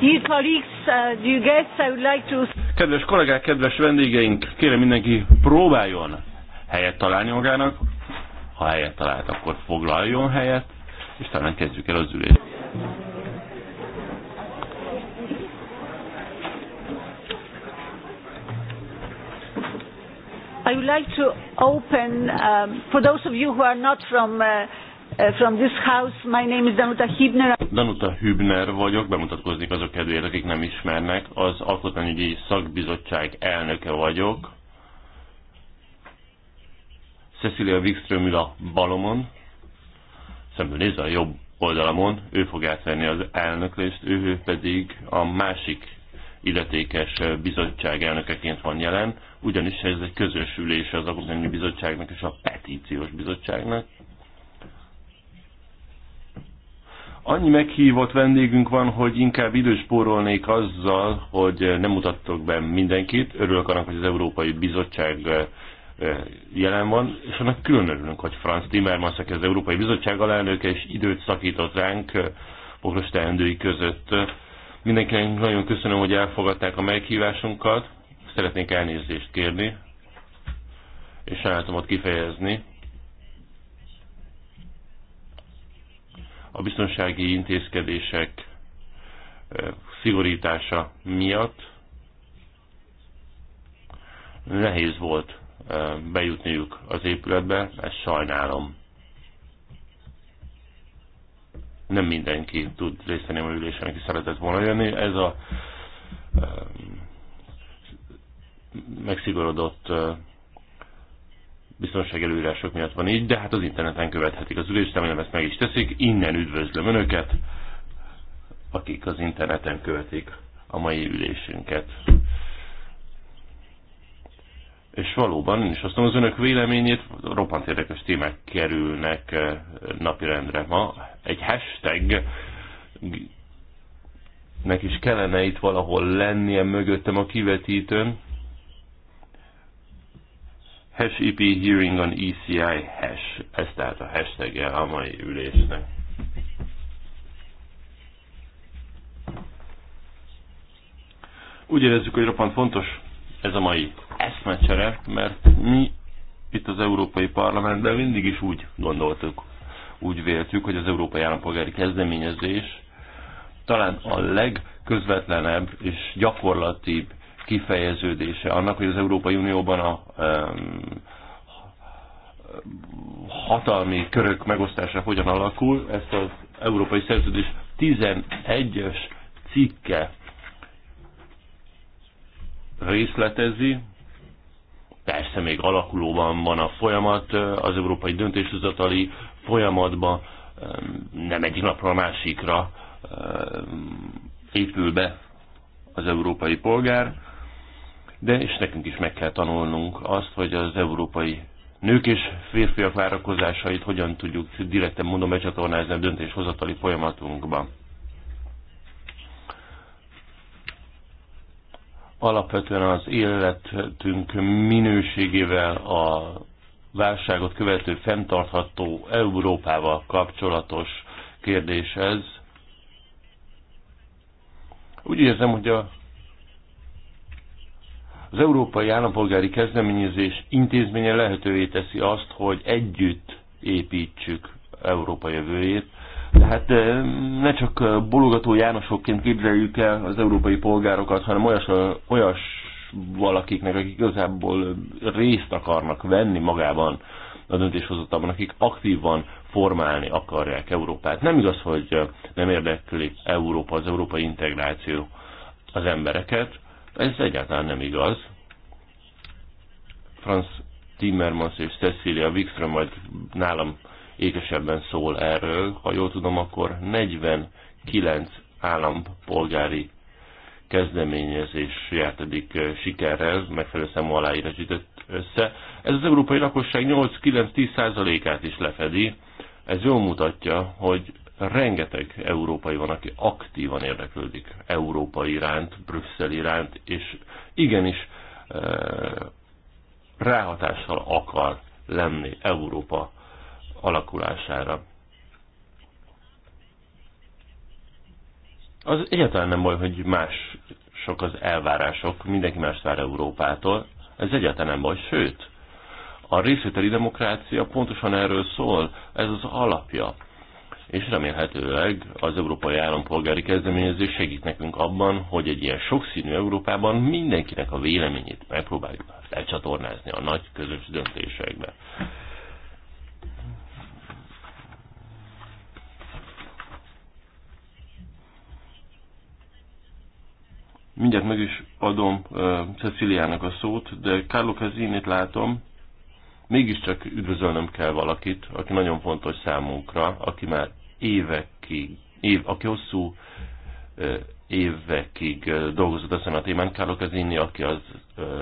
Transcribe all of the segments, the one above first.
Uh, kedves kollégák, kedves vendégeink, kérem mindenki próbáljon helyet találni magának. Ha helyet talált, akkor foglaljon helyet, és talán kezdjük el az ülést. I would like to open um, for those of you who are not from uh, Uh, from this house. My name is Danuta Hübner. Danuta Hübner vagyok, bemutatkoznék azok kedvéért, akik nem ismernek. Az Alkotmányügyi Szakbizottság elnöke vagyok. Cecilia Wikström ül a balomon, szemben nézve a jobb oldalamon, ő fog átvenni az elnöklést, ő pedig a másik illetékes bizottság elnökeként van jelen, ugyanis ez egy közös ülés az Alkotmányi Bizottságnak és a Petíciós Bizottságnak, Annyi meghívott vendégünk van, hogy inkább időspórolnék azzal, hogy nem mutattok be mindenkit. Örülök annak, hogy az Európai Bizottság eh, jelen van, és annak külön örülünk, hogy Franz Timmermans, aki az Európai Bizottság alelnöke, és időt szakított ránk eh, pokros teendői között. Mindenkinek nagyon köszönöm, hogy elfogadták a meghívásunkat. Szeretnék elnézést kérni, és sajnálatomot kifejezni. a biztonsági intézkedések eh, szigorítása miatt nehéz volt eh, bejutniuk az épületbe, ezt sajnálom. Nem mindenki tud részt venni a ülésen, aki szeretett volna jönni. Ez a eh, megszigorodott biztonság előírások miatt van így, de hát az interneten követhetik az ülést, remélem ezt meg is teszik. Innen üdvözlöm Önöket, akik az interneten követik a mai ülésünket. És valóban, és azt mondom, az önök véleményét, roppant érdekes témák kerülnek eh, napirendre ma. Egy hashtag nek is kellene itt valahol lennie mögöttem a kivetítőn hash EP hearing on ECI hash. Ez tehát a hashtag -e a mai ülésnek. Úgy érezzük, hogy roppant fontos ez a mai eszmecsere, mert mi itt az Európai Parlamentben mindig is úgy gondoltuk, úgy véltük, hogy az Európai Állampolgári Kezdeményezés talán a legközvetlenebb és gyakorlatibb kifejeződése annak, hogy az Európai Unióban a hatalmi körök megosztása hogyan alakul, ezt az Európai Szerződés 11-es cikke részletezi, persze még alakulóban van a folyamat, az európai döntéshozatali folyamatban nem egyik napra a másikra épül be az európai polgár, de és nekünk is meg kell tanulnunk azt, hogy az európai nők és férfiak várakozásait hogyan tudjuk direkten mondom becsatornázni a döntéshozatali folyamatunkba. Alapvetően az életünk minőségével a válságot követő fenntartható Európával kapcsolatos kérdés ez. Úgy érzem, hogy a az Európai Állampolgári Kezdeményezés intézménye lehetővé teszi azt, hogy együtt építsük Európa jövőjét. Tehát ne csak bologató Jánosokként képzeljük el az európai polgárokat, hanem olyas, olyas valakiknek, akik igazából részt akarnak venni magában a döntéshozatában, akik aktívan formálni akarják Európát. Nem igaz, hogy nem érdekli Európa, az európai integráció az embereket. Ez egyáltalán nem igaz. Franz Timmermans és Cecilia Wikström majd nálam ékesebben szól erről. Ha jól tudom, akkor 49 állampolgári kezdeményezés járt eddig eh, sikerrel, megfelelő számú aláírás össze. Ez az európai lakosság 8-9-10%-át is lefedi. Ez jól mutatja, hogy rengeteg európai van, aki aktívan érdeklődik Európa iránt, Brüsszel iránt, és igenis eh, ráhatással akar lenni Európa alakulására. Az egyáltalán nem baj, hogy más sok az elvárások, mindenki más vár Európától, ez egyáltalán nem baj, sőt, a részvételi demokrácia pontosan erről szól, ez az alapja és remélhetőleg az európai állampolgári kezdeményezés segít nekünk abban, hogy egy ilyen sokszínű Európában mindenkinek a véleményét megpróbáljuk felcsatornázni hát a nagy közös döntésekbe. Mindjárt meg is adom uh, eh, Ceciliának a szót, de Carlo Casinit látom, mégiscsak üdvözölnöm kell valakit, aki nagyon fontos számunkra, aki már évekig, év, aki hosszú évekig dolgozott ezen a témán, Carlo Casini, aki az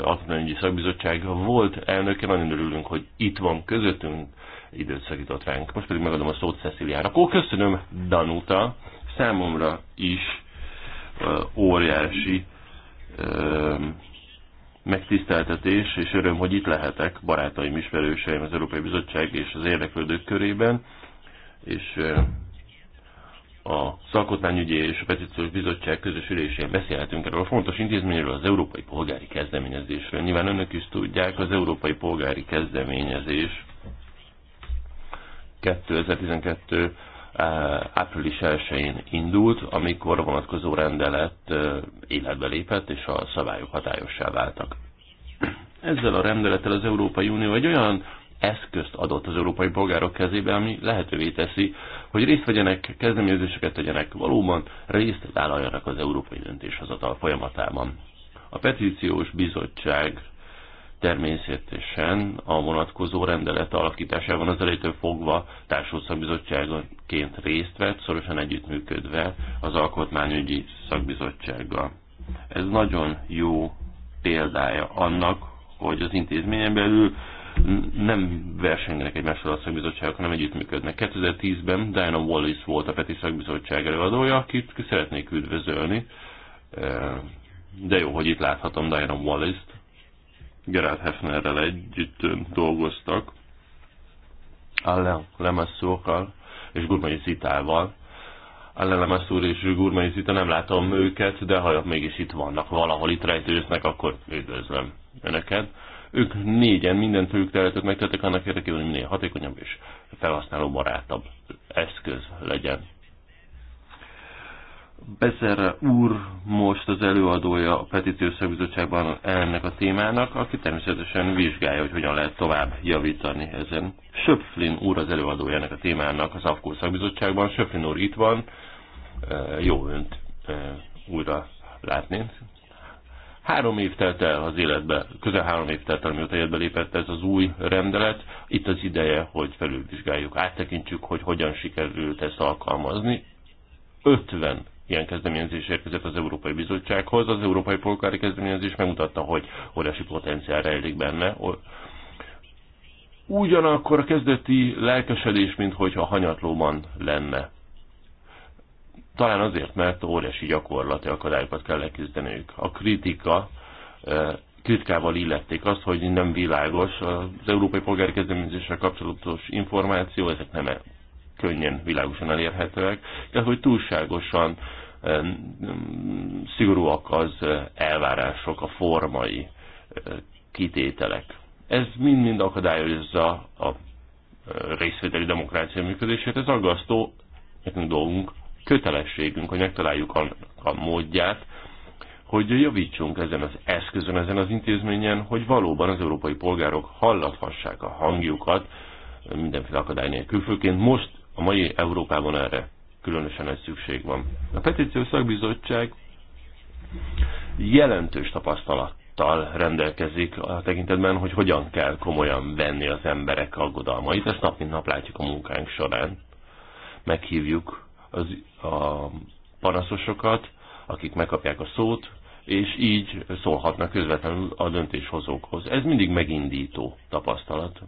Alkotmányügyi Szakbizottság volt elnöke, nagyon örülünk, hogy itt van közöttünk, időt szakított ránk. Most pedig megadom a szót Ceciliára. Akkor köszönöm, Danuta, számomra is óriási megtiszteltetés és öröm, hogy itt lehetek, barátaim, ismerőseim az Európai Bizottság és az érdeklődők körében, és a Szalkotmányügyi és a Petíciós Bizottság közös ülésén beszélhetünk erről a fontos intézményről, az Európai Polgári Kezdeményezésről. Nyilván önök is tudják, az Európai Polgári Kezdeményezés 2012 április 1-én indult, amikor a vonatkozó rendelet életbe lépett, és a szabályok hatályossá váltak. Ezzel a rendelettel az Európai Unió egy olyan eszközt adott az európai polgárok kezébe, ami lehetővé teszi, hogy részt vegyenek, kezdeményezéseket tegyenek, valóban részt vállaljanak az európai döntéshozatal folyamatában. A petíciós bizottság természetesen a vonatkozó rendelet alakításában az elejétől fogva társulszakbizottságonként részt vett, szorosan együttműködve az alkotmányügyi szakbizottsággal. Ez nagyon jó példája annak, hogy az intézményen belül nem versengenek egymással a szakbizottságok, hanem együttműködnek. 2010-ben Diana Wallis volt a Peti szakbizottság előadója, akit szeretnék üdvözölni. Eh, de jó, hogy itt láthatom Diana wallace t Gerard Hefnerrel együtt dolgoztak, Allen Lemasszókkal és Gurmai Zitával. Allen Lemasszúr és Gurmai Zita, nem látom őket, de ha mégis itt vannak, valahol itt rejtőznek, akkor üdvözlöm önöket. Ők négyen minden ők teletőt megtettek annak érdekében, hogy minél hatékonyabb és felhasználó barátabb eszköz legyen Bezerre úr most az előadója a petíciós szakbizottságban ennek a témának, aki természetesen vizsgálja, hogy hogyan lehet tovább javítani ezen. Söpflin úr az előadója ennek a témának az AFKO szakbizottságban. Söpflin úr itt van, jó önt újra látni. Három év telt el az életbe, közel három év telt el, mióta életbe lépett ez az új rendelet. Itt az ideje, hogy felülvizsgáljuk, áttekintsük, hogy hogyan sikerült ezt alkalmazni. 50 ilyen kezdeményezés érkezett az Európai Bizottsághoz. Az Európai Polgári Kezdeményezés megmutatta, hogy óriási potenciál rejlik benne. Ugyanakkor a kezdeti lelkesedés, mintha hanyatlóban lenne. Talán azért, mert óriási gyakorlati akadályokat kell leküzdeniük. A kritika e, kritikával illették azt, hogy nem világos az európai polgári kezdeményezéssel kapcsolatos információ, ezek nem -e könnyen, világosan elérhetőek, de hogy túlságosan szigorúak az elvárások, a formai kitételek. Ez mind-mind akadályozza a részvételi demokrácia működését. Ez aggasztó, nekünk dolgunk, kötelességünk, hogy megtaláljuk annak a módját, hogy javítsunk ezen az eszközön, ezen az intézményen, hogy valóban az európai polgárok hallathassák a hangjukat mindenféle akadály nélkül, főként most a mai Európában erre különösen ez szükség van. A petíció szakbizottság jelentős tapasztalattal rendelkezik a tekintetben, hogy hogyan kell komolyan venni az emberek aggodalmait. Ezt nap mint nap látjuk a munkánk során. Meghívjuk az, a panaszosokat, akik megkapják a szót, és így szólhatnak közvetlenül a döntéshozókhoz. Ez mindig megindító tapasztalat,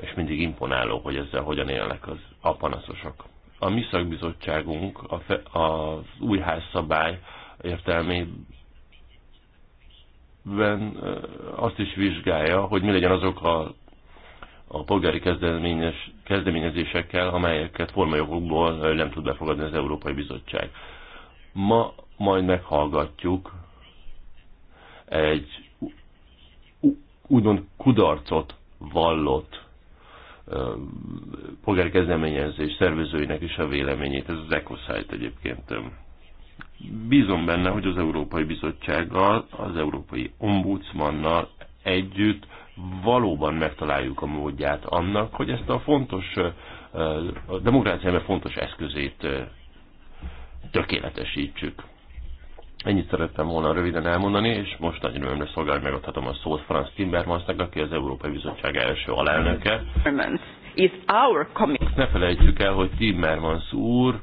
és mindig imponáló, hogy ezzel hogyan élnek az a panaszosok. A mi szakbizottságunk a fe, az új házszabály értelmében azt is vizsgálja, hogy mi legyen azok a, a polgári kezdeményes, kezdeményezésekkel, amelyeket formajogokból nem tud befogadni az Európai Bizottság. Ma majd meghallgatjuk egy úgymond kudarcot vallott polgári kezdeményezés szervezőinek is a véleményét. Ez az EcoSite egyébként. Bízom benne, hogy az Európai Bizottsággal, az Európai Ombudsmannal együtt valóban megtaláljuk a módját annak, hogy ezt a fontos, a demokráciában fontos eszközét tökéletesítsük. Ennyit szerettem volna röviden elmondani, és most nagy örömre szolgálni megadhatom a szót Franz Timmermansnak, aki az Európai Bizottság első alelnöke. Azt ne felejtsük el, hogy Timmermans úr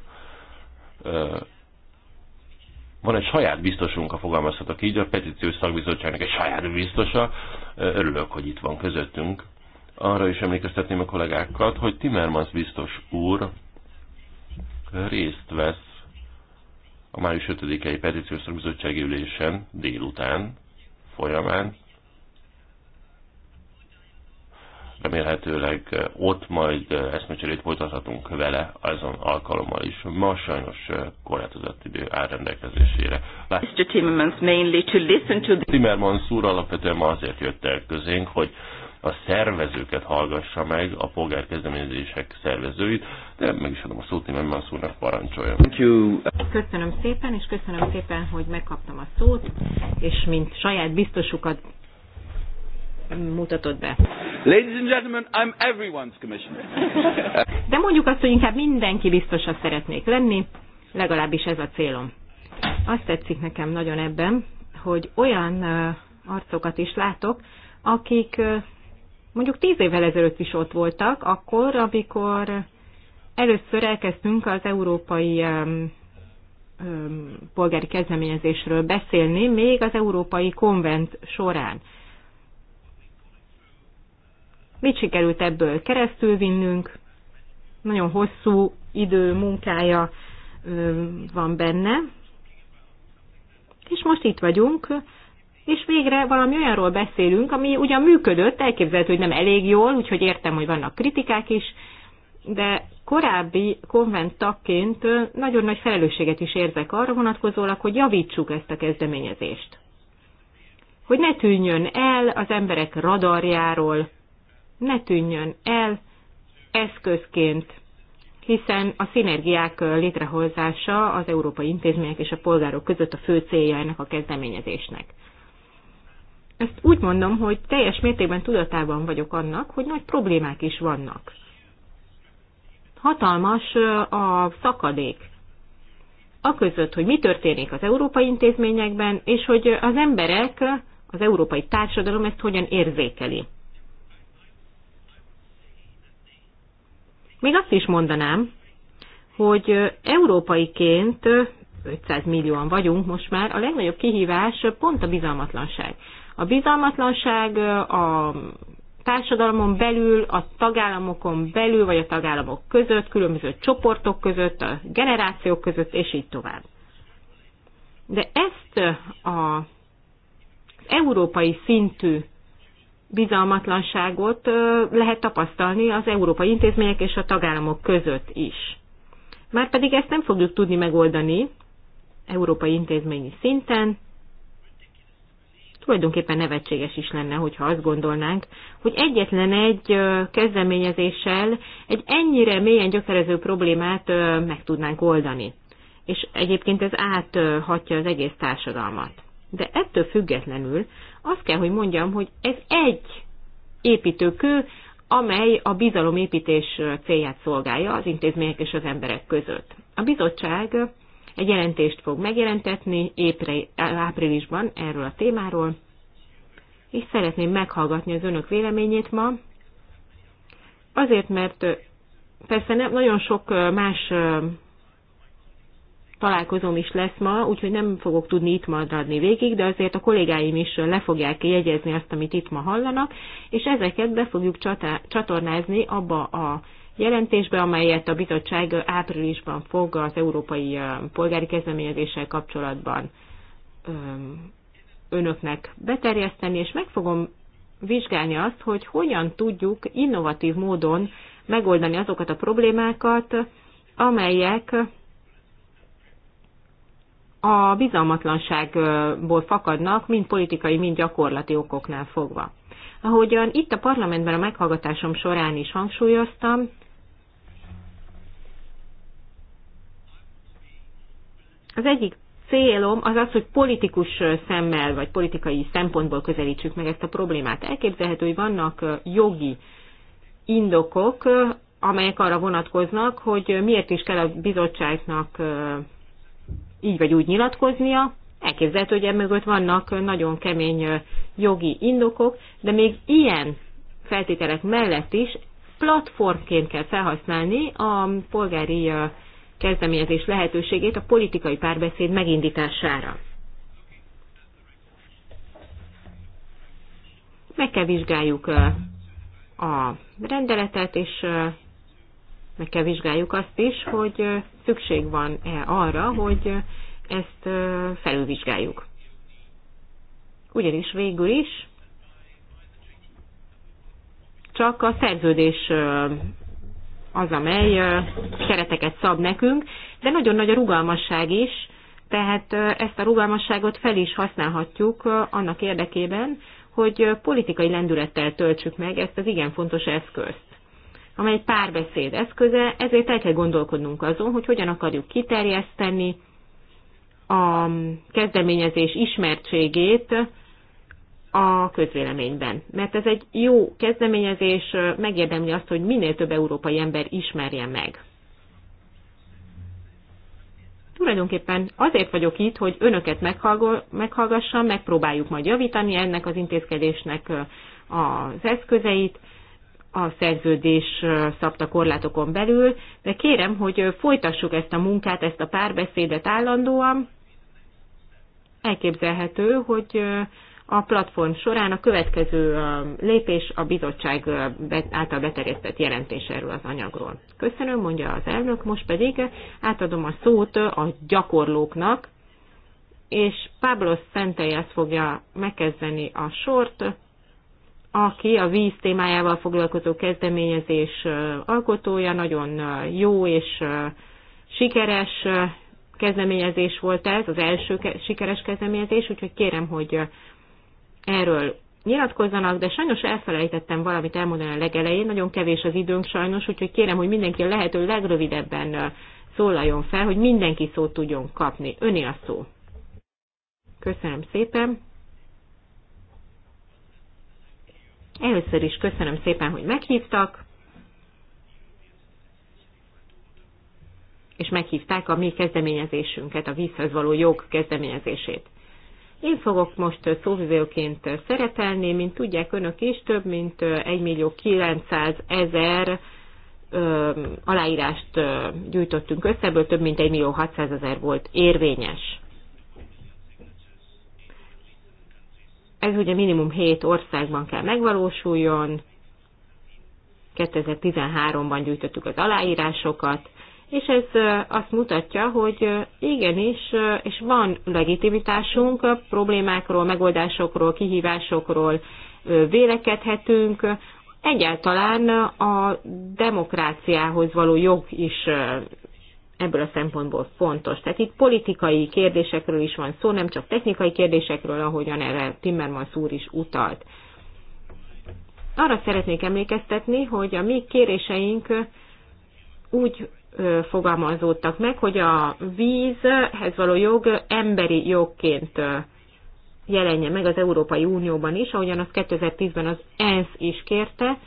van egy saját biztosunk, a fogalmazhatok így, a petíciós szakbizottságnak egy saját biztosa. Örülök, hogy itt van közöttünk. Arra is emlékeztetném a kollégákat, hogy Timmermans biztos úr részt vesz a május 5-i petíciós bizottsági ülésen délután folyamán. Remélhetőleg ott majd eszmecserét folytathatunk vele azon alkalommal is. Ma sajnos korlátozott idő áll rendelkezésére. Mr. Timmermans mainly to listen to the... Timmermans úr alapvetően ma azért jött el közénk, hogy a szervezőket hallgassa meg, a polgárkezdeményezések szervezőit, de meg is adom a szót, mert már úrnak parancsoljon. Köszönöm szépen, és köszönöm szépen, hogy megkaptam a szót, és mint saját biztosukat mutatod be. Ladies and gentlemen, I'm everyone's commissioner. De mondjuk azt, hogy inkább mindenki biztosan szeretnék lenni, legalábbis ez a célom. Azt tetszik nekem nagyon ebben, hogy olyan arcokat is látok, akik mondjuk tíz évvel ezelőtt is ott voltak, akkor, amikor először elkezdtünk az európai polgári kezdeményezésről beszélni, még az Európai Konvent során. Mit sikerült ebből keresztül vinnünk? Nagyon hosszú idő munkája van benne, és most itt vagyunk, és végre valami olyanról beszélünk, ami ugyan működött, elképzelhető, hogy nem elég jól, úgyhogy értem, hogy vannak kritikák is, de korábbi konvent tagként nagyon nagy felelősséget is érzek arra vonatkozólag, hogy javítsuk ezt a kezdeményezést. Hogy ne tűnjön el az emberek radarjáról, ne tűnjön el eszközként, hiszen a szinergiák létrehozása az európai intézmények és a polgárok között a fő célja ennek a kezdeményezésnek ezt úgy mondom, hogy teljes mértékben tudatában vagyok annak, hogy nagy problémák is vannak. Hatalmas a szakadék aközött, hogy mi történik az európai intézményekben, és hogy az emberek, az európai társadalom ezt hogyan érzékeli. Még azt is mondanám, hogy európaiként 500 millióan vagyunk most már, a legnagyobb kihívás pont a bizalmatlanság. A bizalmatlanság a társadalmon belül, a tagállamokon belül, vagy a tagállamok között, különböző csoportok között, a generációk között, és így tovább. De ezt a, az európai szintű bizalmatlanságot lehet tapasztalni az európai intézmények és a tagállamok között is. Márpedig ezt nem fogjuk tudni megoldani európai intézményi szinten, Tulajdonképpen nevetséges is lenne, hogyha azt gondolnánk, hogy egyetlen egy kezdeményezéssel egy ennyire mélyen gyökerező problémát meg tudnánk oldani. És egyébként ez áthatja az egész társadalmat. De ettől függetlenül azt kell, hogy mondjam, hogy ez egy építőkő, amely a bizalomépítés célját szolgálja az intézmények és az emberek között. A bizottság egy jelentést fog megjelentetni épre, áprilisban erről a témáról, és szeretném meghallgatni az önök véleményét ma, azért, mert persze nem, nagyon sok más találkozom is lesz ma, úgyhogy nem fogok tudni itt maradni végig, de azért a kollégáim is le fogják jegyezni azt, amit itt ma hallanak, és ezeket be fogjuk csatornázni abba a jelentésbe, amelyet a bizottság áprilisban fog az európai polgári kezdeményezéssel kapcsolatban önöknek beterjeszteni, és meg fogom vizsgálni azt, hogy hogyan tudjuk innovatív módon megoldani azokat a problémákat, amelyek a bizalmatlanságból fakadnak, mind politikai, mind gyakorlati okoknál fogva. Ahogyan itt a parlamentben a meghallgatásom során is hangsúlyoztam, Az egyik célom az az, hogy politikus szemmel, vagy politikai szempontból közelítsük meg ezt a problémát. Elképzelhető, hogy vannak jogi indokok, amelyek arra vonatkoznak, hogy miért is kell a bizottságnak így vagy úgy nyilatkoznia. Elképzelhető, hogy emögött vannak nagyon kemény jogi indokok, de még ilyen feltételek mellett is platformként kell felhasználni a polgári kezdeményezés lehetőségét a politikai párbeszéd megindítására. Meg kell vizsgáljuk a rendeletet, és meg kell vizsgáljuk azt is, hogy szükség van-e arra, hogy ezt felülvizsgáljuk. Ugyanis végül is csak a szerződés az, amely kereteket szab nekünk, de nagyon nagy a rugalmasság is, tehát ezt a rugalmasságot fel is használhatjuk annak érdekében, hogy politikai lendülettel töltsük meg ezt az igen fontos eszközt amely egy párbeszéd eszköze, ezért el kell gondolkodnunk azon, hogy hogyan akarjuk kiterjeszteni a kezdeményezés ismertségét a közvéleményben. Mert ez egy jó kezdeményezés, megérdemli azt, hogy minél több európai ember ismerje meg. Tulajdonképpen azért vagyok itt, hogy önöket meghallgassam, megpróbáljuk majd javítani ennek az intézkedésnek az eszközeit, a szerződés szabta korlátokon belül, de kérem, hogy folytassuk ezt a munkát, ezt a párbeszédet állandóan. Elképzelhető, hogy a platform során a következő lépés a bizottság által beterjesztett jelentés erről az anyagról. Köszönöm, mondja az elnök, most pedig átadom a szót a gyakorlóknak, és Pablo Szenteljes fogja megkezdeni a sort, aki a víz témájával foglalkozó kezdeményezés alkotója, nagyon jó és sikeres kezdeményezés volt ez, az első sikeres kezdeményezés, úgyhogy kérem, hogy erről nyilatkozzanak, de sajnos elfelejtettem valamit elmondani a legelején, nagyon kevés az időnk sajnos, úgyhogy kérem, hogy mindenki a lehető legrövidebben szólaljon fel, hogy mindenki szót tudjon kapni. Öné a szó. Köszönöm szépen. Először is köszönöm szépen, hogy meghívtak, és meghívták a mi kezdeményezésünket, a vízhez való jog kezdeményezését. Én fogok most szóvivőként szeretelni, mint tudják önök is, több mint 1 millió 900 ezer aláírást gyűjtöttünk össze, ebből több mint 1 millió 600 ezer volt érvényes. Ez ugye minimum 7 országban kell megvalósuljon. 2013-ban gyűjtöttük az aláírásokat, és ez azt mutatja, hogy igenis, és van legitimitásunk problémákról, megoldásokról, kihívásokról vélekedhetünk, egyáltalán a demokráciához való jog is ebből a szempontból fontos. Tehát itt politikai kérdésekről is van szó, nem csak technikai kérdésekről, ahogyan erre Timmermans úr is utalt. Arra szeretnék emlékeztetni, hogy a mi kéréseink úgy fogalmazódtak meg, hogy a vízhez való jog emberi jogként jelenjen meg az Európai Unióban is, ahogyan az 2010-ben az ENSZ is kérte,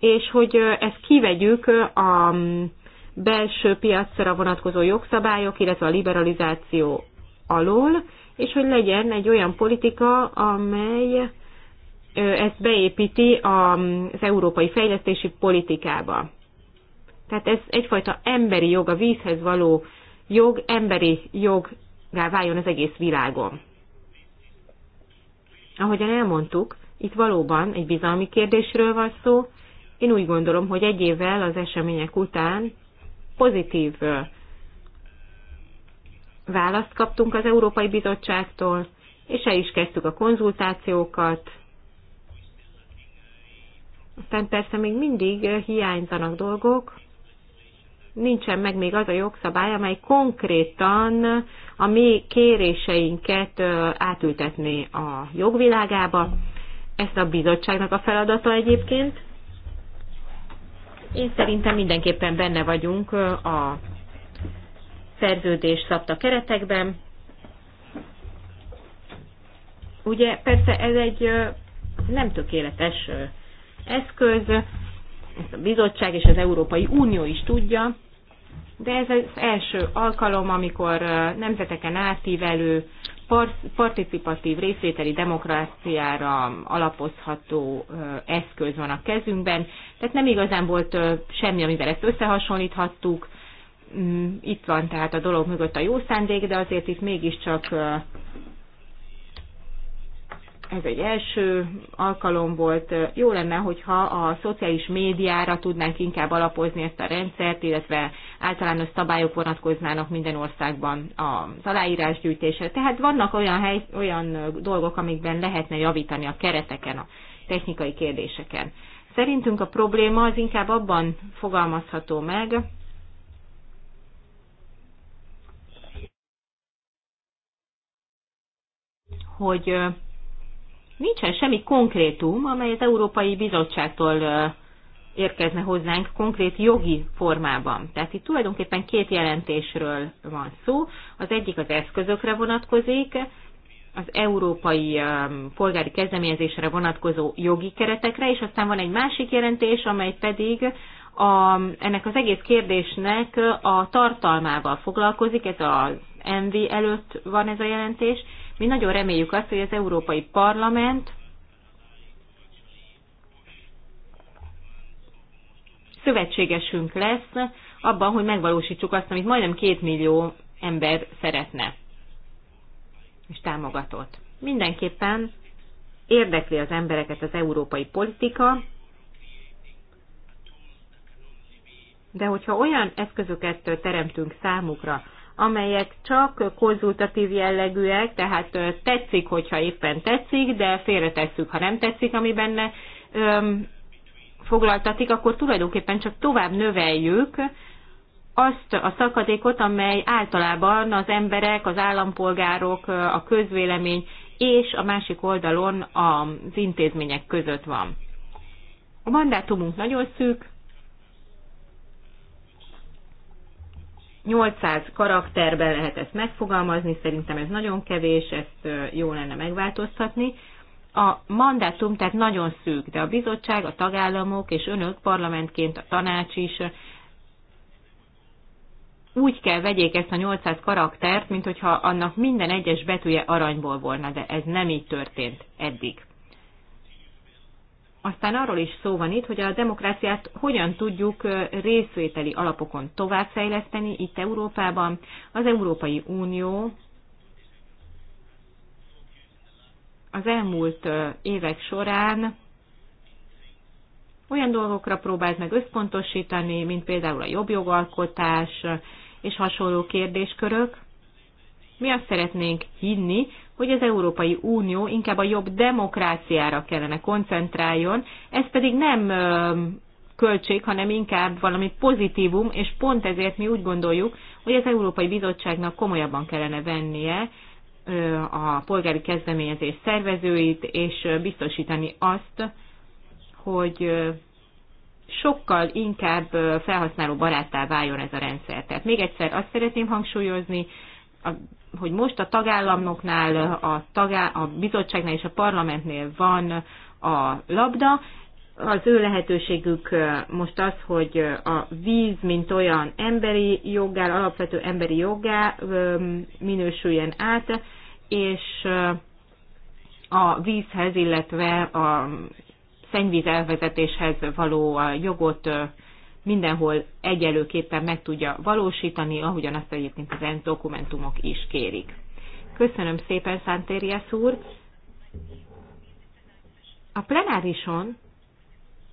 és hogy ezt kivegyük a belső piacra vonatkozó jogszabályok, illetve a liberalizáció alól, és hogy legyen egy olyan politika, amely ezt beépíti az európai fejlesztési politikába. Tehát ez egyfajta emberi jog, a vízhez való jog, emberi joggá váljon az egész világon. Ahogyan elmondtuk, itt valóban egy bizalmi kérdésről van szó. Én úgy gondolom, hogy egy évvel az események után pozitív választ kaptunk az Európai Bizottságtól, és el is kezdtük a konzultációkat. Aztán persze még mindig hiányzanak dolgok, nincsen meg még az a jogszabály, amely konkrétan a mi kéréseinket átültetné a jogvilágába. Ezt a bizottságnak a feladata egyébként. Én szerintem mindenképpen benne vagyunk a szerződés szabta keretekben. Ugye persze ez egy nem tökéletes eszköz, ezt a bizottság és az Európai Unió is tudja, de ez az első alkalom, amikor nemzeteken átívelő participatív részvételi demokráciára alapozható eszköz van a kezünkben, tehát nem igazán volt semmi, amivel ezt összehasonlíthattuk. Mm, itt van tehát a dolog mögött a jó szándék, de azért itt mégiscsak ez egy első alkalom volt. Jó lenne, hogyha a szociális médiára tudnánk inkább alapozni ezt a rendszert, illetve általános szabályok vonatkoznának minden országban a aláírásgyűjtésre. Tehát vannak olyan, hely, olyan dolgok, amikben lehetne javítani a kereteken, a technikai kérdéseken. Szerintünk a probléma az inkább abban fogalmazható meg, hogy nincsen semmi konkrétum, amely az Európai Bizottságtól érkezne hozzánk konkrét jogi formában. Tehát itt tulajdonképpen két jelentésről van szó. Az egyik az eszközökre vonatkozik, az európai polgári kezdeményezésre vonatkozó jogi keretekre, és aztán van egy másik jelentés, amely pedig a, ennek az egész kérdésnek a tartalmával foglalkozik, ez az MV előtt van ez a jelentés, mi nagyon reméljük azt, hogy az Európai Parlament szövetségesünk lesz abban, hogy megvalósítsuk azt, amit majdnem két millió ember szeretne és támogatott. Mindenképpen érdekli az embereket az európai politika, de hogyha olyan eszközöket teremtünk számukra, amelyek csak konzultatív jellegűek, tehát tetszik, hogyha éppen tetszik, de félretesszük, ha nem tetszik, ami benne foglaltatik, akkor tulajdonképpen csak tovább növeljük azt a szakadékot, amely általában az emberek, az állampolgárok, a közvélemény és a másik oldalon az intézmények között van. A mandátumunk nagyon szűk, 800 karakterben lehet ezt megfogalmazni, szerintem ez nagyon kevés, ezt jó lenne megváltoztatni. A mandátum tehát nagyon szűk, de a bizottság, a tagállamok és önök parlamentként, a tanács is úgy kell vegyék ezt a 800 karaktert, mint hogyha annak minden egyes betűje aranyból volna, de ez nem így történt eddig. Aztán arról is szó van itt, hogy a demokráciát hogyan tudjuk részvételi alapokon továbbfejleszteni itt Európában. Az Európai Unió az elmúlt évek során olyan dolgokra próbált meg összpontosítani, mint például a jobb jogalkotás és hasonló kérdéskörök. Mi azt szeretnénk hinni, hogy az Európai Unió inkább a jobb demokráciára kellene koncentráljon, ez pedig nem költség, hanem inkább valami pozitívum, és pont ezért mi úgy gondoljuk, hogy az Európai Bizottságnak komolyabban kellene vennie a polgári kezdeményezés szervezőit, és biztosítani azt, hogy sokkal inkább felhasználó barátá váljon ez a rendszer. Tehát még egyszer azt szeretném hangsúlyozni, a, hogy most a tagállamoknál, a, tagá, a bizottságnál és a parlamentnél van a labda, az ő lehetőségük most az, hogy a víz, mint olyan emberi joggá, alapvető emberi joggá minősüljen át, és a vízhez, illetve a szennyvíz elvezetéshez való jogot mindenhol egyelőképpen meg tudja valósítani, ahogyan azt egyébként az ENSZ dokumentumok is kérik. Köszönöm szépen, Szántériász úr! A plenárison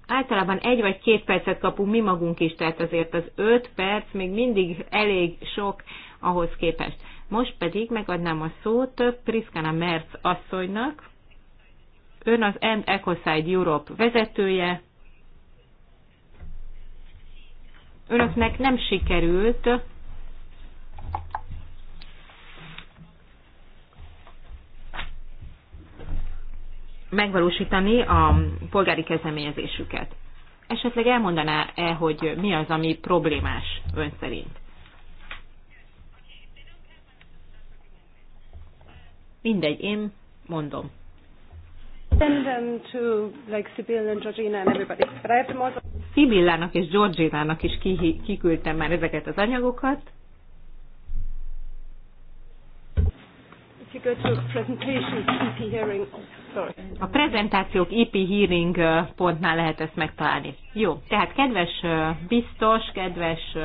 általában egy vagy két percet kapunk mi magunk is, tehát azért az öt perc még mindig elég sok ahhoz képest. Most pedig megadnám a szót Priskana Merz asszonynak. Ön az End Ecoside Europe vezetője, önöknek nem sikerült megvalósítani a polgári kezdeményezésüket. Esetleg elmondaná-e, hogy mi az, ami problémás ön szerint? Mindegy, én mondom. Send them to like Sibyl and Georgina and everybody. But I have to also Szibillának és Georginának is kiküldtem már ezeket az anyagokat. E a prezentációk IP e hearing pontnál lehet ezt megtalálni. Jó, tehát kedves biztos, kedves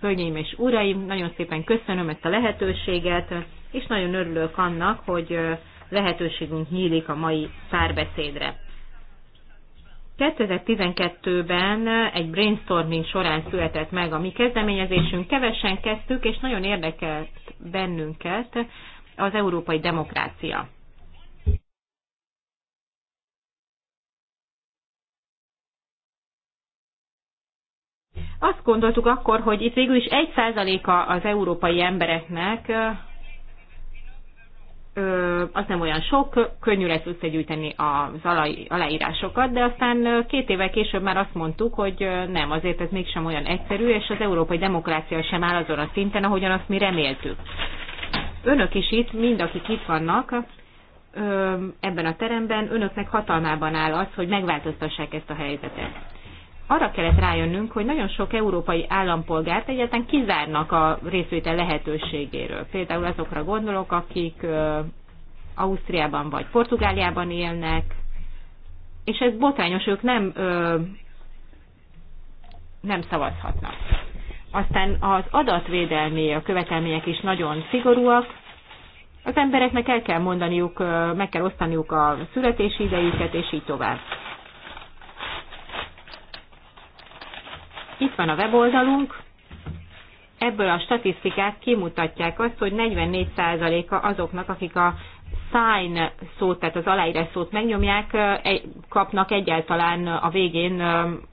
hölgyeim és uraim, nagyon szépen köszönöm ezt a lehetőséget, és nagyon örülök annak, hogy lehetőségünk nyílik a mai párbeszédre. 2012-ben egy brainstorming során született meg a mi kezdeményezésünk, kevesen kezdtük, és nagyon érdekelt bennünket az európai demokrácia. Azt gondoltuk akkor, hogy itt végül is 1%-a az európai embereknek ö, az nem olyan sok, könnyű lesz összegyűjteni az aláírásokat, de aztán két évvel később már azt mondtuk, hogy nem, azért ez mégsem olyan egyszerű, és az európai demokrácia sem áll azon a szinten, ahogyan azt mi reméltük. Önök is itt, mind akik itt vannak, ebben a teremben, önöknek hatalmában áll az, hogy megváltoztassák ezt a helyzetet arra kellett rájönnünk, hogy nagyon sok európai állampolgárt egyáltalán kizárnak a részvétel lehetőségéről. Például azokra gondolok, akik Ausztriában vagy Portugáliában élnek, és ez botrányos, ők nem, ö, nem szavazhatnak. Aztán az adatvédelmi a követelmények is nagyon szigorúak. Az embereknek el kell mondaniuk, meg kell osztaniuk a születési idejüket, és így tovább. Itt van a weboldalunk, ebből a statisztikák kimutatják azt, hogy 44%-a azoknak, akik a sign szót, tehát az aláírás szót megnyomják, kapnak egyáltalán a végén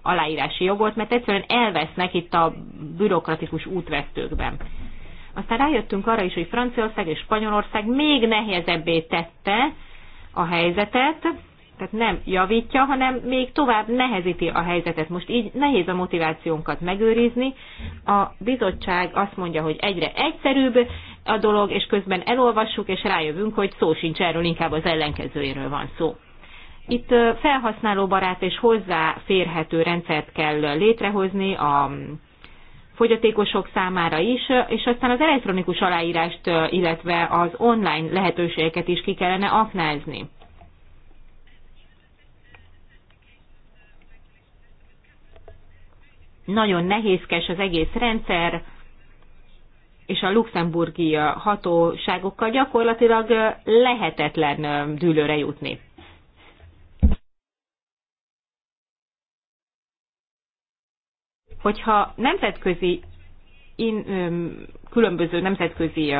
aláírási jogot, mert egyszerűen elvesznek itt a bürokratikus útvesztőkben. Aztán rájöttünk arra is, hogy Franciaország és Spanyolország még nehezebbé tette a helyzetet, tehát nem javítja, hanem még tovább nehezíti a helyzetet. Most így nehéz a motivációnkat megőrizni. A bizottság azt mondja, hogy egyre egyszerűbb a dolog, és közben elolvassuk, és rájövünk, hogy szó sincs erről, inkább az ellenkezőjéről van szó. Itt felhasználóbarát és hozzáférhető rendszert kell létrehozni a fogyatékosok számára is, és aztán az elektronikus aláírást, illetve az online lehetőségeket is ki kellene aknázni. nagyon nehézkes az egész rendszer, és a luxemburgi hatóságokkal gyakorlatilag lehetetlen dűlőre jutni. Hogyha nemzetközi in, különböző nemzetközi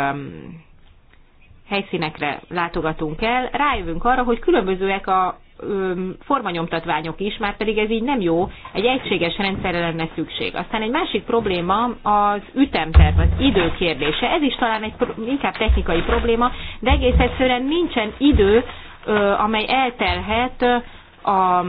helyszínekre látogatunk el, rájövünk arra, hogy különbözőek a formanyomtatványok is, már pedig ez így nem jó, egy egységes rendszerre lenne szükség. Aztán egy másik probléma az ütemterv, az idő kérdése. Ez is talán egy inkább technikai probléma, de egész egyszerűen nincsen idő, amely eltelhet a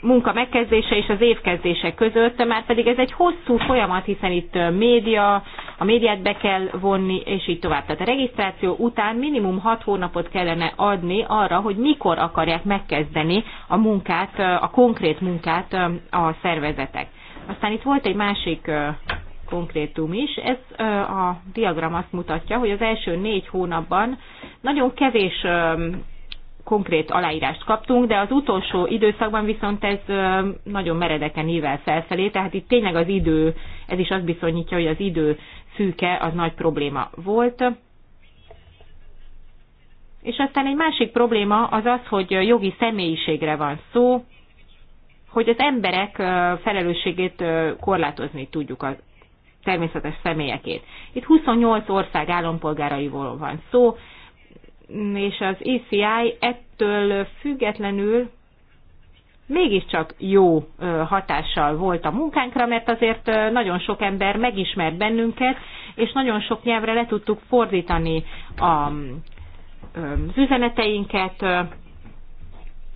munka megkezdése és az évkezdése között, már pedig ez egy hosszú folyamat, hiszen itt média, a médiát be kell vonni, és így tovább. Tehát a regisztráció után minimum 6 hónapot kellene adni arra, hogy mikor akarják megkezdeni a munkát, a konkrét munkát a szervezetek. Aztán itt volt egy másik konkrétum is. Ez a diagram azt mutatja, hogy az első négy hónapban nagyon kevés konkrét aláírást kaptunk, de az utolsó időszakban viszont ez nagyon meredeken ível felfelé, tehát itt tényleg az idő, ez is azt bizonyítja, hogy az idő szűke az nagy probléma volt. És aztán egy másik probléma az az, hogy jogi személyiségre van szó, hogy az emberek felelősségét korlátozni tudjuk a természetes személyekét. Itt 28 ország állampolgáraiból van szó, és az ECI ettől függetlenül mégiscsak jó hatással volt a munkánkra, mert azért nagyon sok ember megismert bennünket, és nagyon sok nyelvre le tudtuk fordítani a, az üzeneteinket,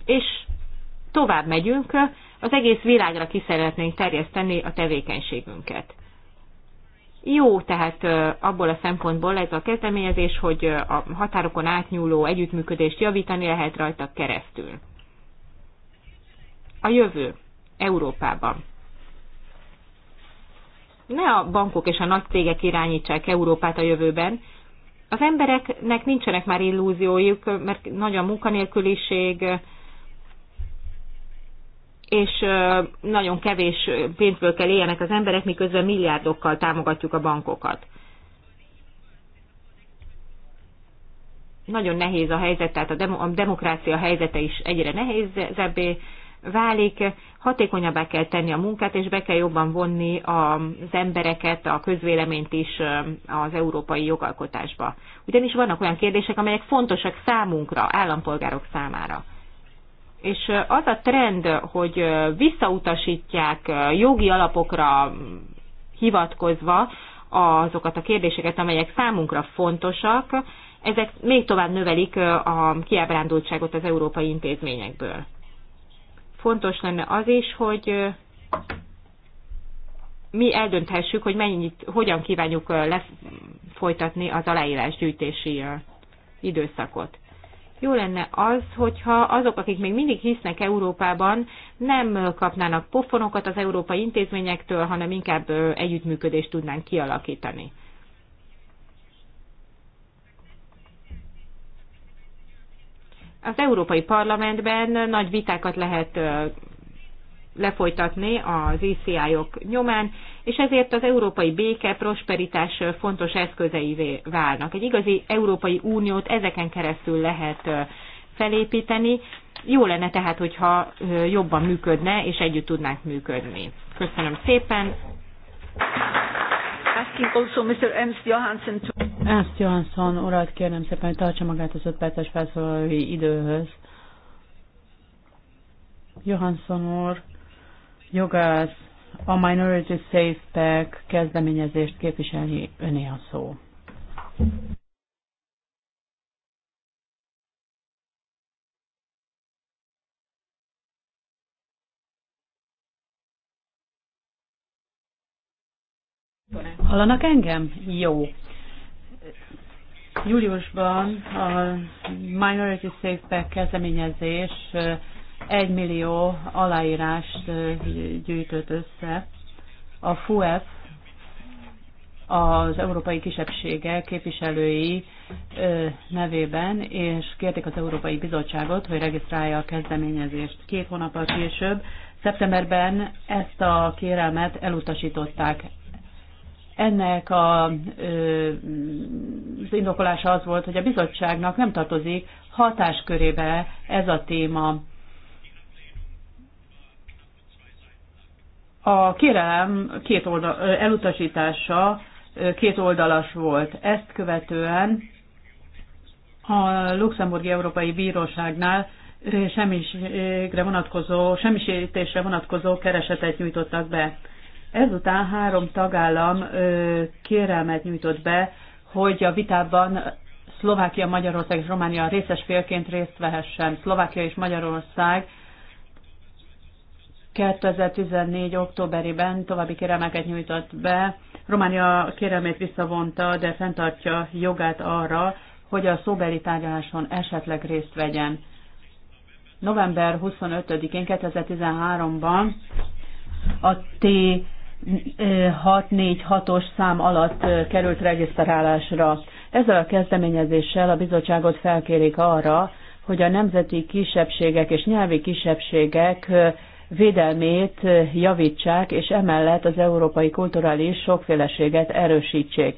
és tovább megyünk, az egész világra ki szeretnénk terjeszteni a tevékenységünket. Jó, tehát abból a szempontból ez a kezdeményezés, hogy a határokon átnyúló együttműködést javítani lehet rajta keresztül. A jövő Európában. Ne a bankok és a nagy cégek irányítsák Európát a jövőben. Az embereknek nincsenek már illúziójuk, mert nagy a munkanélküliség, és nagyon kevés pénzből kell éljenek az emberek, miközben milliárdokkal támogatjuk a bankokat. Nagyon nehéz a helyzet, tehát a demokrácia helyzete is egyre nehézebbé válik, hatékonyabbá kell tenni a munkát, és be kell jobban vonni az embereket, a közvéleményt is az európai jogalkotásba. Ugyanis vannak olyan kérdések, amelyek fontosak számunkra, állampolgárok számára és az a trend, hogy visszautasítják jogi alapokra hivatkozva azokat a kérdéseket, amelyek számunkra fontosak, ezek még tovább növelik a kiábrándultságot az európai intézményekből. Fontos lenne az is, hogy mi eldönthessük, hogy mennyit, hogyan kívánjuk lefolytatni az aláírásgyűjtési időszakot. Jó lenne az, hogyha azok, akik még mindig hisznek Európában, nem kapnának pofonokat az európai intézményektől, hanem inkább együttműködést tudnánk kialakítani. Az Európai Parlamentben nagy vitákat lehet lefolytatni az ICI-ok -ok nyomán, és ezért az európai béke, prosperitás fontos eszközeivé válnak. Egy igazi Európai Uniót ezeken keresztül lehet felépíteni. Jó lenne tehát, hogyha jobban működne, és együtt tudnánk működni. Köszönöm szépen! also Mr. Ernst Johansson Ernst Johansson urat kérem szépen, hogy tartsa magát az 5 perces felszólalói időhöz. Johansson úr, jogász, a Minority Safe Pack kezdeményezést képviselni öné a szó. Hallanak engem? Jó. Júliusban a Minority Safe Pack kezdeményezés egy millió aláírást gyűjtött össze. A FUEF, e az európai Kisebbsége képviselői nevében, és kérték az Európai Bizottságot, hogy regisztrálja a kezdeményezést. Két hónappal később, szeptemberben ezt a kérelmet elutasították. Ennek a, az indokolása az volt, hogy a bizottságnak nem tartozik hatáskörébe ez a téma. A kérelem két oldal, elutasítása két oldalas volt. Ezt követően a Luxemburgi Európai Bíróságnál semmiségre vonatkozó, semmisítésre vonatkozó keresetet nyújtottak be. Ezután három tagállam kérelmet nyújtott be, hogy a vitában Szlovákia, Magyarország és Románia részes félként részt vehessen. Szlovákia és Magyarország 2014. októberében további kérelmeket nyújtott be. Románia kérelmét visszavonta, de fenntartja jogát arra, hogy a szóbeli tárgyaláson esetleg részt vegyen. November 25-én 2013-ban a T646-os szám alatt került regisztrálásra. Ezzel a kezdeményezéssel a bizottságot felkérik arra, hogy a nemzeti kisebbségek és nyelvi kisebbségek védelmét javítsák, és emellett az európai kulturális sokféleséget erősítsék.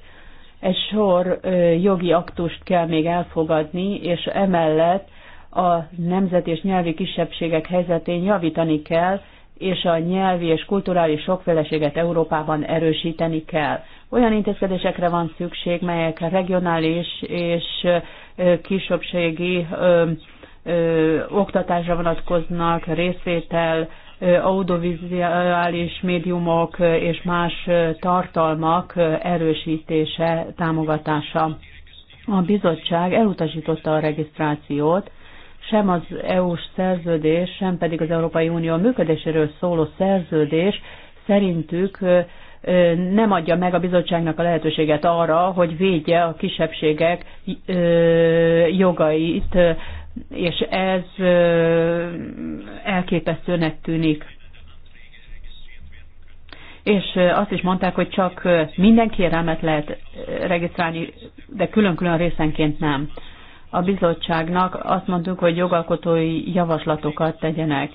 Egy sor jogi aktust kell még elfogadni, és emellett a nemzet és nyelvi kisebbségek helyzetén javítani kell, és a nyelvi és kulturális sokféleséget Európában erősíteni kell. Olyan intézkedésekre van szükség, melyek regionális és kisebbségi oktatásra vonatkoznak, részvétel, audiovizuális médiumok és más tartalmak erősítése, támogatása. A bizottság elutasította a regisztrációt, sem az EU-s szerződés, sem pedig az Európai Unió működéséről szóló szerződés szerintük nem adja meg a bizottságnak a lehetőséget arra, hogy védje a kisebbségek jogait és ez elképesztőnek tűnik. És azt is mondták, hogy csak minden kérelmet lehet regisztrálni, de külön-külön részenként nem. A bizottságnak azt mondtuk, hogy jogalkotói javaslatokat tegyenek.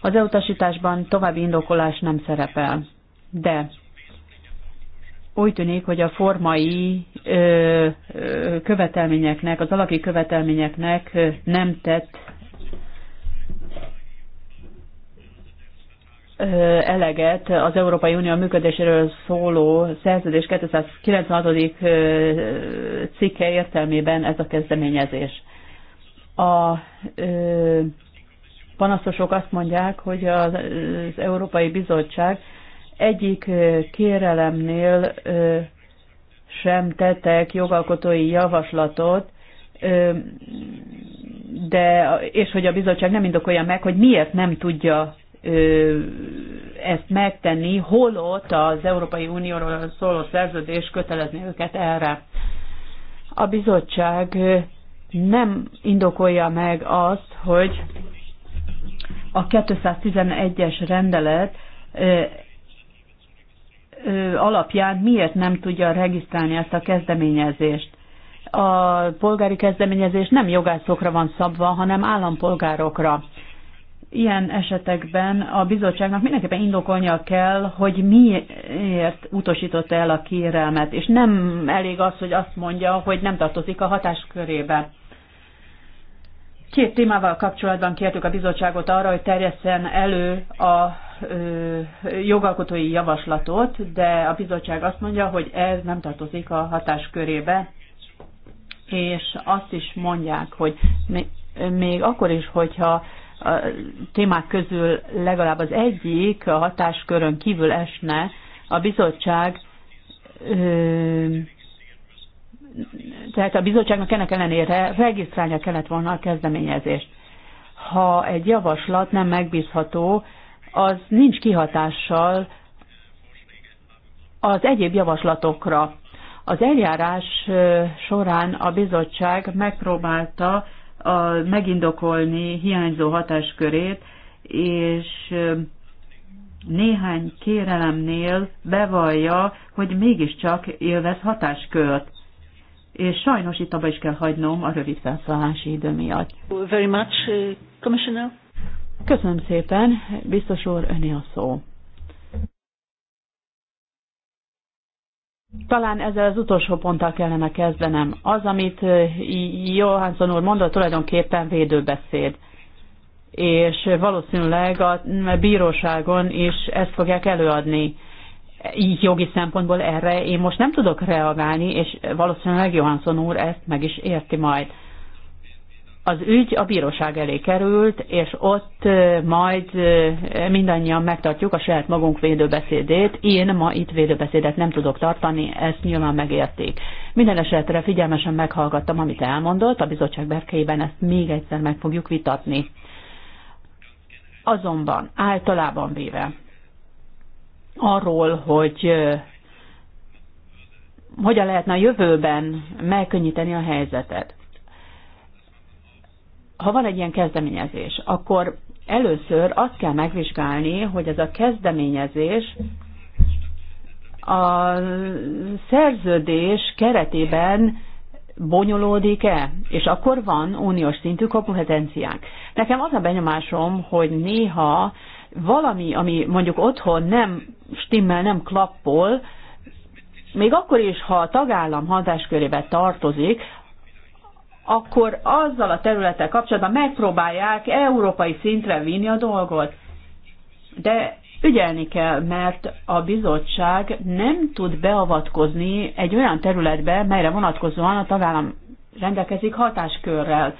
Az elutasításban további indokolás nem szerepel, de úgy tűnik, hogy a formai ö, ö, követelményeknek, az alaki követelményeknek nem tett eleget az Európai Unió működéséről szóló szerződés 296. cikke értelmében ez a kezdeményezés. A panaszosok azt mondják, hogy az Európai Bizottság egyik kérelemnél sem tettek jogalkotói javaslatot, de, és hogy a bizottság nem indokolja meg, hogy miért nem tudja ezt megtenni, holott az Európai Unióról szóló szerződés kötelezni őket erre. A bizottság nem indokolja meg azt, hogy a 211-es rendelet alapján miért nem tudja regisztrálni ezt a kezdeményezést. A polgári kezdeményezés nem jogászokra van szabva, hanem állampolgárokra. Ilyen esetekben a bizottságnak mindenképpen indokolnia kell, hogy miért utasította el a kérelmet, és nem elég az, hogy azt mondja, hogy nem tartozik a hatáskörébe. Két témával kapcsolatban kértük a bizottságot arra, hogy terjesszen elő a jogalkotói javaslatot, de a bizottság azt mondja, hogy ez nem tartozik a hatáskörébe, és azt is mondják, hogy még akkor is, hogyha a témák közül legalább az egyik a hatáskörön kívül esne, a bizottság tehát a bizottságnak ennek ellenére regisztrálja kellett volna a kezdeményezést. Ha egy javaslat nem megbízható, az nincs kihatással az egyéb javaslatokra. Az eljárás során a bizottság megpróbálta a, megindokolni hiányzó hatáskörét, és néhány kérelemnél bevallja, hogy mégiscsak élvez hatáskört. És sajnos itt abba is kell hagynom a rövid felszállási idő miatt. Very much, uh, Commissioner. Köszönöm szépen, biztos úr, öné a szó. Talán ezzel az utolsó ponttal kellene kezdenem. Az, amit Johansson úr mondott, tulajdonképpen védőbeszéd. És valószínűleg a bíróságon is ezt fogják előadni. Így jogi szempontból erre én most nem tudok reagálni, és valószínűleg Johansson úr ezt meg is érti majd az ügy a bíróság elé került, és ott majd mindannyian megtartjuk a saját magunk védőbeszédét. Én ma itt védőbeszédet nem tudok tartani, ezt nyilván megérték. Minden esetre figyelmesen meghallgattam, amit elmondott, a bizottság berkeiben ezt még egyszer meg fogjuk vitatni. Azonban általában véve arról, hogy hogyan lehetne a jövőben megkönnyíteni a helyzetet ha van egy ilyen kezdeményezés, akkor először azt kell megvizsgálni, hogy ez a kezdeményezés a szerződés keretében bonyolódik-e, és akkor van uniós szintű kompetenciánk. Nekem az a benyomásom, hogy néha valami, ami mondjuk otthon nem stimmel, nem klappol, még akkor is, ha a tagállam hatáskörébe tartozik, akkor azzal a területtel kapcsolatban megpróbálják európai szintre vinni a dolgot. De ügyelni kell, mert a bizottság nem tud beavatkozni egy olyan területbe, melyre vonatkozóan a tagállam rendelkezik hatáskörrel.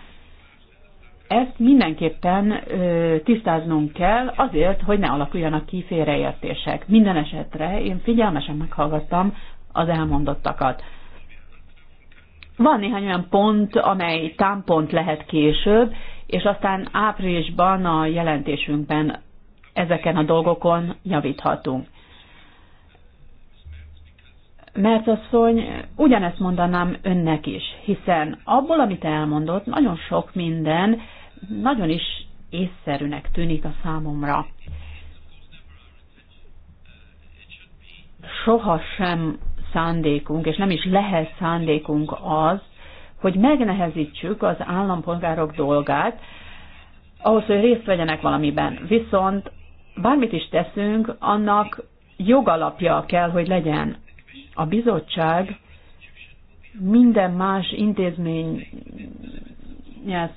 Ezt mindenképpen ö, tisztáznunk kell azért, hogy ne alakuljanak ki félreértések. Minden esetre én figyelmesen meghallgattam az elmondottakat. Van néhány olyan pont, amely támpont lehet később, és aztán áprilisban a jelentésünkben ezeken a dolgokon javíthatunk. Mert asszony, ugyanezt mondanám önnek is, hiszen abból, amit elmondott, nagyon sok minden nagyon is észszerűnek tűnik a számomra. Soha sem szándékunk, és nem is lehet szándékunk az, hogy megnehezítsük az állampolgárok dolgát, ahhoz, hogy részt vegyenek valamiben. Viszont bármit is teszünk, annak jogalapja kell, hogy legyen. A bizottság minden más intézmény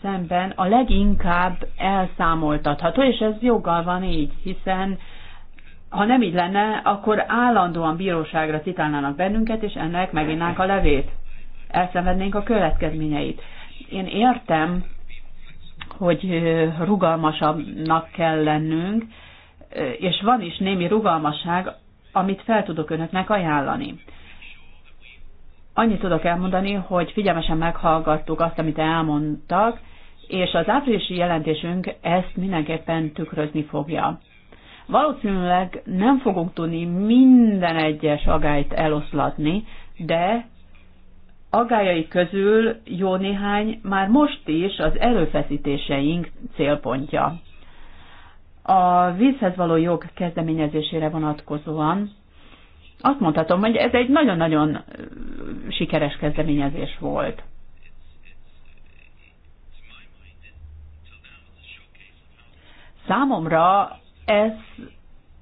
szemben a leginkább elszámoltatható, és ez joggal van így, hiszen ha nem így lenne, akkor állandóan bíróságra citálnának bennünket, és ennek meginnánk a levét. Elszenvednénk a következményeit. Én értem, hogy rugalmasabbnak kell lennünk, és van is némi rugalmasság, amit fel tudok önöknek ajánlani. Annyit tudok elmondani, hogy figyelmesen meghallgattuk azt, amit elmondtak, és az áprilisi jelentésünk ezt mindenképpen tükrözni fogja. Valószínűleg nem fogunk tudni minden egyes agályt eloszlatni, de agályai közül jó néhány már most is az erőfeszítéseink célpontja. A vízhez való jog kezdeményezésére vonatkozóan azt mondhatom, hogy ez egy nagyon-nagyon sikeres kezdeményezés volt. Számomra ez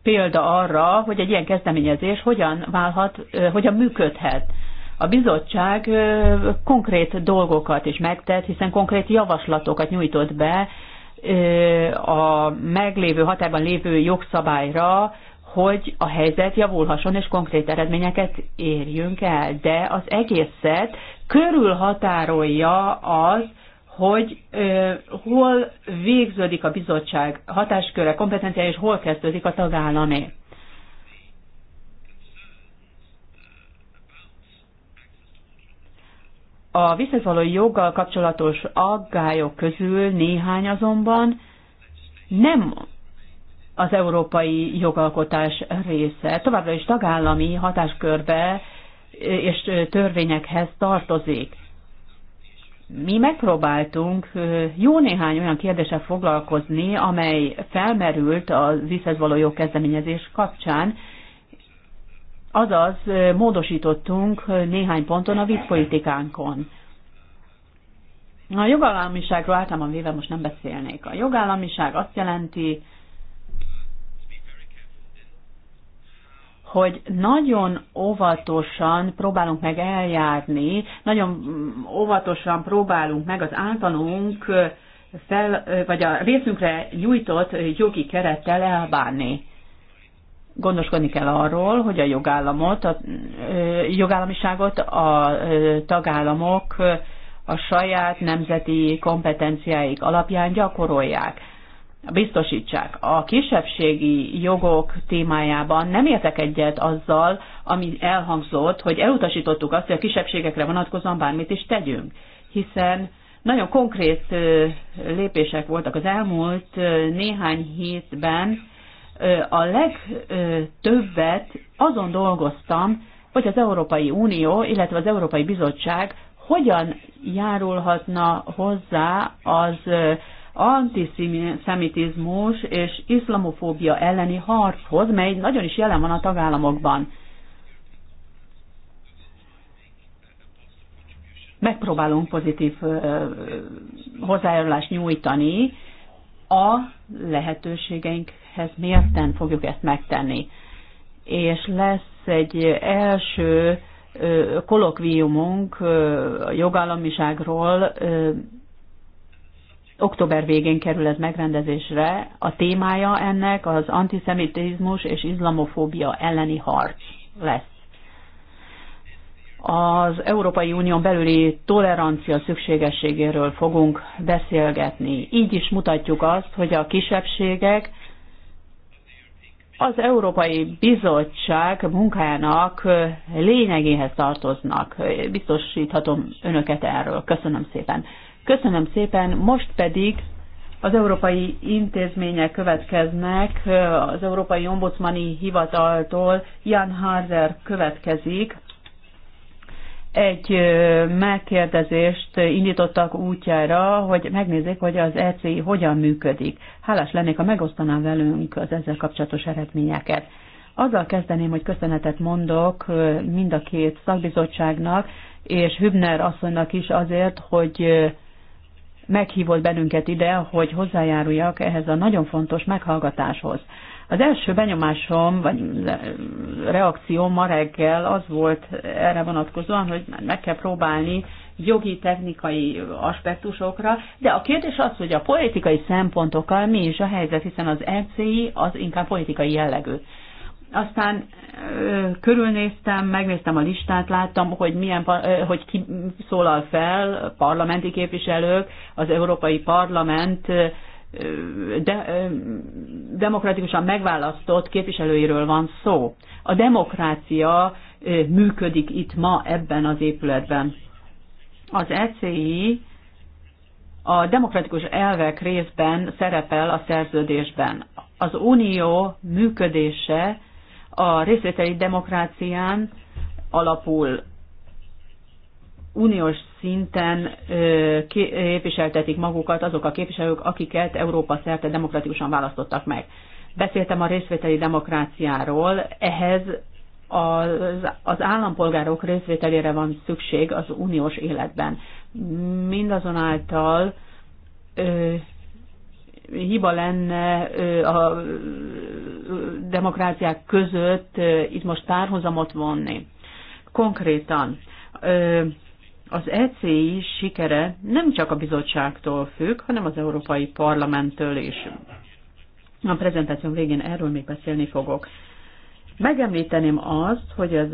példa arra, hogy egy ilyen kezdeményezés hogyan válhat, hogyan működhet. A bizottság konkrét dolgokat is megtett, hiszen konkrét javaslatokat nyújtott be a meglévő határban lévő jogszabályra, hogy a helyzet javulhasson és konkrét eredményeket érjünk el. De az egészet körülhatárolja az, hogy ö, hol végződik a bizottság hatásköre, kompetenciája, és hol kezdődik a tagállamé. A visszavaló joggal kapcsolatos aggályok közül néhány azonban nem az európai jogalkotás része. Továbbra is tagállami hatáskörbe és törvényekhez tartozik mi megpróbáltunk jó néhány olyan kérdéssel foglalkozni, amely felmerült a Viszhez való kezdeményezés kapcsán, azaz módosítottunk néhány ponton a vízpolitikánkon. A jogállamiságról általában véve most nem beszélnék. A jogállamiság azt jelenti, hogy nagyon óvatosan próbálunk meg eljárni, nagyon mm, óvatosan próbálunk meg az általunk fel, vagy a részünkre nyújtott jogi kerettel elbánni. Gondoskodni kell arról, hogy a jogállamot, a jogállamiságot a tagállamok a saját nemzeti kompetenciáik alapján gyakorolják biztosítsák. A kisebbségi jogok témájában nem értek egyet azzal, ami elhangzott, hogy elutasítottuk azt, hogy a kisebbségekre vonatkozóan bármit is tegyünk, hiszen nagyon konkrét lépések voltak az elmúlt néhány hétben. A legtöbbet azon dolgoztam, hogy az Európai Unió, illetve az Európai Bizottság hogyan járulhatna hozzá az antiszemitizmus és iszlamofóbia elleni harchoz, mely nagyon is jelen van a tagállamokban. Megpróbálunk pozitív hozzájárulást nyújtani, a lehetőségeinkhez mérten fogjuk ezt megtenni. És lesz egy első kolokviumunk a jogállamiságról Október végén kerül ez megrendezésre. A témája ennek az antiszemitizmus és izlamofóbia elleni harc lesz. Az Európai Unión belüli tolerancia szükségességéről fogunk beszélgetni. Így is mutatjuk azt, hogy a kisebbségek az Európai Bizottság munkájának lényegéhez tartoznak. Biztosíthatom önöket erről. Köszönöm szépen. Köszönöm szépen, most pedig az európai intézmények következnek, az Európai Ombudsmani Hivataltól Jan Harzer következik. Egy megkérdezést indítottak útjára, hogy megnézzék, hogy az ECI hogyan működik. Hálás lennék, ha megosztaná velünk az ezzel kapcsolatos eredményeket. Azzal kezdeném, hogy köszönetet mondok mind a két szakbizottságnak, és Hübner asszonynak is azért, hogy meghívott bennünket ide, hogy hozzájáruljak ehhez a nagyon fontos meghallgatáshoz. Az első benyomásom, vagy reakcióm ma reggel az volt erre vonatkozóan, hogy meg kell próbálni jogi, technikai aspektusokra, de a kérdés az, hogy a politikai szempontokkal mi is a helyzet, hiszen az ECI az inkább politikai jellegű. Aztán ö, körülnéztem, megnéztem a listát, láttam, hogy, milyen, ö, hogy ki szólal fel parlamenti képviselők, az Európai Parlament ö, de, ö, demokratikusan megválasztott képviselőiről van szó. A demokrácia ö, működik itt ma ebben az épületben. Az ECI a demokratikus elvek részben szerepel a szerződésben. Az unió működése a részvételi demokrácián alapul uniós szinten képviseltetik magukat azok a képviselők, akiket Európa szerte demokratikusan választottak meg. Beszéltem a részvételi demokráciáról, ehhez az, az állampolgárok részvételére van szükség az uniós életben. Mindazonáltal hiba lenne a demokráciák között itt most párhozamot vonni. Konkrétan az ECI sikere nem csak a bizottságtól függ, hanem az Európai Parlamenttől is. A prezentáció végén erről még beszélni fogok. Megemlíteném azt, hogy az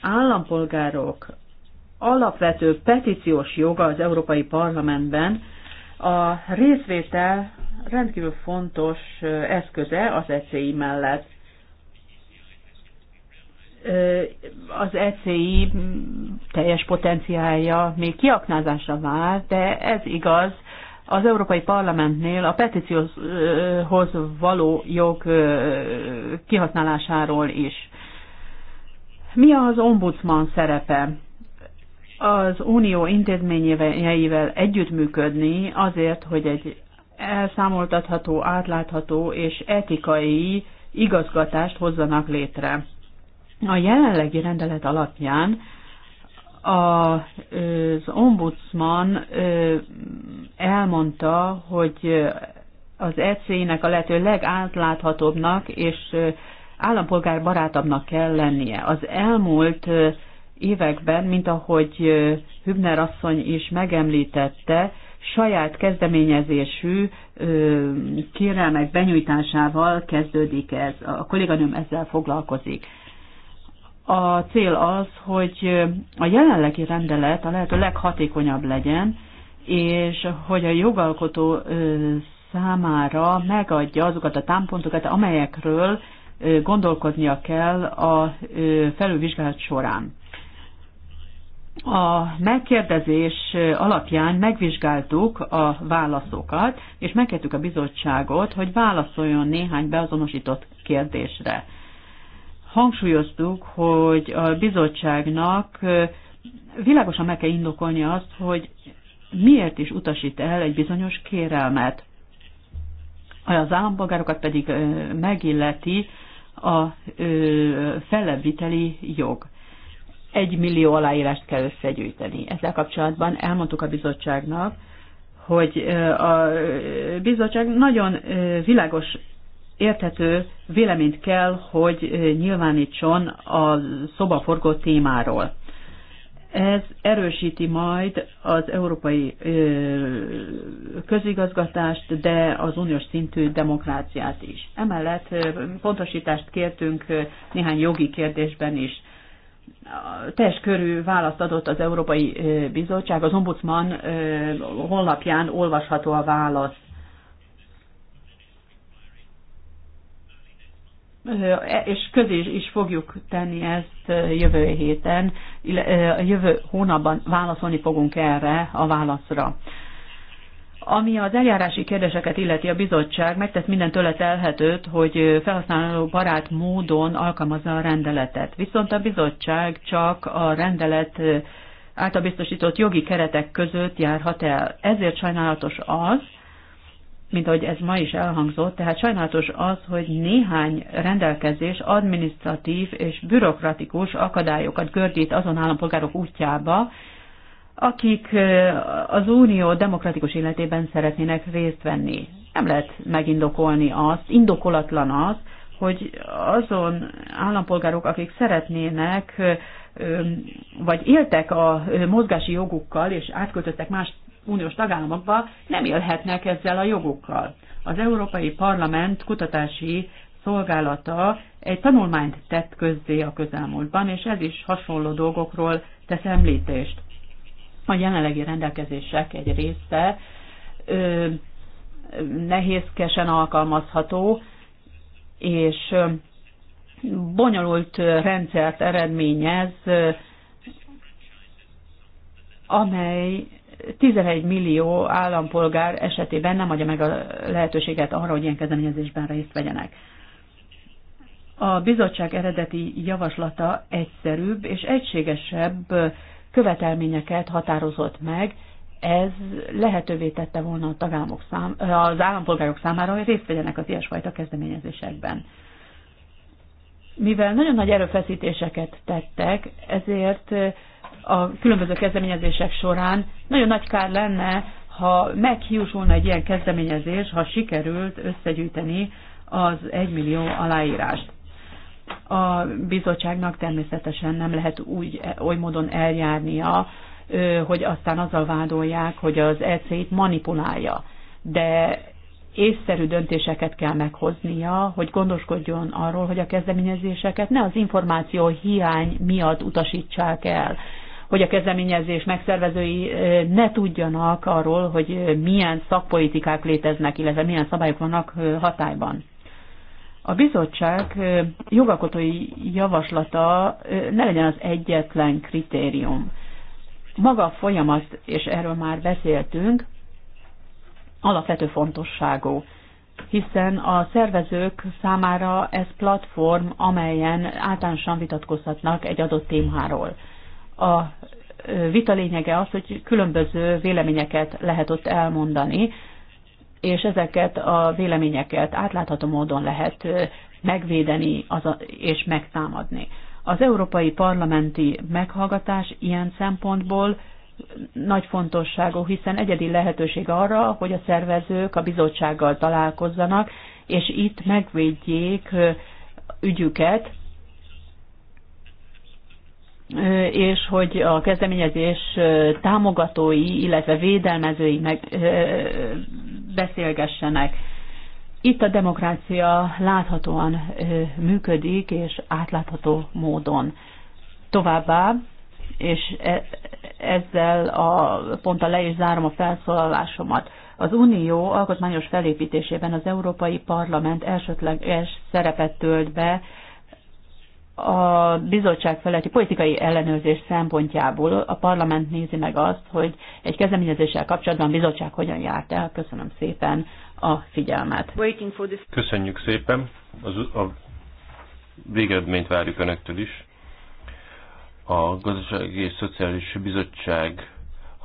állampolgárok alapvető petíciós joga az Európai Parlamentben a részvétel rendkívül fontos eszköze az ECI mellett. Az ECI teljes potenciálja még kiaknázásra vár, de ez igaz, az Európai Parlamentnél a petícióhoz való jog kihasználásáról is. Mi az ombudsman szerepe? Az unió intézményeivel együttműködni azért, hogy egy elszámoltatható, átlátható és etikai igazgatást hozzanak létre. A jelenlegi rendelet alapján az ombudsman elmondta, hogy az eci nek a lehető legátláthatóbbnak és állampolgárbarátabbnak kell lennie. Az elmúlt években, mint ahogy Hübner asszony is megemlítette, saját kezdeményezésű kérelmek benyújtásával kezdődik ez. A kolléganőm ezzel foglalkozik. A cél az, hogy a jelenlegi rendelet a lehető leghatékonyabb legyen, és hogy a jogalkotó számára megadja azokat a támpontokat, amelyekről gondolkodnia kell a felülvizsgálat során. A megkérdezés alapján megvizsgáltuk a válaszokat, és megkértük a bizottságot, hogy válaszoljon néhány beazonosított kérdésre. Hangsúlyoztuk, hogy a bizottságnak világosan meg kell indokolni azt, hogy miért is utasít el egy bizonyos kérelmet. Az állampolgárokat pedig megilleti a fellebbviteli jog egy millió aláírást kell összegyűjteni. Ezzel kapcsolatban elmondtuk a bizottságnak, hogy a bizottság nagyon világos, érthető véleményt kell, hogy nyilvánítson a szobaforgó témáról. Ez erősíti majd az európai közigazgatást, de az uniós szintű demokráciát is. Emellett pontosítást kértünk néhány jogi kérdésben is teljes körű választ adott az Európai Bizottság, az Ombudsman honlapján olvasható a válasz. E, és közé is fogjuk tenni ezt jövő héten, jövő hónapban válaszolni fogunk erre a válaszra. Ami az eljárási kérdéseket illeti a bizottság, megtesz minden tőle telhetőt, hogy felhasználó barát módon alkalmazza a rendeletet. Viszont a bizottság csak a rendelet által biztosított jogi keretek között járhat el. Ezért sajnálatos az, mint ahogy ez ma is elhangzott, tehát sajnálatos az, hogy néhány rendelkezés adminisztratív és bürokratikus akadályokat gördít azon állampolgárok útjába, akik az unió demokratikus életében szeretnének részt venni. Nem lehet megindokolni azt, indokolatlan az, hogy azon állampolgárok, akik szeretnének, vagy éltek a mozgási jogukkal, és átköltöttek más uniós tagállamokba, nem élhetnek ezzel a jogukkal. Az Európai Parlament kutatási szolgálata egy tanulmányt tett közzé a közelmúltban, és ez is hasonló dolgokról tesz említést. A jelenlegi rendelkezések egy része ö, nehézkesen alkalmazható, és bonyolult rendszert eredményez, amely 11 millió állampolgár esetében nem adja meg a lehetőséget arra, hogy ilyen kezdeményezésben részt vegyenek. A bizottság eredeti javaslata egyszerűbb és egységesebb követelményeket határozott meg, ez lehetővé tette volna a tagállamok szám, az állampolgárok számára, hogy részt vegyenek az ilyesfajta kezdeményezésekben. Mivel nagyon nagy erőfeszítéseket tettek, ezért a különböző kezdeményezések során nagyon nagy kár lenne, ha meghiúsulna egy ilyen kezdeményezés, ha sikerült összegyűjteni az egymillió aláírást. A bizottságnak természetesen nem lehet úgy, oly módon eljárnia, hogy aztán azzal vádolják, hogy az EC-t manipulálja. De észszerű döntéseket kell meghoznia, hogy gondoskodjon arról, hogy a kezdeményezéseket ne az információ hiány miatt utasítsák el, hogy a kezdeményezés megszervezői ne tudjanak arról, hogy milyen szakpolitikák léteznek, illetve milyen szabályok vannak hatályban a bizottság jogalkotói javaslata ne legyen az egyetlen kritérium. Maga a folyamat, és erről már beszéltünk, alapvető fontosságú, hiszen a szervezők számára ez platform, amelyen általánosan vitatkozhatnak egy adott témáról. A vita lényege az, hogy különböző véleményeket lehet ott elmondani, és ezeket a véleményeket átlátható módon lehet megvédeni és megtámadni. Az Európai Parlamenti meghallgatás ilyen szempontból nagy fontosságú, hiszen egyedi lehetőség arra, hogy a szervezők a bizottsággal találkozzanak, és itt megvédjék ügyüket, és hogy a kezdeményezés támogatói, illetve védelmezői meg, beszélgessenek. Itt a demokrácia láthatóan működik, és átlátható módon. Továbbá, és e, ezzel a ponttal le is zárom a felszólalásomat. Az Unió alkotmányos felépítésében az Európai Parlament elsődleges szerepet tölt be a bizottság feletti politikai ellenőrzés szempontjából a parlament nézi meg azt, hogy egy kezdeményezéssel kapcsolatban a bizottság hogyan járt el. Köszönöm szépen a figyelmet. Köszönjük szépen. Az, a végeredményt várjuk Önöktől is. A Gazdasági és Szociális Bizottság,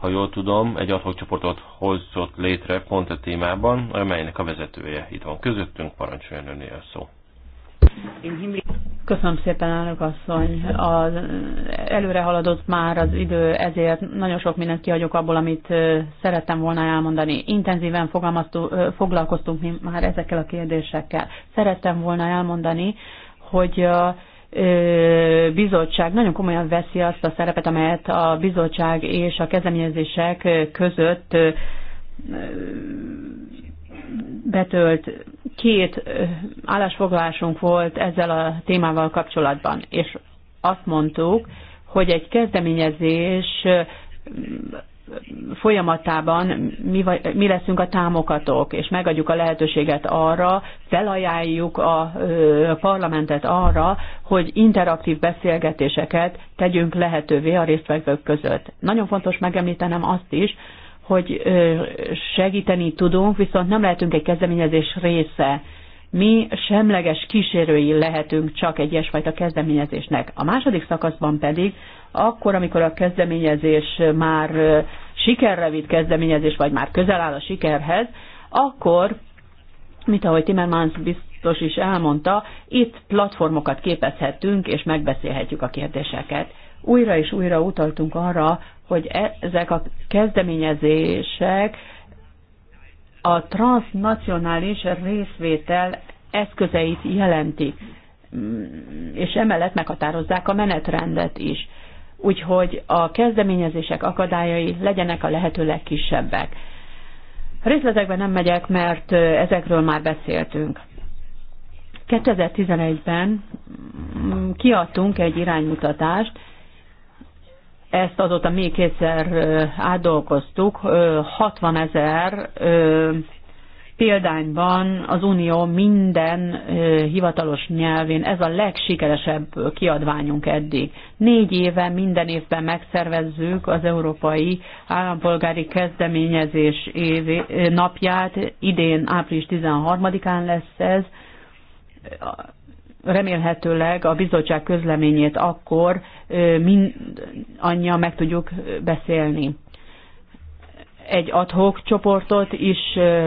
ha jól tudom, egy adhok csoportot hozott létre pont a témában, amelynek a vezetője itt van közöttünk, parancsoljon önnél szó. Köszönöm szépen, elnök asszony. Az előre haladott már az idő, ezért nagyon sok mindent kihagyok abból, amit szerettem volna elmondani. Intenzíven foglalkoztunk mi már ezekkel a kérdésekkel. Szerettem volna elmondani, hogy a bizottság nagyon komolyan veszi azt a szerepet, amelyet a bizottság és a kezdeményezések között betölt. Két állásfoglalásunk volt ezzel a témával kapcsolatban, és azt mondtuk, hogy egy kezdeményezés folyamatában mi, vagy, mi leszünk a támogatók, és megadjuk a lehetőséget arra, felajánljuk a ö, parlamentet arra, hogy interaktív beszélgetéseket tegyünk lehetővé a résztvevők között. Nagyon fontos megemlítenem azt is, hogy segíteni tudunk, viszont nem lehetünk egy kezdeményezés része. Mi semleges kísérői lehetünk csak egy ilyesfajta kezdeményezésnek. A második szakaszban pedig, akkor, amikor a kezdeményezés már sikerre vitt kezdeményezés, vagy már közel áll a sikerhez, akkor, mint ahogy Timmermans biztos is elmondta, itt platformokat képezhetünk, és megbeszélhetjük a kérdéseket újra és újra utaltunk arra, hogy e, ezek a kezdeményezések a transnacionális részvétel eszközeit jelentik, mm, és emellett meghatározzák a menetrendet is. Úgyhogy a kezdeményezések akadályai legyenek a lehető legkisebbek. Részletekben nem megyek, mert ezekről már beszéltünk. 2011-ben mm, kiadtunk egy iránymutatást, ezt azóta még kétszer átdolgoztuk. 60 ezer példányban az Unió minden hivatalos nyelvén ez a legsikeresebb kiadványunk eddig. Négy éve minden évben megszervezzük az Európai Állampolgári Kezdeményezés napját, idén április 13-án lesz ez remélhetőleg a bizottság közleményét akkor mindannyian meg tudjuk beszélni. Egy adhok csoportot is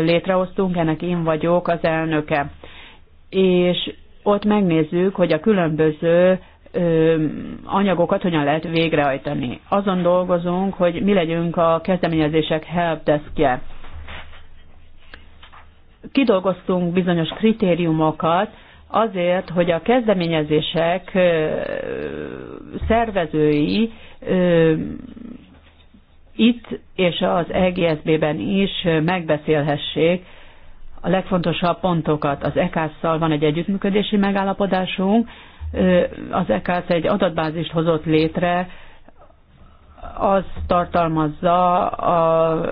létrehoztunk, ennek én vagyok az elnöke. És ott megnézzük, hogy a különböző anyagokat hogyan lehet végrehajtani. Azon dolgozunk, hogy mi legyünk a kezdeményezések helpdeskje. Kidolgoztunk bizonyos kritériumokat, azért, hogy a kezdeményezések szervezői itt és az EGSB-ben is megbeszélhessék a legfontosabb pontokat. Az EKSZ-szal van egy együttműködési megállapodásunk, az EKSZ egy adatbázist hozott létre, az tartalmazza a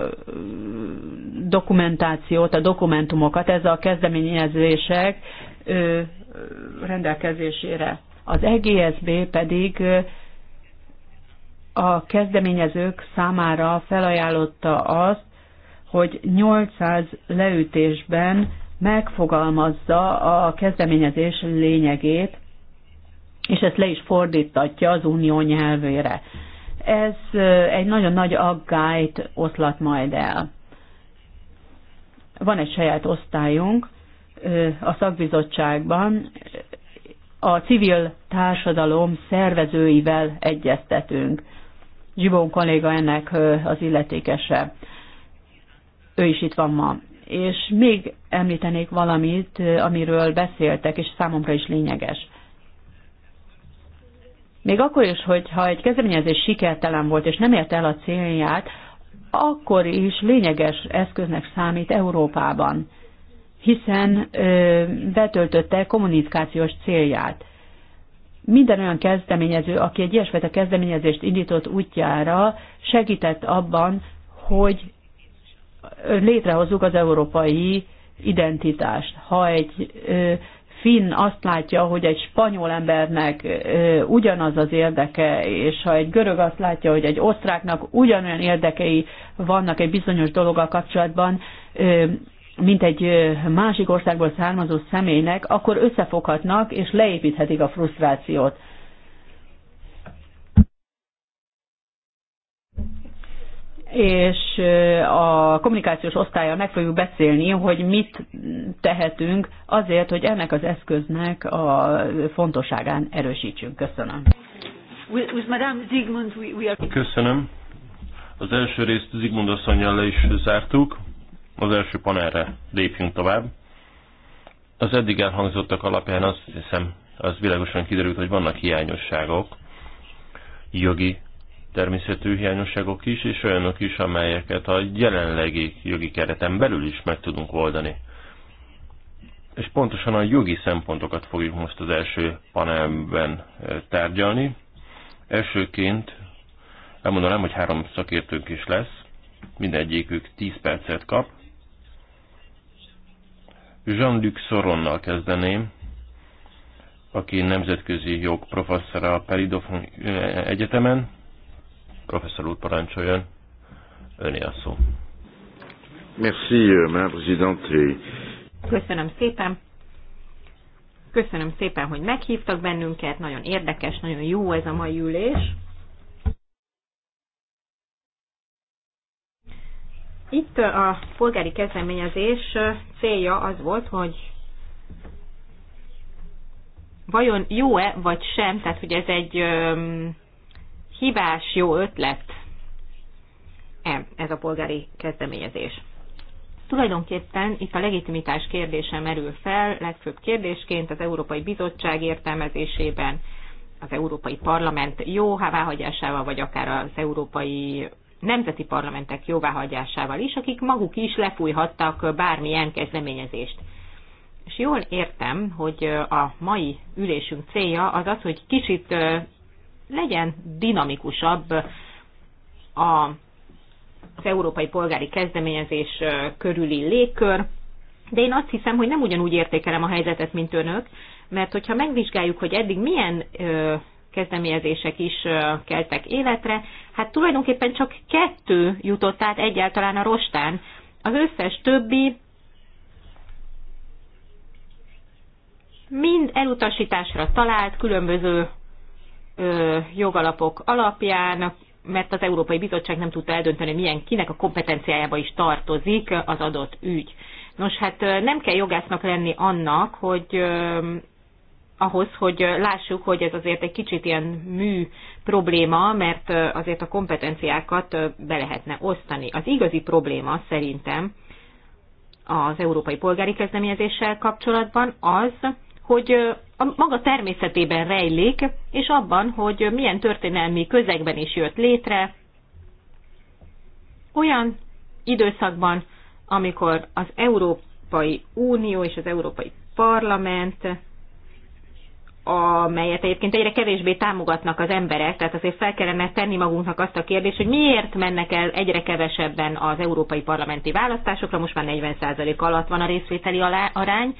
dokumentációt, a dokumentumokat, ez a kezdeményezések rendelkezésére. Az EGSB pedig a kezdeményezők számára felajánlotta azt, hogy 800 leütésben megfogalmazza a kezdeményezés lényegét, és ezt le is fordítatja az unió nyelvére. Ez egy nagyon nagy aggályt oszlat majd el. Van egy saját osztályunk, a szakbizottságban a civil társadalom szervezőivel egyeztetünk. Zsibón kolléga ennek az illetékese. Ő is itt van ma. És még említenék valamit, amiről beszéltek, és számomra is lényeges. Még akkor is, hogyha egy kezdeményezés sikertelen volt, és nem ért el a célját, akkor is lényeges eszköznek számít Európában hiszen betöltötte kommunikációs célját. Minden olyan kezdeményező, aki egy ilyesfajta kezdeményezést indított útjára, segített abban, hogy létrehozzuk az európai identitást. Ha egy finn azt látja, hogy egy spanyol embernek ugyanaz az érdeke, és ha egy görög azt látja, hogy egy osztráknak ugyanolyan érdekei vannak egy bizonyos dologgal kapcsolatban, mint egy másik országból származó személynek, akkor összefoghatnak és leépíthetik a frusztrációt. és a kommunikációs osztálya meg fogjuk beszélni, hogy mit tehetünk azért, hogy ennek az eszköznek a fontosságán erősítsünk. Köszönöm. Köszönöm. Az első részt Zigmund asszonyjal le is zártuk az első panelre lépjünk tovább. Az eddig elhangzottak alapján azt hiszem, az világosan kiderült, hogy vannak hiányosságok, jogi természetű hiányosságok is, és olyanok is, amelyeket a jelenlegi jogi kereten belül is meg tudunk oldani. És pontosan a jogi szempontokat fogjuk most az első panelben eh, tárgyalni. Elsőként elmondanám, hogy három szakértőnk is lesz, mindegyikük 10 percet kap, Jean-Luc Soronnal kezdeném, aki nemzetközi jog professzora a Peridofon Egyetemen. Professzor úr, parancsoljon, öné a szó. Merci, euh, Madame Présidente. Köszönöm szépen. Köszönöm szépen, hogy meghívtak bennünket, nagyon érdekes, nagyon jó ez a mai ülés. Itt a polgári kezdeményezés célja az volt, hogy vajon jó-e vagy sem, tehát hogy ez egy hibás jó ötlet -e ez a polgári kezdeményezés. Tulajdonképpen itt a legitimitás kérdése merül fel, legfőbb kérdésként az Európai Bizottság értelmezésében, az Európai Parlament jó háváhagyásával, vagy akár az Európai nemzeti parlamentek jóváhagyásával is, akik maguk is lefújhattak bármilyen kezdeményezést. És jól értem, hogy a mai ülésünk célja az az, hogy kicsit legyen dinamikusabb a, az európai polgári kezdeményezés körüli légkör, de én azt hiszem, hogy nem ugyanúgy értékelem a helyzetet, mint önök, mert hogyha megvizsgáljuk, hogy eddig milyen kezdeményezések is keltek életre. Hát tulajdonképpen csak kettő jutott át egyáltalán a rostán. Az összes többi mind elutasításra talált különböző ö, jogalapok alapján, mert az Európai Bizottság nem tudta eldönteni, milyen kinek a kompetenciájába is tartozik az adott ügy. Nos, hát nem kell jogásznak lenni annak, hogy ahhoz, hogy lássuk, hogy ez azért egy kicsit ilyen mű probléma, mert azért a kompetenciákat be lehetne osztani. Az igazi probléma szerintem az európai polgári kezdeményezéssel kapcsolatban az, hogy a maga természetében rejlik, és abban, hogy milyen történelmi közegben is jött létre, olyan időszakban, amikor az Európai Unió és az Európai Parlament amelyet egyébként egyre kevésbé támogatnak az emberek, tehát azért fel kellene tenni magunknak azt a kérdést, hogy miért mennek el egyre kevesebben az európai parlamenti választásokra, most már 40% alatt van a részvételi arány.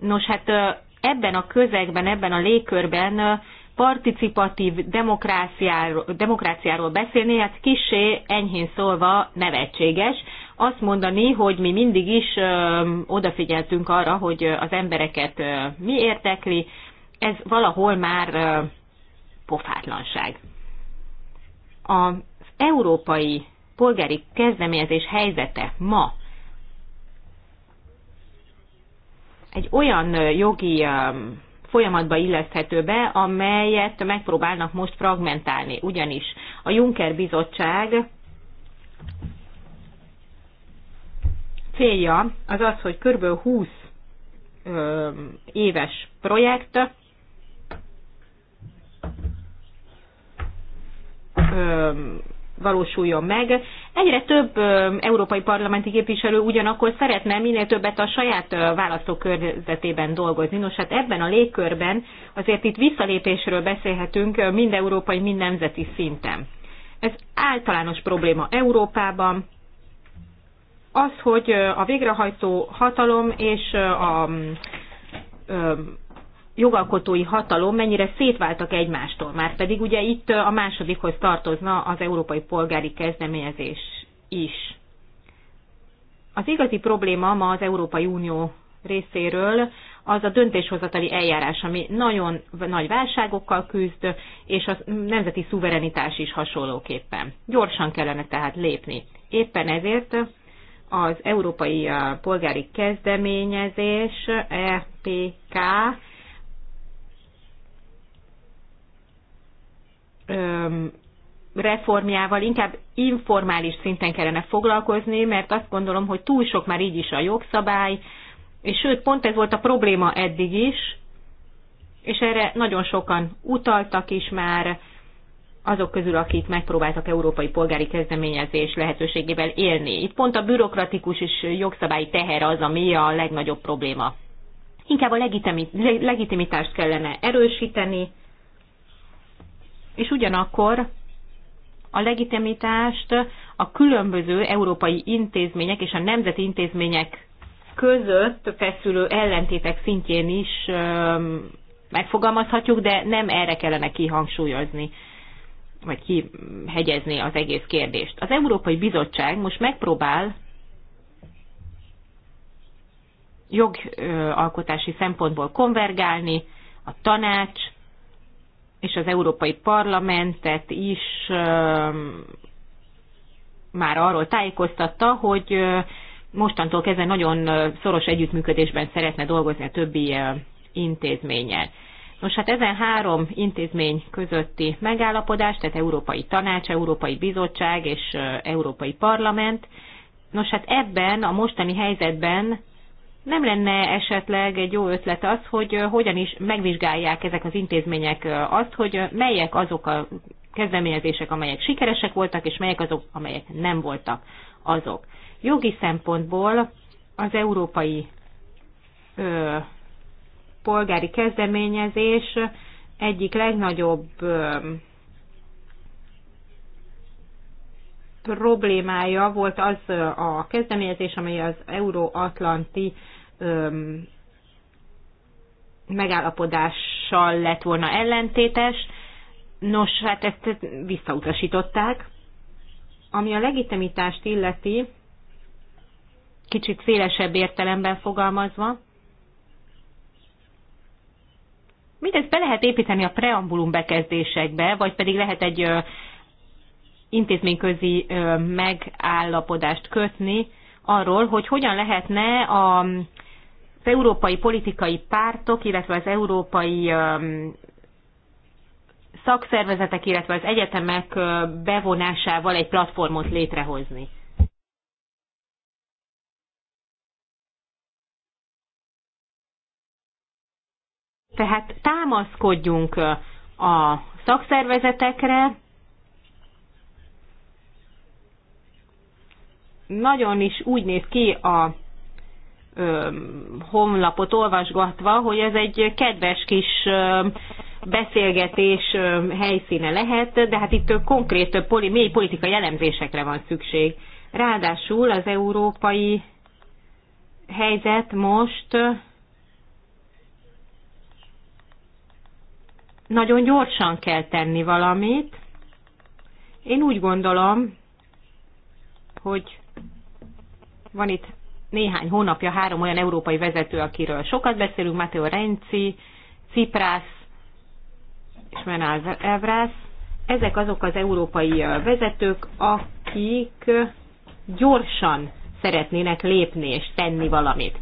Nos, hát ebben a közegben, ebben a légkörben participatív demokráciáról, demokráciáról beszélni, hát kisé, enyhén szólva nevetséges. Azt mondani, hogy mi mindig is ö, odafigyeltünk arra, hogy az embereket ö, mi értekli, ez valahol már pofátlanság. Az európai polgári kezdeményezés helyzete ma egy olyan jogi folyamatba illeszthető be, amelyet megpróbálnak most fragmentálni. Ugyanis a Juncker Bizottság célja az az, hogy kb. 20 éves projekt valósuljon meg. Egyre több európai parlamenti képviselő ugyanakkor szeretne minél többet a saját választókörzetében dolgozni. Nos, hát ebben a légkörben azért itt visszalépésről beszélhetünk mind európai, mind nemzeti szinten. Ez általános probléma Európában, az, hogy a végrehajtó hatalom és a jogalkotói hatalom mennyire szétváltak egymástól, már pedig ugye itt a másodikhoz tartozna az európai polgári kezdeményezés is. Az igazi probléma ma az Európai Unió részéről az a döntéshozatali eljárás, ami nagyon nagy válságokkal küzd, és a nemzeti szuverenitás is hasonlóképpen. Gyorsan kellene tehát lépni. Éppen ezért az Európai Polgári Kezdeményezés, EPK reformjával inkább informális szinten kellene foglalkozni, mert azt gondolom, hogy túl sok már így is a jogszabály, és sőt, pont ez volt a probléma eddig is, és erre nagyon sokan utaltak is már azok közül, akik megpróbáltak európai polgári kezdeményezés lehetőségével élni. Itt pont a bürokratikus és jogszabályi teher az, ami a legnagyobb probléma. Inkább a legitimitást kellene erősíteni, és ugyanakkor a legitimitást a különböző európai intézmények és a nemzeti intézmények között feszülő ellentétek szintjén is megfogalmazhatjuk, de nem erre kellene kihangsúlyozni vagy kihegyezni az egész kérdést. Az Európai Bizottság most megpróbál jogalkotási szempontból konvergálni, a tanács és az Európai Parlamentet is már arról tájékoztatta, hogy mostantól kezdve nagyon szoros együttműködésben szeretne dolgozni a többi intézménnyel. Nos, hát ezen három intézmény közötti megállapodás, tehát Európai Tanács, Európai Bizottság és Európai Parlament, nos, hát ebben a mostani helyzetben nem lenne esetleg egy jó ötlet az, hogy hogyan is megvizsgálják ezek az intézmények azt, hogy melyek azok a kezdeményezések, amelyek sikeresek voltak, és melyek azok, amelyek nem voltak azok. Jogi szempontból az európai ö, polgári kezdeményezés egyik legnagyobb ö, problémája volt az a kezdeményezés, amely az euróatlanti megállapodással lett volna ellentétes. Nos, hát ezt visszautasították. Ami a legitimitást illeti, kicsit szélesebb értelemben fogalmazva, mindezt be lehet építeni a preambulum bekezdésekbe, vagy pedig lehet egy intézményközi megállapodást kötni arról, hogy hogyan lehetne a az európai politikai pártok, illetve az európai szakszervezetek, illetve az egyetemek bevonásával egy platformot létrehozni. Tehát támaszkodjunk a szakszervezetekre, nagyon is úgy néz ki a ö, honlapot olvasgatva, hogy ez egy kedves kis ö, beszélgetés ö, helyszíne lehet, de hát itt konkrét poli, mély politikai elemzésekre van szükség. Ráadásul az európai helyzet most nagyon gyorsan kell tenni valamit. Én úgy gondolom, hogy van itt néhány hónapja három olyan európai vezető, akiről sokat beszélünk, Matteo Renzi, Ciprász és Menal Evrász. Ezek azok az európai vezetők, akik gyorsan szeretnének lépni és tenni valamit.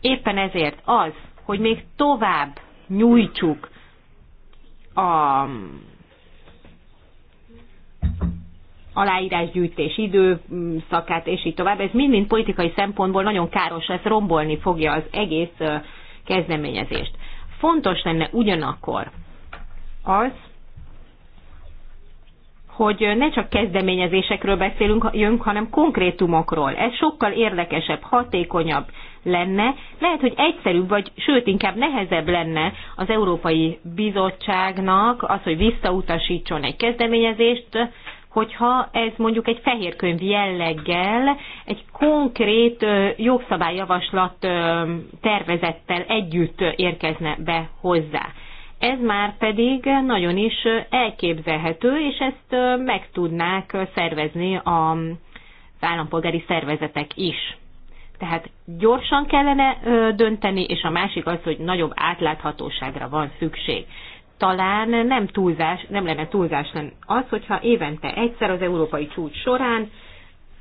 Éppen ezért az, hogy még tovább nyújtsuk a aláírásgyűjtés időszakát, mm, és így tovább. Ez mind-mind politikai szempontból nagyon káros lesz, rombolni fogja az egész kezdeményezést. Fontos lenne ugyanakkor az, hogy ne csak kezdeményezésekről beszélünk, jönk, hanem konkrétumokról. Ez sokkal érdekesebb, hatékonyabb lenne. Lehet, hogy egyszerűbb, vagy sőt, inkább nehezebb lenne az Európai Bizottságnak az, hogy visszautasítson egy kezdeményezést, hogyha ez mondjuk egy fehérkönyv jelleggel, egy konkrét jogszabályjavaslat tervezettel együtt érkezne be hozzá. Ez már pedig nagyon is elképzelhető, és ezt meg tudnák szervezni az állampolgári szervezetek is. Tehát gyorsan kellene dönteni, és a másik az, hogy nagyobb átláthatóságra van szükség talán nem túlzás, nem lenne túlzás lenne az, hogyha évente egyszer az európai csúcs során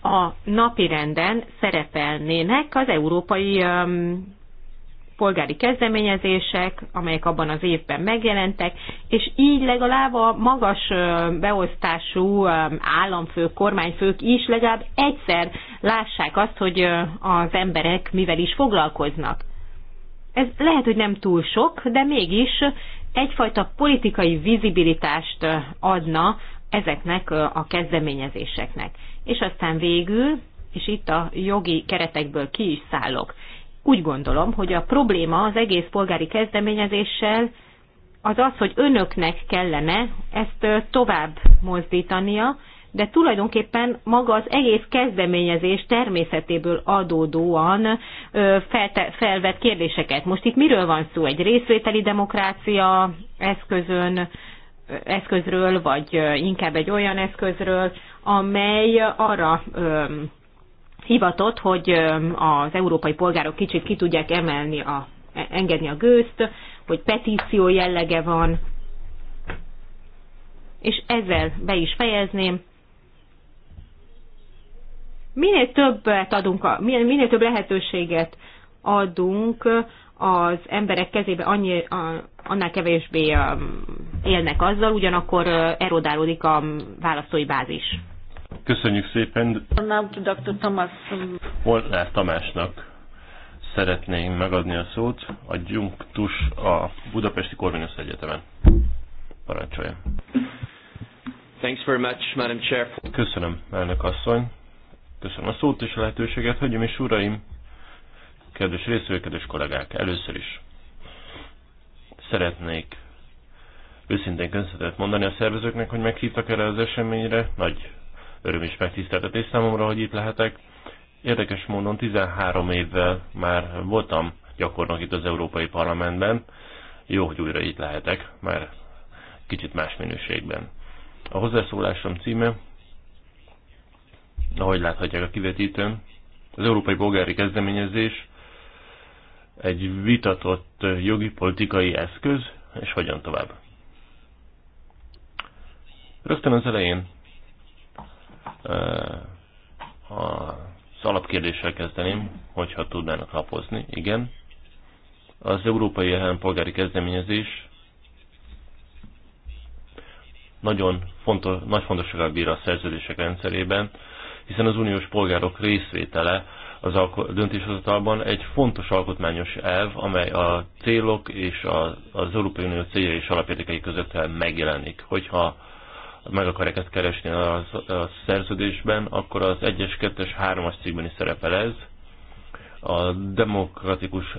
a napirenden szerepelnének az európai um, polgári kezdeményezések, amelyek abban az évben megjelentek, és így legalább a magas beosztású államfők, kormányfők is legalább egyszer lássák azt, hogy az emberek mivel is foglalkoznak. Ez lehet, hogy nem túl sok, de mégis egyfajta politikai vizibilitást adna ezeknek a kezdeményezéseknek. És aztán végül, és itt a jogi keretekből ki is szállok, úgy gondolom, hogy a probléma az egész polgári kezdeményezéssel az az, hogy önöknek kellene ezt tovább mozdítania, de tulajdonképpen maga az egész kezdeményezés természetéből adódóan felte, felvet kérdéseket. Most itt miről van szó? Egy részvételi demokrácia eszközön, eszközről, vagy inkább egy olyan eszközről, amely arra hivatott, hogy az európai polgárok kicsit ki tudják emelni a, e, engedni a gőzt, hogy petíció jellege van, és ezzel be is fejezném minél többet adunk, minél, minél több lehetőséget adunk az emberek kezébe, annyi, a, annál kevésbé um, élnek azzal, ugyanakkor erodálódik a választói bázis. Köszönjük szépen. Dr. Thomas. Molnár Tamásnak szeretném megadni a szót. A gyunktus a Budapesti Korvinusz Egyetemen. Parancsolja. Thanks very much, Madam Chair. Köszönöm, elnök asszony. Köszönöm a szót és a lehetőséget, hagyom és uraim, kedves részvők, kedves kollégák, először is szeretnék őszintén köszönetet mondani a szervezőknek, hogy meghívtak erre az eseményre. Nagy öröm és megtiszteltetés számomra, hogy itt lehetek. Érdekes módon 13 évvel már voltam gyakornok itt az Európai Parlamentben. Jó, hogy újra itt lehetek, már kicsit más minőségben. A hozzászólásom címe ahogy láthatják a kivetítőn. Az Európai Polgári Kezdeményezés egy vitatott jogi politikai eszköz, és hogyan tovább. Rögtön az elején az alapkérdéssel kezdeném, hogyha tudnának lapozni. Igen. Az Európai Polgári Kezdeményezés nagyon fontos, nagy fontossággal bír a szerződések rendszerében, hiszen az uniós polgárok részvétele az döntéshozatalban egy fontos alkotmányos elv, amely a célok és a, az Európai Unió célja és alapértékei között megjelenik. Hogyha meg akarják ezt keresni a, a szerződésben, akkor az 1-es, 2-es, 3-as cikkben is szerepel ez. A demokratikus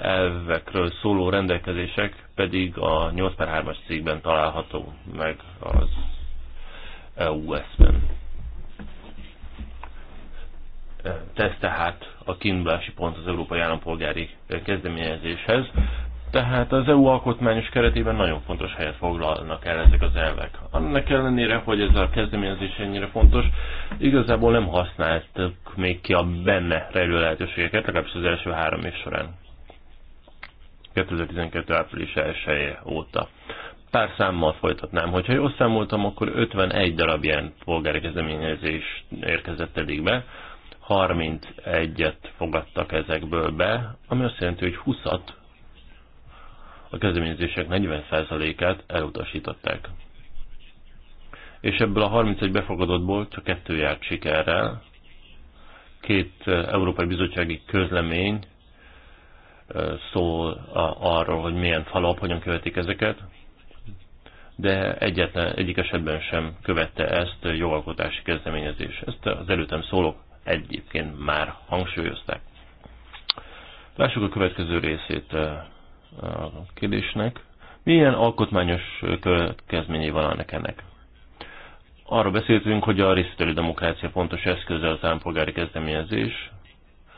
elvekről szóló rendelkezések pedig a 8 per 3-as cikkben található meg az EUS-ben tesz tehát a kiindulási pont az európai állampolgári kezdeményezéshez. Tehát az EU alkotmányos keretében nagyon fontos helyet foglalnak el ezek az elvek. Annak ellenére, hogy ez a kezdeményezés ennyire fontos, igazából nem használtak még ki a benne rejlő lehetőségeket, legalábbis az első három év során. 2012. április 1 óta. Pár számmal folytatnám. Hogyha jól számoltam, akkor 51 darab ilyen polgári kezdeményezés érkezett eddig be. 31-et fogadtak ezekből be, ami azt jelenti, hogy 20-at a kezdeményezések 40%-át elutasították. És ebből a 31 befogadottból csak kettő járt sikerrel. Két Európai Bizottsági közlemény szól arról, hogy milyen falap, hogyan követik ezeket, de egyetlen, egyik esetben sem követte ezt jogalkotási kezdeményezés. Ezt az előttem szólók egyébként már hangsúlyozták. Lássuk a következő részét a kérdésnek. Milyen alkotmányos következményei vannak ennek? Arról beszéltünk, hogy a részvételi demokrácia fontos eszköze az állampolgári kezdeményezés.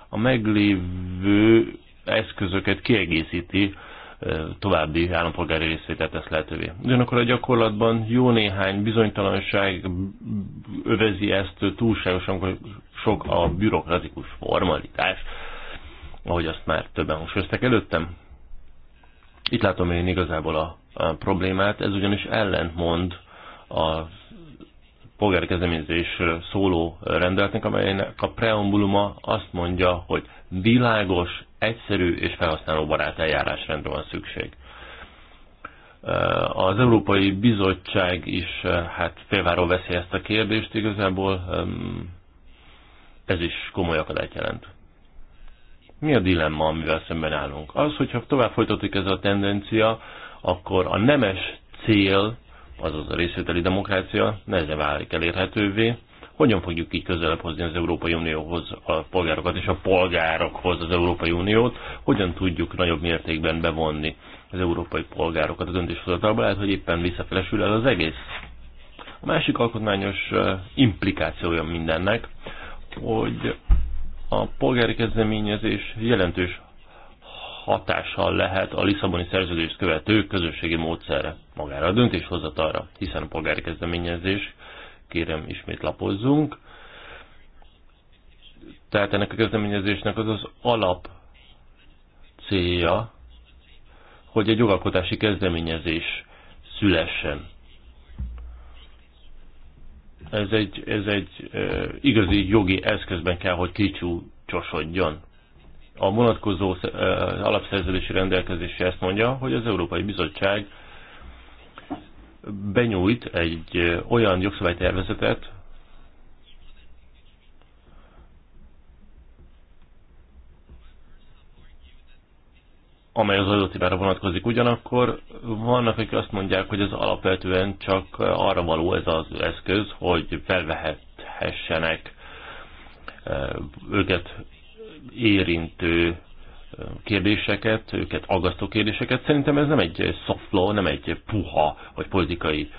A meglévő eszközöket kiegészíti további állampolgári részvételt tesz lehetővé. Ugyanakkor a gyakorlatban jó néhány bizonytalanság övezi ezt túlságosan sok a bürokratikus formalitás, ahogy azt már többen hangsúlyozták előttem. Itt látom én igazából a, a problémát, ez ugyanis ellentmond a polgári kezdeményezésről szóló rendeletnek, amelynek a preambuluma azt mondja, hogy világos, egyszerű és felhasználóbarát eljárásrendre van szükség. Az Európai Bizottság is hát félváról veszi ezt a kérdést igazából, ez is komoly akadályt jelent. Mi a dilemma, amivel szemben állunk? Az, hogyha tovább folytatik ez a tendencia, akkor a nemes cél, azaz a részvételi demokrácia nehezen válik elérhetővé, hogyan fogjuk így közelebb hozni az Európai Unióhoz a polgárokat és a polgárokhoz az Európai Uniót? Hogyan tudjuk nagyobb mértékben bevonni az európai polgárokat a döntéshozatalba? Lehet, hogy éppen visszafelesül el az egész. A másik alkotmányos implikációja mindennek, hogy a polgári kezdeményezés jelentős hatással lehet a Lisszaboni szerződést követő közösségi módszerre, magára a döntéshozatalra, hiszen a polgári kezdeményezés kérem ismét lapozzunk. Tehát ennek a kezdeményezésnek az az alap célja, hogy egy jogalkotási kezdeményezés szülessen. Ez egy, ez egy e, igazi jogi eszközben kell, hogy kicsúcsosodjon. A vonatkozó e, alapszerződési rendelkezés ezt mondja, hogy az Európai Bizottság benyújt egy olyan jogszabálytervezetet, amely az adott hibára vonatkozik. Ugyanakkor vannak, akik azt mondják, hogy ez alapvetően csak arra való ez az eszköz, hogy felvehethessenek őket érintő kérdéseket, őket aggasztó kérdéseket. Szerintem ez nem egy soft law, nem egy puha, vagy politikai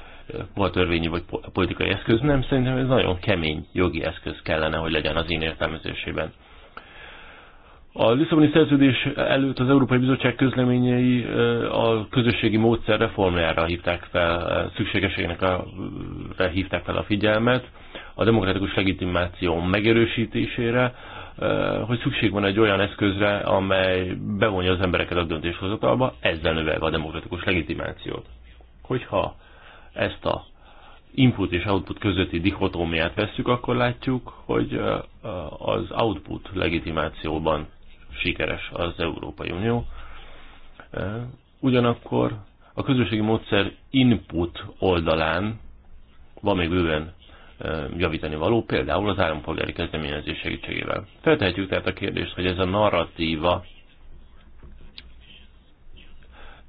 puha törvényi, vagy politikai eszköz, nem, szerintem ez nagyon kemény jogi eszköz kellene, hogy legyen az én értelmezésében. A Lisszaboni szerződés előtt az Európai Bizottság közleményei a közösségi módszer reformjára hívták fel, szükségeségnek a, hívták fel a figyelmet, a demokratikus legitimáció megerősítésére, hogy szükség van egy olyan eszközre, amely bevonja az embereket a döntéshozatalba, ezzel növelve a demokratikus legitimációt. Hogyha ezt a input és output közötti dichotómiát vesszük, akkor látjuk, hogy az output legitimációban sikeres az Európai Unió. Ugyanakkor a közösségi módszer input oldalán van még bőven javítani való, például az állampolgári kezdeményezés segítségével. Feltehetjük tehát a kérdést, hogy ez a narratíva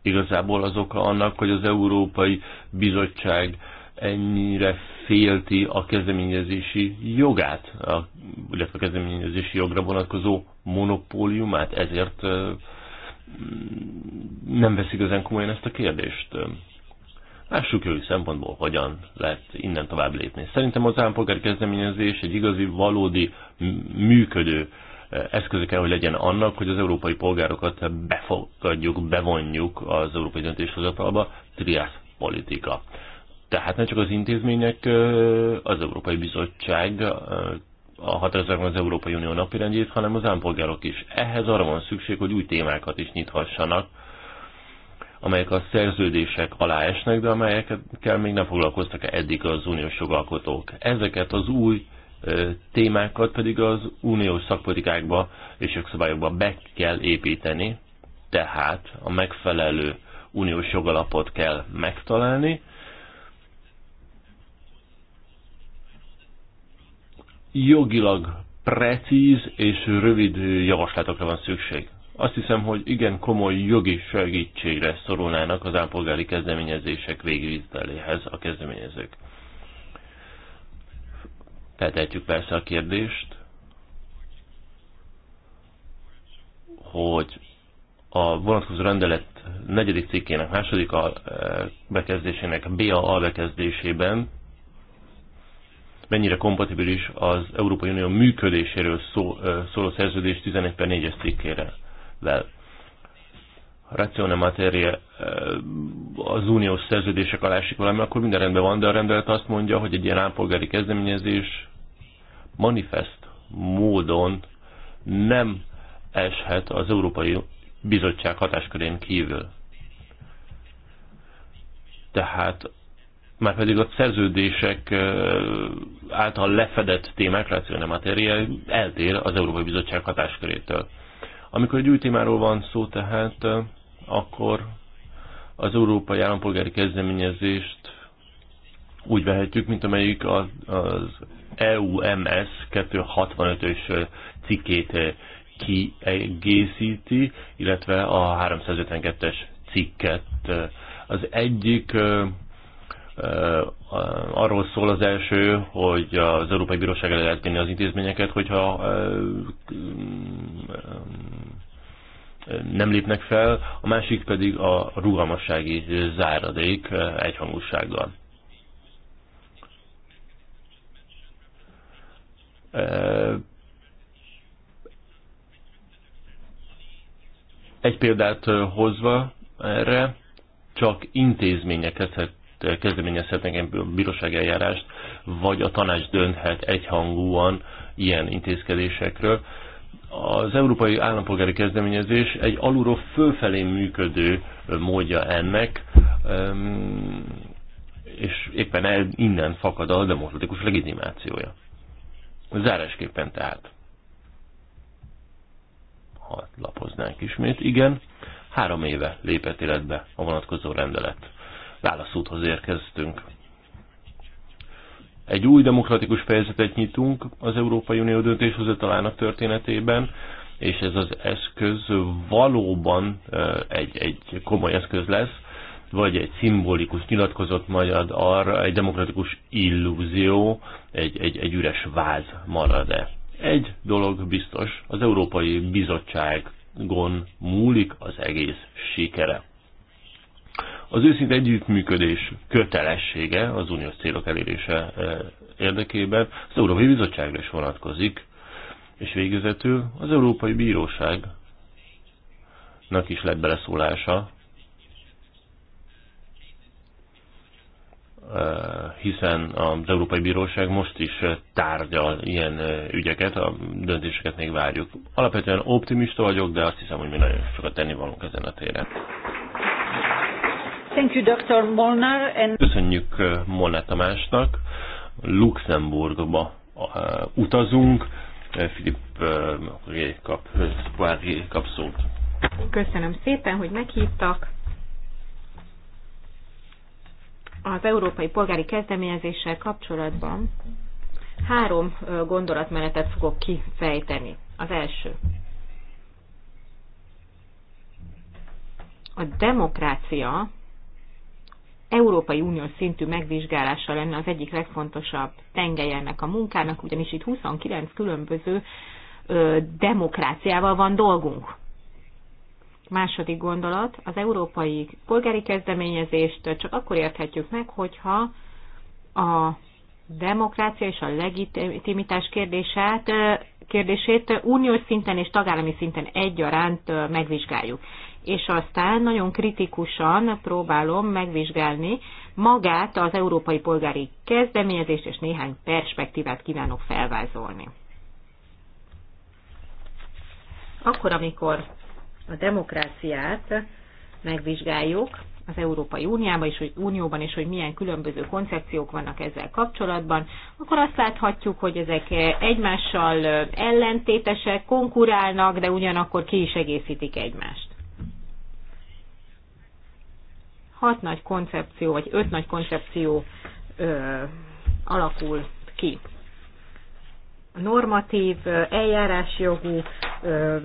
igazából az oka annak, hogy az Európai Bizottság ennyire félti a kezdeményezési jogát, a, illetve a kezdeményezési jogra vonatkozó monopóliumát, ezért nem veszik igazán komolyan ezt a kérdést. Lássuk jogi szempontból, hogyan lehet innen tovább lépni. Szerintem az állampolgári kezdeményezés egy igazi, valódi, működő eh, eszköze kell, hogy legyen annak, hogy az európai polgárokat befogadjuk, bevonjuk az európai döntéshozatalba, triász politika. Tehát nem csak az intézmények, eh, az Európai Bizottság eh, a határozatban az Európai Unió napirendjét, hanem az állampolgárok is. Ehhez arra van szükség, hogy új témákat is nyithassanak, amelyek a szerződések alá esnek, de amelyekkel még nem foglalkoztak eddig az uniós jogalkotók. Ezeket az új témákat pedig az uniós szakpolitikákba és jogszabályokba be kell építeni, tehát a megfelelő uniós jogalapot kell megtalálni. Jogilag precíz és rövid javaslatokra van szükség. Azt hiszem, hogy igen komoly jogi segítségre szorulnának az állampolgári kezdeményezések végviteléhez a kezdeményezők. Feltehetjük persze a kérdést, hogy a vonatkozó rendelet negyedik cikkének második a e, bekezdésének BAA albekezdésében mennyire kompatibilis az Európai Unió működéséről szó, e, szóló szerződés 11 per 4-es cikkére vel. Ratione materia eh, az uniós szerződések alá esik valami, akkor minden rendben van, de a rendelet azt mondja, hogy egy ilyen állampolgári kezdeményezés manifest módon nem eshet az Európai Bizottság hatáskörén kívül. Tehát már pedig a szerződések eh, által lefedett témák, ratione materia eltér az Európai Bizottság hatáskörétől. Amikor egy új témáról van szó tehát, akkor az európai állampolgári kezdeményezést úgy vehetjük, mint amelyik az, az EUMS 265-ös cikkét kiegészíti, illetve a 352-es cikket. Az egyik arról szól az első, hogy az Európai Bíróság elé lehet tenni az intézményeket, hogyha nem lépnek fel, a másik pedig a rugalmassági záradék eh, egyhangúsággal. Eh, egy példát eh, hozva erre, csak intézmények kezdeményezhetnek egy bíróság eljárást, vagy a tanács dönthet egyhangúan ilyen intézkedésekről az európai állampolgári kezdeményezés egy alulról fölfelé működő módja ennek, és éppen el, innen fakad a demokratikus legitimációja. Zárásképpen tehát. Ha lapoznánk ismét, igen, három éve lépett életbe a vonatkozó rendelet. Válaszúthoz érkeztünk egy új demokratikus fejezetet nyitunk az Európai Unió döntéshozatalának történetében, és ez az eszköz valóban egy, egy komoly eszköz lesz, vagy egy szimbolikus nyilatkozat majd arra, egy demokratikus illúzió, egy, egy, egy üres váz marad-e. Egy dolog biztos, az Európai Bizottságon múlik az egész sikere. Az őszinte együttműködés kötelessége az uniós célok elérése e, érdekében az Európai Bizottságra is vonatkozik, és végezetül az Európai Bíróságnak is lett beleszólása, e, hiszen az Európai Bíróság most is tárgyal ilyen e, ügyeket, a döntéseket még várjuk. Alapvetően optimista vagyok, de azt hiszem, hogy mi nagyon sokat tenni valunk ezen a téren. Thank you, Dr. Molnar. And... Köszönjük eh, Molnár Tamásnak. Luxemburgba eh, utazunk. Eh, Filip kap, kap szót. Köszönöm szépen, hogy meghívtak. Az európai polgári kezdeményezéssel kapcsolatban három gondolatmenetet fogok kifejteni. Az első. A demokrácia Európai Unió szintű megvizsgálása lenne az egyik legfontosabb ennek a munkának, ugyanis itt 29 különböző ö, demokráciával van dolgunk. Második gondolat, az európai polgári kezdeményezést csak akkor érthetjük meg, hogyha a demokrácia és a legitimitás kérdését, kérdését uniós szinten és tagállami szinten egyaránt megvizsgáljuk és aztán nagyon kritikusan próbálom megvizsgálni magát az európai polgári kezdeményezést, és néhány perspektívát kívánok felvázolni. Akkor, amikor a demokráciát megvizsgáljuk az Európai Uniában és hogy Unióban is, hogy milyen különböző koncepciók vannak ezzel kapcsolatban, akkor azt láthatjuk, hogy ezek egymással ellentétesek, konkurálnak, de ugyanakkor ki is egészítik egymást. hat nagy koncepció, vagy öt nagy koncepció ö, alakul ki. A normatív, eljárásjogú, ö,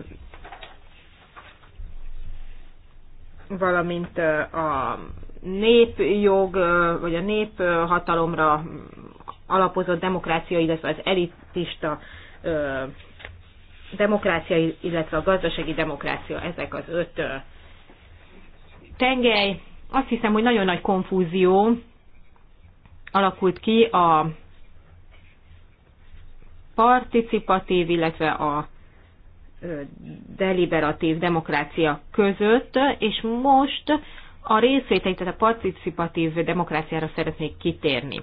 valamint a népjog, vagy a néphatalomra alapozott demokrácia, illetve az elitista ö, demokrácia, illetve a gazdasági demokrácia, ezek az öt ö, tengely, azt hiszem, hogy nagyon nagy konfúzió alakult ki a participatív, illetve a deliberatív demokrácia között, és most a részvételi, tehát a participatív demokráciára szeretnék kitérni.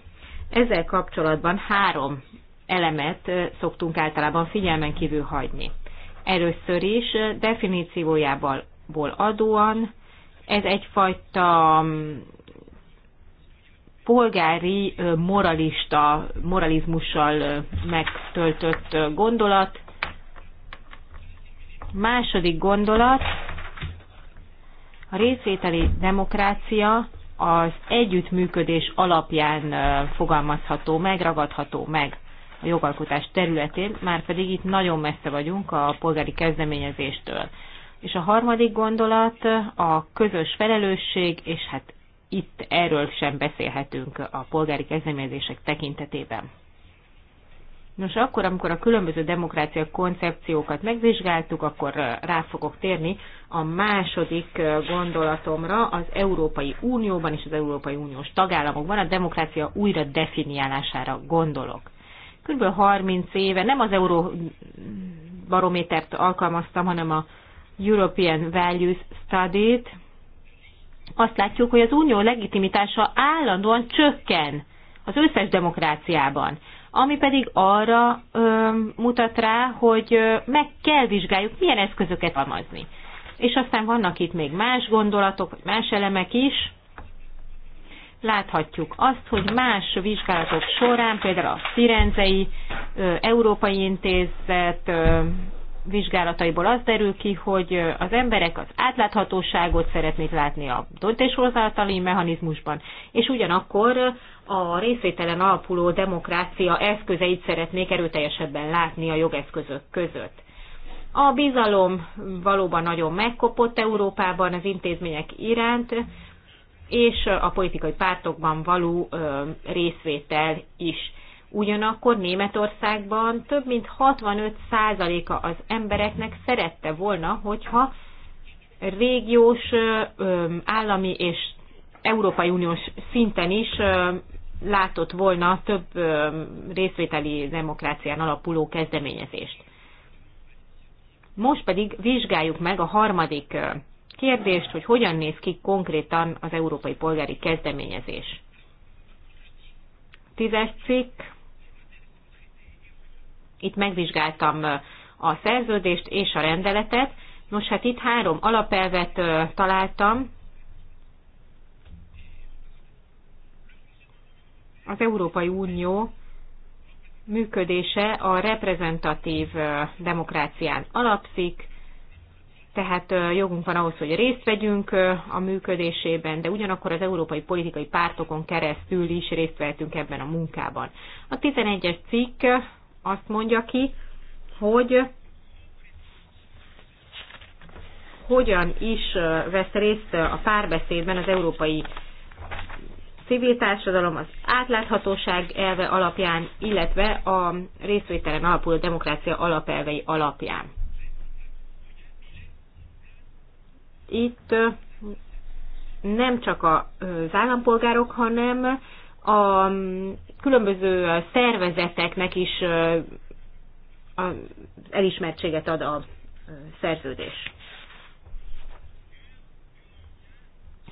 Ezzel kapcsolatban három elemet szoktunk általában figyelmen kívül hagyni. Először is definíciójából adóan ez egyfajta mm, polgári moralista, moralizmussal megtöltött gondolat. Második gondolat, a részvételi demokrácia az együttműködés alapján fogalmazható meg, ragadható meg a jogalkotás területén, már pedig itt nagyon messze vagyunk a polgári kezdeményezéstől. És a harmadik gondolat a közös felelősség, és hát itt erről sem beszélhetünk a polgári kezdeményezések tekintetében. Nos, akkor, amikor a különböző demokrácia koncepciókat megvizsgáltuk, akkor rá fogok térni a második gondolatomra az Európai Unióban és az Európai Uniós tagállamokban a demokrácia újra definiálására gondolok. Körülbelül 30 éve nem az Euróbarométert alkalmaztam, hanem a European Values Study-t, azt látjuk, hogy az unió legitimitása állandóan csökken az összes demokráciában, ami pedig arra ö, mutat rá, hogy ö, meg kell vizsgáljuk, milyen eszközöket alkalmazni. És aztán vannak itt még más gondolatok, vagy más elemek is. Láthatjuk azt, hogy más vizsgálatok során, például a Firenzei ö, Európai Intézet, ö, vizsgálataiból az derül ki, hogy az emberek az átláthatóságot szeretnék látni a döntéshozatali mechanizmusban, és ugyanakkor a részvételen alapuló demokrácia eszközeit szeretnék erőteljesebben látni a jogeszközök között. A bizalom valóban nagyon megkopott Európában az intézmények iránt, és a politikai pártokban való részvétel is. Ugyanakkor Németországban több mint 65%-a az embereknek szerette volna, hogyha régiós, állami és Európai Uniós szinten is látott volna több részvételi demokrácián alapuló kezdeményezést. Most pedig vizsgáljuk meg a harmadik kérdést, hogy hogyan néz ki konkrétan az európai polgári kezdeményezés. Tízes cikk, itt megvizsgáltam a szerződést és a rendeletet. Nos, hát itt három alapelvet találtam. Az Európai Unió működése a reprezentatív demokrácián alapszik, tehát jogunk van ahhoz, hogy részt vegyünk a működésében, de ugyanakkor az európai politikai pártokon keresztül is részt vehetünk ebben a munkában. A 11-es cikk azt mondja ki, hogy hogyan is vesz részt a párbeszédben az európai civil társadalom az átláthatóság elve alapján, illetve a részvételen alapuló demokrácia alapelvei alapján. Itt nem csak az állampolgárok, hanem a mm, különböző szervezeteknek is elismertséget ad a szerződés.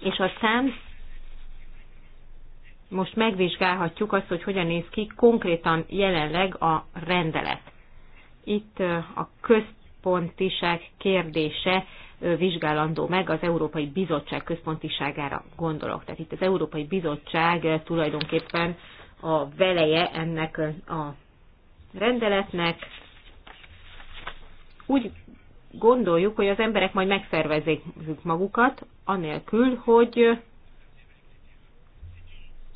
És aztán most megvizsgálhatjuk azt, hogy hogyan néz ki konkrétan jelenleg a rendelet. Itt a központiság kérdése vizsgálandó meg, az Európai Bizottság központiságára gondolok. Tehát itt az Európai Bizottság tulajdonképpen a veleje ennek a rendeletnek. Úgy gondoljuk, hogy az emberek majd megszervezik magukat, anélkül, hogy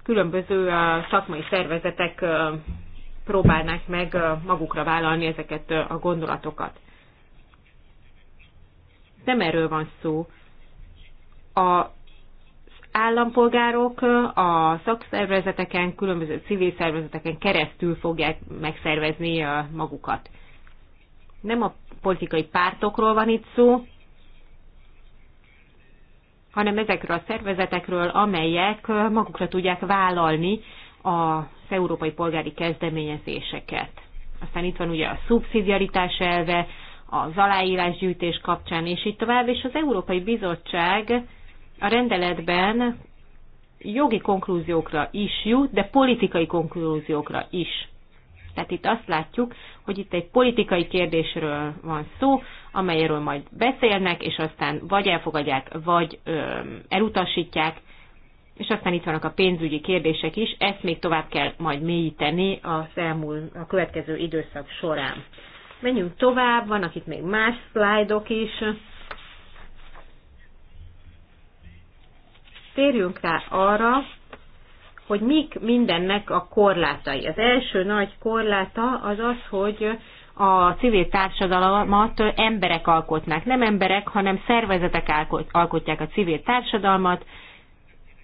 különböző szakmai szervezetek próbálnák meg magukra vállalni ezeket a gondolatokat. Nem erről van szó. A állampolgárok a szakszervezeteken, különböző civil szervezeteken keresztül fogják megszervezni magukat. Nem a politikai pártokról van itt szó, hanem ezekről a szervezetekről, amelyek magukra tudják vállalni az európai polgári kezdeményezéseket. Aztán itt van ugye a szubszidiaritás elve, az aláírásgyűjtés kapcsán, és így tovább, és az Európai Bizottság a rendeletben jogi konklúziókra is jut, de politikai konklúziókra is. Tehát itt azt látjuk, hogy itt egy politikai kérdésről van szó, amelyről majd beszélnek, és aztán vagy elfogadják, vagy ö, elutasítják, és aztán itt vannak a pénzügyi kérdések is, ezt még tovább kell majd mélyíteni az elmúl, a következő időszak során. Menjünk tovább, vannak itt még más szlájdok is. Térjünk rá arra, hogy mik mindennek a korlátai. Az első nagy korláta az az, hogy a civil társadalmat emberek alkotnák. Nem emberek, hanem szervezetek alkotják a civil társadalmat,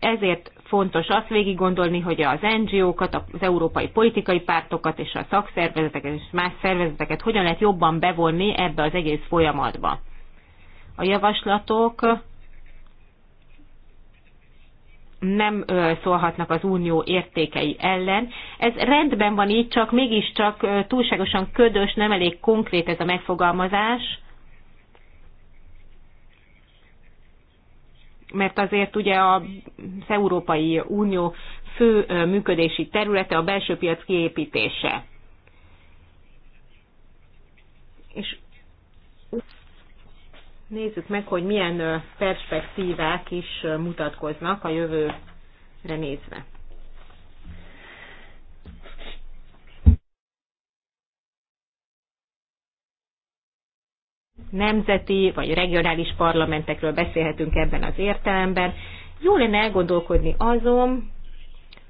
ezért Fontos azt végig gondolni, hogy az NGO-kat, az európai politikai pártokat és a szakszervezeteket és más szervezeteket hogyan lehet jobban bevonni ebbe az egész folyamatba. A javaslatok nem szólhatnak az unió értékei ellen. Ez rendben van így, csak mégiscsak túlságosan ködös, nem elég konkrét ez a megfogalmazás mert azért ugye az Európai Unió fő működési területe a belső piac kiépítése. És nézzük meg, hogy milyen perspektívák is mutatkoznak a jövőre nézve. nemzeti vagy regionális parlamentekről beszélhetünk ebben az értelemben. Jó lenne elgondolkodni azon,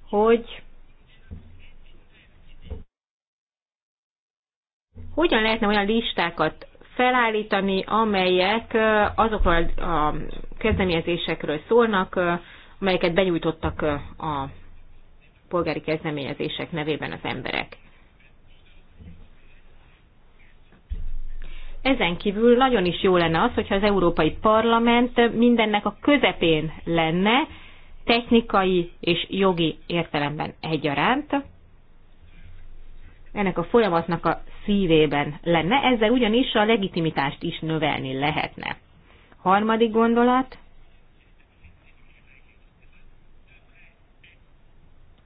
hogy hogyan lehetne olyan listákat felállítani, amelyek azokról a kezdeményezésekről szólnak, amelyeket benyújtottak a polgári kezdeményezések nevében az emberek. Ezen kívül nagyon is jó lenne az, hogyha az Európai Parlament mindennek a közepén lenne, technikai és jogi értelemben egyaránt. Ennek a folyamatnak a szívében lenne, ezzel ugyanis a legitimitást is növelni lehetne. Harmadik gondolat,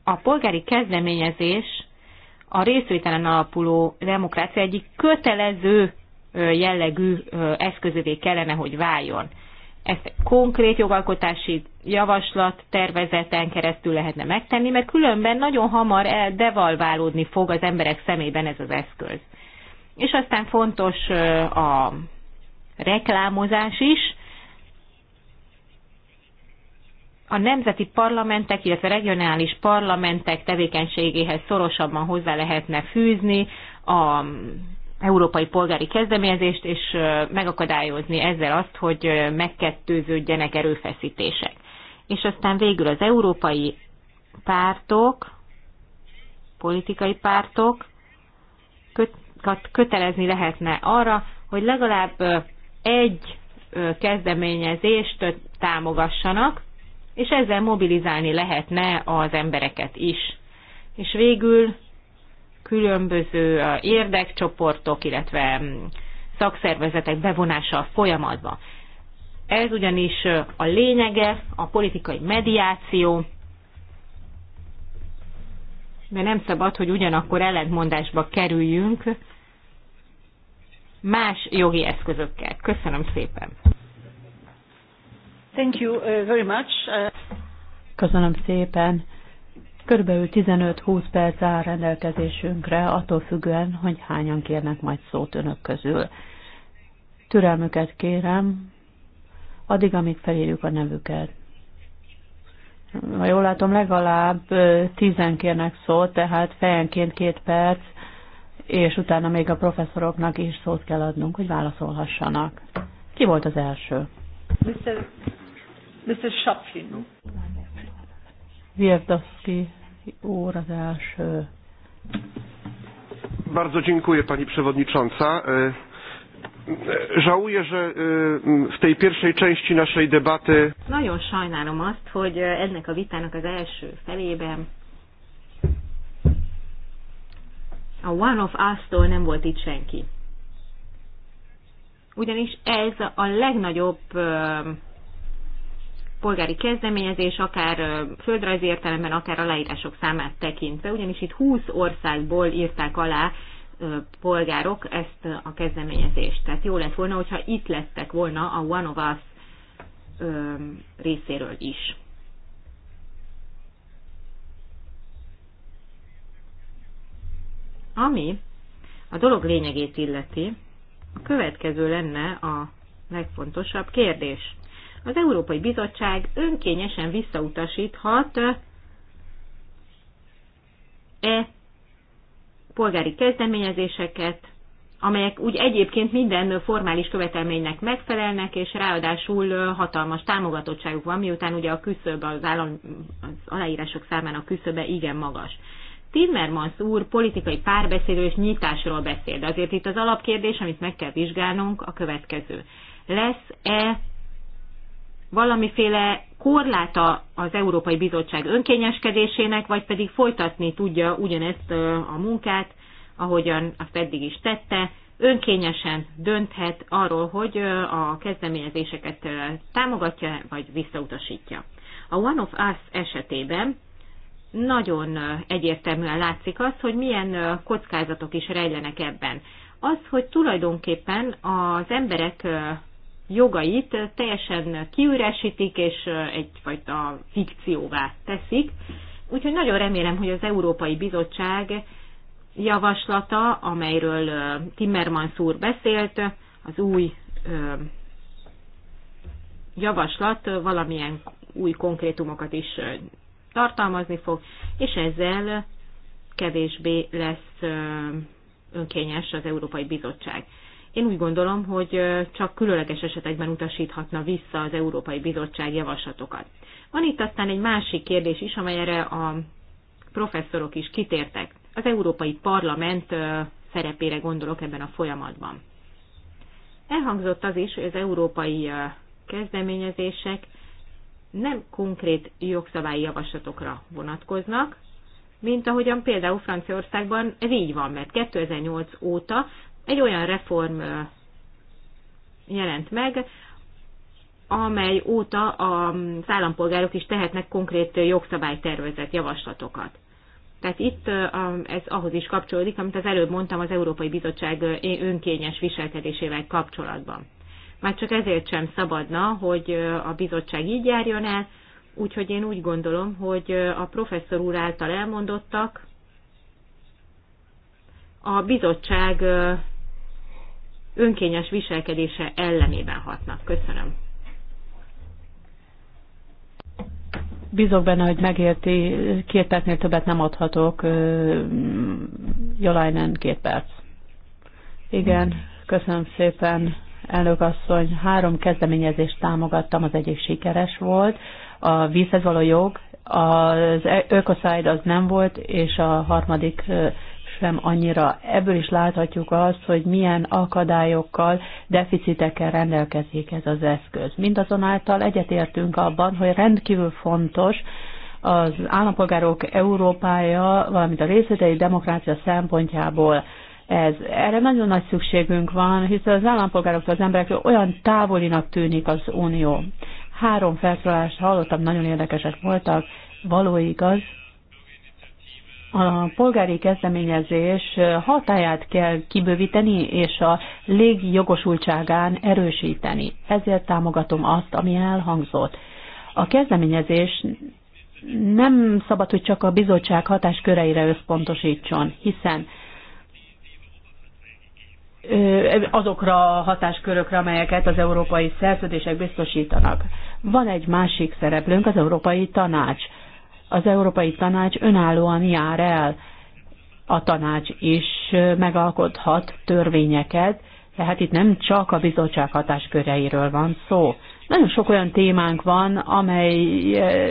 a polgári kezdeményezés a részvételen alapuló demokrácia egyik kötelező jellegű eszközövé kellene, hogy váljon. Ezt konkrét jogalkotási javaslat tervezeten keresztül lehetne megtenni, mert különben nagyon hamar devalválódni fog az emberek szemében ez az eszköz. És aztán fontos a reklámozás is. A nemzeti parlamentek, illetve regionális parlamentek tevékenységéhez szorosabban hozzá lehetne fűzni a európai polgári kezdeményezést, és megakadályozni ezzel azt, hogy megkettőződjenek erőfeszítések. És aztán végül az európai pártok, politikai pártok kötelezni lehetne arra, hogy legalább egy kezdeményezést támogassanak, és ezzel mobilizálni lehetne az embereket is. És végül különböző érdekcsoportok, illetve mm, szakszervezetek bevonása a folyamatban. Ez ugyanis a lényege, a politikai mediáció, de nem szabad, hogy ugyanakkor ellentmondásba kerüljünk más jogi eszközökkel. Köszönöm szépen. Thank you uh, very much. Uh, Köszönöm szépen. Körülbelül 15-20 perc áll rendelkezésünkre, attól függően, hogy hányan kérnek majd szót önök közül. Türelmüket kérem, addig, amíg felírjuk a nevüket. Ha jól látom, legalább 10 kérnek szót, tehát fejenként két perc, és utána még a professzoroknak is szót kell adnunk, hogy válaszolhassanak. Ki volt az első? Mr. Mr. Shopfin. Wierdowski úr az első. Bardzo dziękuję Pani Przewodnicząca. E, e, żałuję, że e, w tej pierwszej części naszej debaty... Nagyon sajnálom azt, hogy ennek a vitának az első felében a One of Us-tól nem volt itt senki. Ugyanis ez a legnagyobb polgári kezdeményezés, akár földrajzi értelemben, akár aláírások számát tekintve, ugyanis itt 20 országból írták alá polgárok ezt a kezdeményezést. Tehát jó lett volna, hogyha itt lettek volna a One of Us részéről is. Ami a dolog lényegét illeti, a következő lenne a legfontosabb kérdés az Európai Bizottság önkényesen visszautasíthat e polgári kezdeményezéseket, amelyek úgy egyébként minden formális követelménynek megfelelnek, és ráadásul hatalmas támogatottságuk van, miután ugye a küszöb, az, állam, az aláírások a küszöbe igen magas. Timmermans úr politikai párbeszédről és nyitásról beszél, de azért itt az alapkérdés, amit meg kell vizsgálnunk, a következő. Lesz-e valamiféle korláta az Európai Bizottság önkényeskedésének, vagy pedig folytatni tudja ugyanezt a munkát, ahogyan azt eddig is tette, önkényesen dönthet arról, hogy a kezdeményezéseket támogatja vagy visszautasítja. A One of Us esetében nagyon egyértelműen látszik az, hogy milyen kockázatok is rejlenek ebben. Az, hogy tulajdonképpen az emberek jogait teljesen kiüresítik, és egyfajta fikcióvá teszik. Úgyhogy nagyon remélem, hogy az Európai Bizottság javaslata, amelyről Timmermans úr beszélt, az új javaslat valamilyen új konkrétumokat is tartalmazni fog, és ezzel kevésbé lesz önkényes az Európai Bizottság. Én úgy gondolom, hogy csak különleges esetekben utasíthatna vissza az Európai Bizottság javaslatokat. Van itt aztán egy másik kérdés is, amelyre a professzorok is kitértek. Az Európai Parlament szerepére gondolok ebben a folyamatban. Elhangzott az is, hogy az európai kezdeményezések nem konkrét jogszabályi javaslatokra vonatkoznak, mint ahogyan például Franciaországban ez így van, mert 2008 óta egy olyan reform jelent meg, amely óta az állampolgárok is tehetnek konkrét jogszabálytervezett javaslatokat. Tehát itt ez ahhoz is kapcsolódik, amit az előbb mondtam az Európai Bizottság önkényes viselkedésével kapcsolatban. Már csak ezért sem szabadna, hogy a bizottság így járjon el, úgyhogy én úgy gondolom, hogy a professzor úr által elmondottak a bizottság önkényes viselkedése ellenében hatnak. Köszönöm. Bízok benne, hogy megérti, két percnél többet nem adhatok. Jolajnen két perc. Igen, köszönöm szépen, elnök asszony. Három kezdeményezést támogattam, az egyik sikeres volt. A vízhez való jog, az e- ökoszájd az nem volt, és a harmadik sem annyira. Ebből is láthatjuk azt, hogy milyen akadályokkal, deficitekkel rendelkezik ez az eszköz. Mindazonáltal egyetértünk abban, hogy rendkívül fontos, az állampolgárok Európája, valamint a részvételi demokrácia szempontjából ez. Erre nagyon nagy szükségünk van, hiszen az állampolgároktól, az emberek olyan távolinak tűnik az unió. Három felszólalást hallottam, nagyon érdekesek voltak, való igaz, a polgári kezdeményezés hatáját kell kibővíteni és a légjogosultságán erősíteni. Ezért támogatom azt, ami elhangzott. A kezdeményezés nem szabad, hogy csak a bizottság hatásköreire összpontosítson, hiszen azokra a hatáskörökre, amelyeket az európai szerződések biztosítanak. Van egy másik szereplőnk, az Európai Tanács az Európai Tanács önállóan jár el. A tanács is megalkothat törvényeket, tehát itt nem csak a bizottság hatásköreiről van szó. Nagyon sok olyan témánk van, amely eh,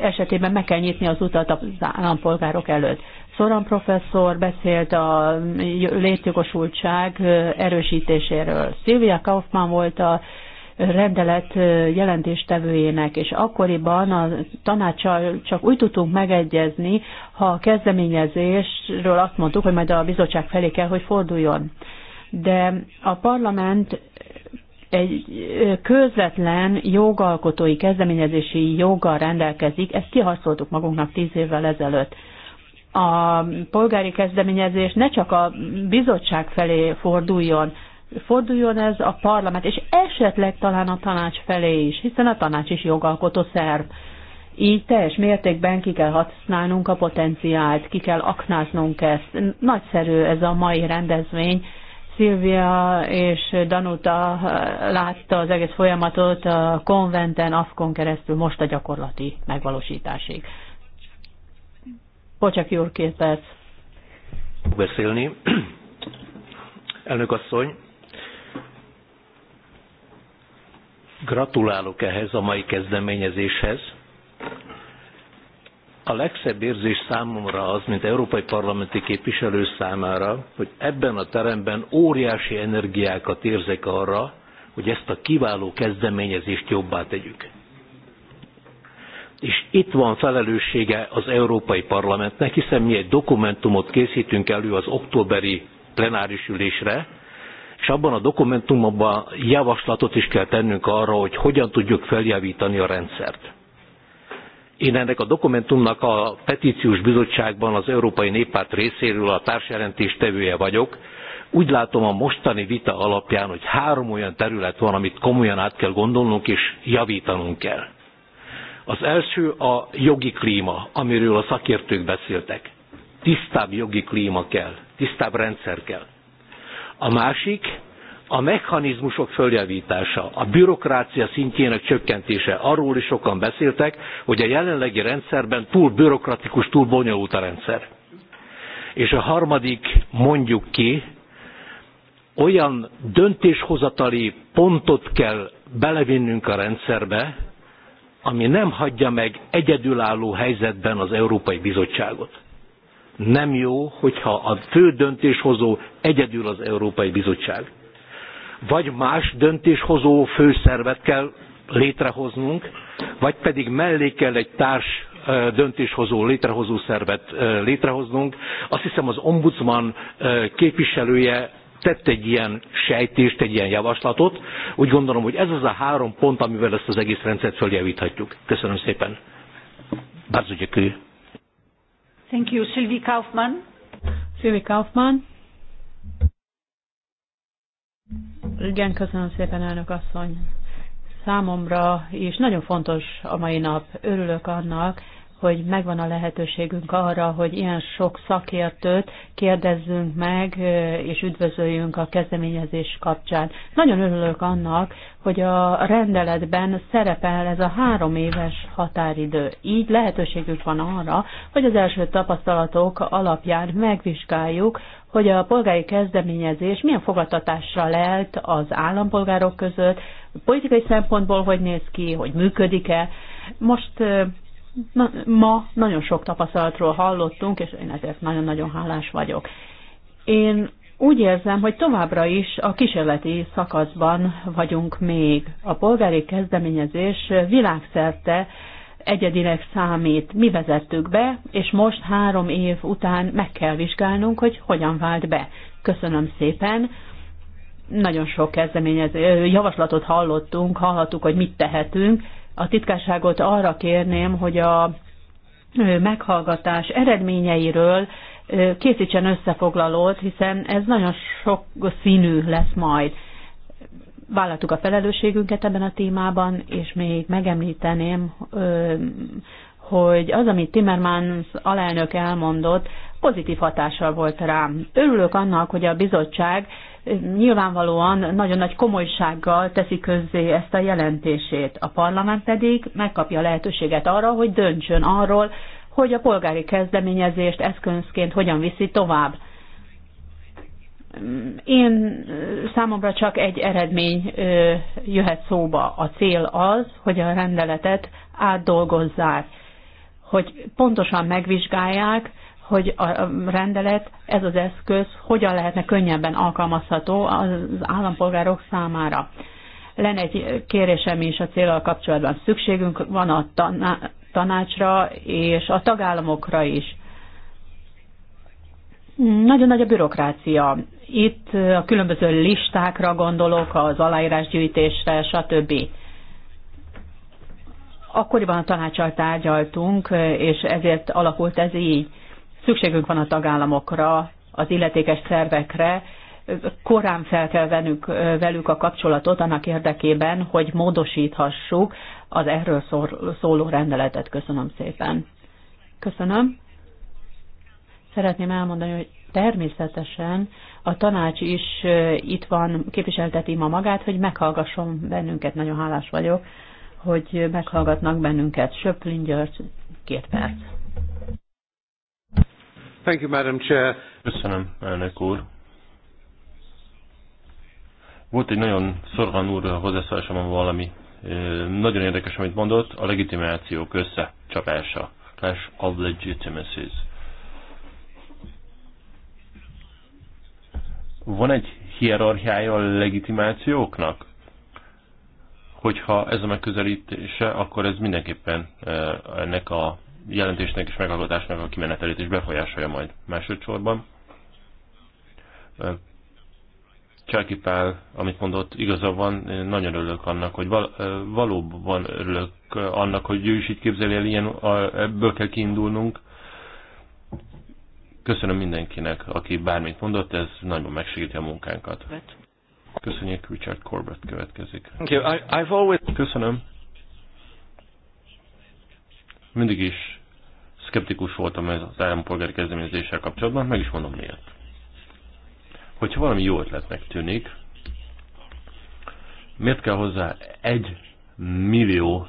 esetében meg kell nyitni az utat az állampolgárok előtt. Szoran professzor beszélt a létjogosultság eh, erősítéséről. Szilvia Kaufmann volt a rendelet jelentéstevőjének, és akkoriban a tanácssal csak úgy tudtunk megegyezni, ha a kezdeményezésről azt mondtuk, hogy majd a bizottság felé kell, hogy forduljon. De a parlament egy közvetlen jogalkotói kezdeményezési joggal rendelkezik, ezt kiharcoltuk magunknak tíz évvel ezelőtt. A polgári kezdeményezés ne csak a bizottság felé forduljon, forduljon ez a parlament, és esetleg talán a tanács felé is, hiszen a tanács is jogalkotó szerv. Így teljes mértékben ki kell használnunk a potenciált, ki kell aknáznunk ezt. Nagyszerű ez a mai rendezvény. Szilvia és Danuta látta az egész folyamatot a konventen, afkon keresztül, most a gyakorlati megvalósításig. Bocsak, úr, két perc. Beszélni. Elnök asszony, Gratulálok ehhez a mai kezdeményezéshez. A legszebb érzés számomra az, mint európai parlamenti képviselő számára, hogy ebben a teremben óriási energiákat érzek arra, hogy ezt a kiváló kezdeményezést jobbá tegyük. És itt van felelőssége az Európai Parlamentnek, hiszen mi egy dokumentumot készítünk elő az októberi plenáris ülésre, és abban a dokumentumban javaslatot is kell tennünk arra, hogy hogyan tudjuk feljavítani a rendszert. Én ennek a dokumentumnak a petíciós bizottságban az Európai Néppárt részéről a társjelentés tevője vagyok. Úgy látom a mostani vita alapján, hogy három olyan terület van, amit komolyan át kell gondolnunk és javítanunk kell. Az első a jogi klíma, amiről a szakértők beszéltek. Tisztább jogi klíma kell, tisztább rendszer kell a másik a mechanizmusok följavítása, a bürokrácia szintjének csökkentése. Arról is sokan beszéltek, hogy a jelenlegi rendszerben túl bürokratikus, túl bonyolult a rendszer. És a harmadik, mondjuk ki, olyan döntéshozatali pontot kell belevinnünk a rendszerbe, ami nem hagyja meg egyedülálló helyzetben az Európai Bizottságot nem jó, hogyha a fő döntéshozó egyedül az Európai Bizottság. Vagy más döntéshozó főszervet kell létrehoznunk, vagy pedig mellé kell egy társ döntéshozó, létrehozó szervet létrehoznunk. Azt hiszem az ombudsman képviselője tett egy ilyen sejtést, egy ilyen javaslatot. Úgy gondolom, hogy ez az a három pont, amivel ezt az egész rendszert följavíthatjuk. Köszönöm szépen. Bardzo dziękuję. Thank you. Sylvie Kaufmann. Sylvie Kaufmann. Igen, köszönöm szépen, elnök asszony. Számomra is nagyon fontos a mai nap. Örülök annak, hogy megvan a lehetőségünk arra, hogy ilyen sok szakértőt kérdezzünk meg, és üdvözöljünk a kezdeményezés kapcsán. Nagyon örülök annak, hogy a rendeletben szerepel ez a három éves határidő. Így lehetőségünk van arra, hogy az első tapasztalatok alapján megvizsgáljuk, hogy a polgári kezdeményezés milyen fogadtatásra lelt az állampolgárok között, politikai szempontból hogy néz ki, hogy működik-e. Most na, ma nagyon sok tapasztalatról hallottunk, és én ezért nagyon-nagyon hálás vagyok. Én úgy érzem, hogy továbbra is a kísérleti szakaszban vagyunk még. A polgári kezdeményezés világszerte egyedileg számít. Mi vezettük be, és most három év után meg kell vizsgálnunk, hogy hogyan vált be. Köszönöm szépen. Nagyon sok kezdeményezés, javaslatot hallottunk, hallhattuk, hogy mit tehetünk a titkárságot arra kérném, hogy a meghallgatás eredményeiről készítsen összefoglalót, hiszen ez nagyon sok színű lesz majd. Vállaltuk a felelősségünket ebben a témában, és még megemlíteném, hogy az, amit Timmermans alelnök elmondott, pozitív hatással volt rám. Örülök annak, hogy a bizottság nyilvánvalóan nagyon nagy komolysággal teszi közzé ezt a jelentését. A parlament pedig megkapja lehetőséget arra, hogy döntsön arról, hogy a polgári kezdeményezést eszközként hogyan viszi tovább. Én számomra csak egy eredmény jöhet szóba. A cél az, hogy a rendeletet átdolgozzák, hogy pontosan megvizsgálják, hogy a rendelet, ez az eszköz hogyan lehetne könnyebben alkalmazható az állampolgárok számára. Lenne egy kérésem is a célral kapcsolatban. Szükségünk van a tanácsra és a tagállamokra is. Nagyon nagy a bürokrácia. Itt a különböző listákra gondolok, az aláírásgyűjtésre, stb. Akkoriban a tanácsal tárgyaltunk, és ezért alakult ez így. Szükségünk van a tagállamokra, az illetékes szervekre, korán fel kell venük velük a kapcsolatot annak érdekében, hogy módosíthassuk az erről szóló rendeletet. Köszönöm szépen. Köszönöm. Szeretném elmondani, hogy természetesen a tanács is itt van, képviselteti ma magát, hogy meghallgasson bennünket. Nagyon hálás vagyok, hogy meghallgatnak bennünket. Söplin György, két perc. Thank you, Madam Chair. Köszönöm, elnök úr. Volt egy nagyon szorgan úr hozzászólásomban valami nagyon érdekes, amit mondott, a legitimációk összecsapása. Clash of legitimacies. Van egy hierarchiája a legitimációknak? Hogyha ez a megközelítése, akkor ez mindenképpen ennek a jelentésnek és megalkotásnak a kimenetelét is befolyásolja majd másodszorban. Csáki Pál, amit mondott, igaza van, nagyon örülök annak, hogy val, valóban örülök annak, hogy ő is így képzeli el, ilyen, ebből kell kiindulnunk. Köszönöm mindenkinek, aki bármit mondott, ez nagyon megsegíti a munkánkat. Köszönjük, Richard Corbett következik. Köszönöm. Mindig is szkeptikus voltam ez az állampolgári kezdeményezéssel kapcsolatban, meg is mondom miért. Hogyha valami jó ötletnek tűnik, miért kell hozzá egy millió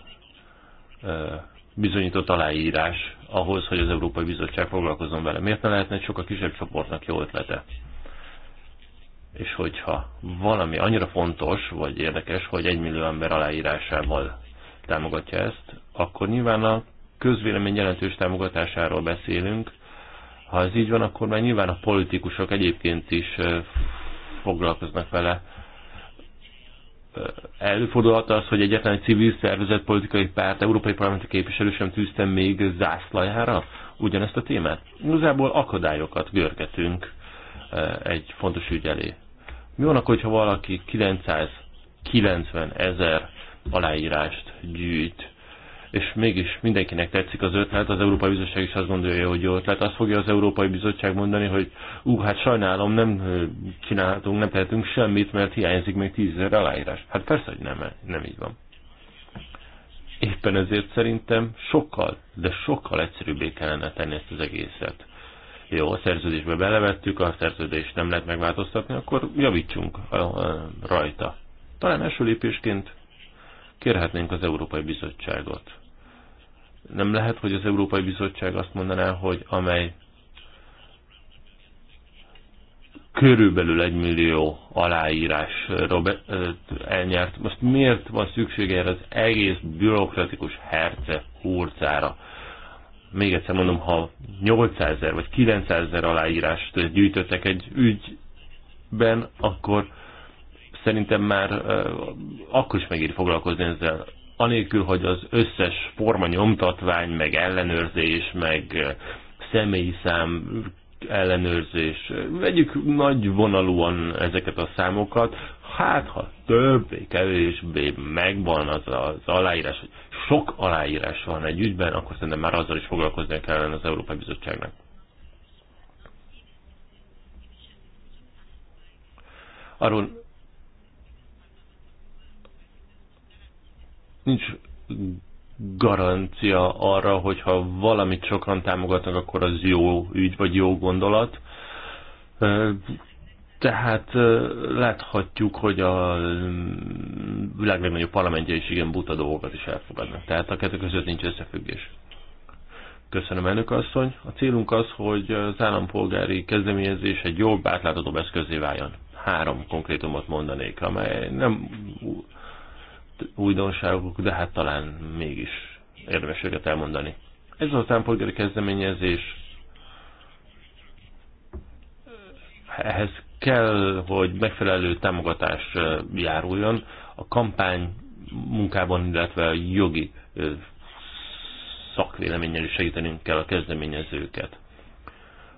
bizonyított aláírás ahhoz, hogy az Európai Bizottság foglalkozzon vele. Miért ne lehetne egy sokkal kisebb csoportnak jó ötlete? És hogyha valami annyira fontos vagy érdekes, hogy egy millió ember aláírásával támogatja ezt, akkor nyilván a közvélemény jelentős támogatásáról beszélünk. Ha ez így van, akkor már nyilván a politikusok egyébként is foglalkoznak vele. Előfordulhat az, hogy egyetlen egy civil szervezet, politikai párt, európai parlamenti képviselő sem tűzte még zászlajára ugyanezt a témát. Igazából akadályokat görgetünk egy fontos ügy elé. Mi van akkor, hogyha valaki 990 ezer aláírást gyűjt és mégis mindenkinek tetszik az ötlet, az Európai Bizottság is azt gondolja, hogy jó ötlet. Azt fogja az Európai Bizottság mondani, hogy ú, hát sajnálom, nem csinálhatunk, nem tehetünk semmit, mert hiányzik még tízezer aláírás. Hát persze, hogy nem, nem így van. Éppen ezért szerintem sokkal, de sokkal egyszerűbbé kellene tenni ezt az egészet. Jó, a szerződésbe belevettük, a szerződést nem lehet megváltoztatni, akkor javítsunk rajta. Talán első lépésként kérhetnénk az Európai Bizottságot nem lehet, hogy az Európai Bizottság azt mondaná, hogy amely körülbelül egy millió aláírás elnyert. Most miért van szükség erre az egész bürokratikus herce hurcára? Még egyszer mondom, ha 800 ezer vagy 900 ezer aláírást gyűjtöttek egy ügyben, akkor szerintem már akkor is megéri foglalkozni ezzel anélkül, hogy az összes forma nyomtatvány, meg ellenőrzés, meg személyi szám ellenőrzés, vegyük nagy vonalúan ezeket a számokat, hát ha többé, kevésbé megvan az az aláírás, hogy sok aláírás van egy ügyben, akkor szerintem már azzal is foglalkoznia kellene az Európai Bizottságnak. Arról nincs garancia arra, hogyha valamit sokan támogatnak, akkor az jó ügy, vagy jó gondolat. Tehát láthatjuk, hogy a mm, világ legnagyobb parlamentje is igen buta dolgokat is elfogadnak. Tehát a kettő között nincs összefüggés. Köszönöm, elnök asszony. A célunk az, hogy az állampolgári kezdeményezés egy jobb, átláthatóbb eszközé váljon. Három konkrétumot mondanék, amely nem újdonságok, de hát talán mégis érdemes őket elmondani. Ez az támpolgári kezdeményezés. Ehhez kell, hogy megfelelő támogatás járuljon. A kampány munkában, illetve a jogi szakvéleménnyel is segítenünk kell a kezdeményezőket.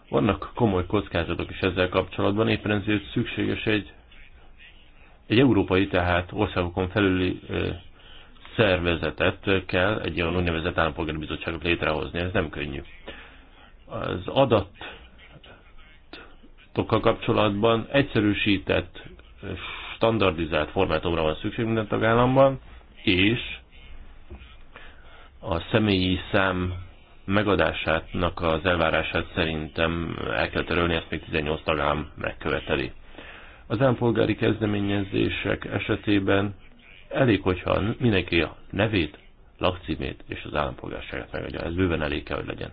Vannak komoly kockázatok is ezzel kapcsolatban, éppen ezért szükséges egy egy európai, tehát országokon felüli szervezetet kell, egy olyan úgynevezett állampolgári bizottságot létrehozni, ez nem könnyű. Az adatokkal kapcsolatban egyszerűsített, standardizált formátumra van szükség minden tagállamban, és a személyi szám megadásának az elvárását szerintem el kell törölni, ezt még 18 tagállam megköveteli. Az állampolgári kezdeményezések esetében elég, hogyha mindenki a nevét, lakcímét és az állampolgárságát megadja. Ez bőven elég kell, hogy legyen.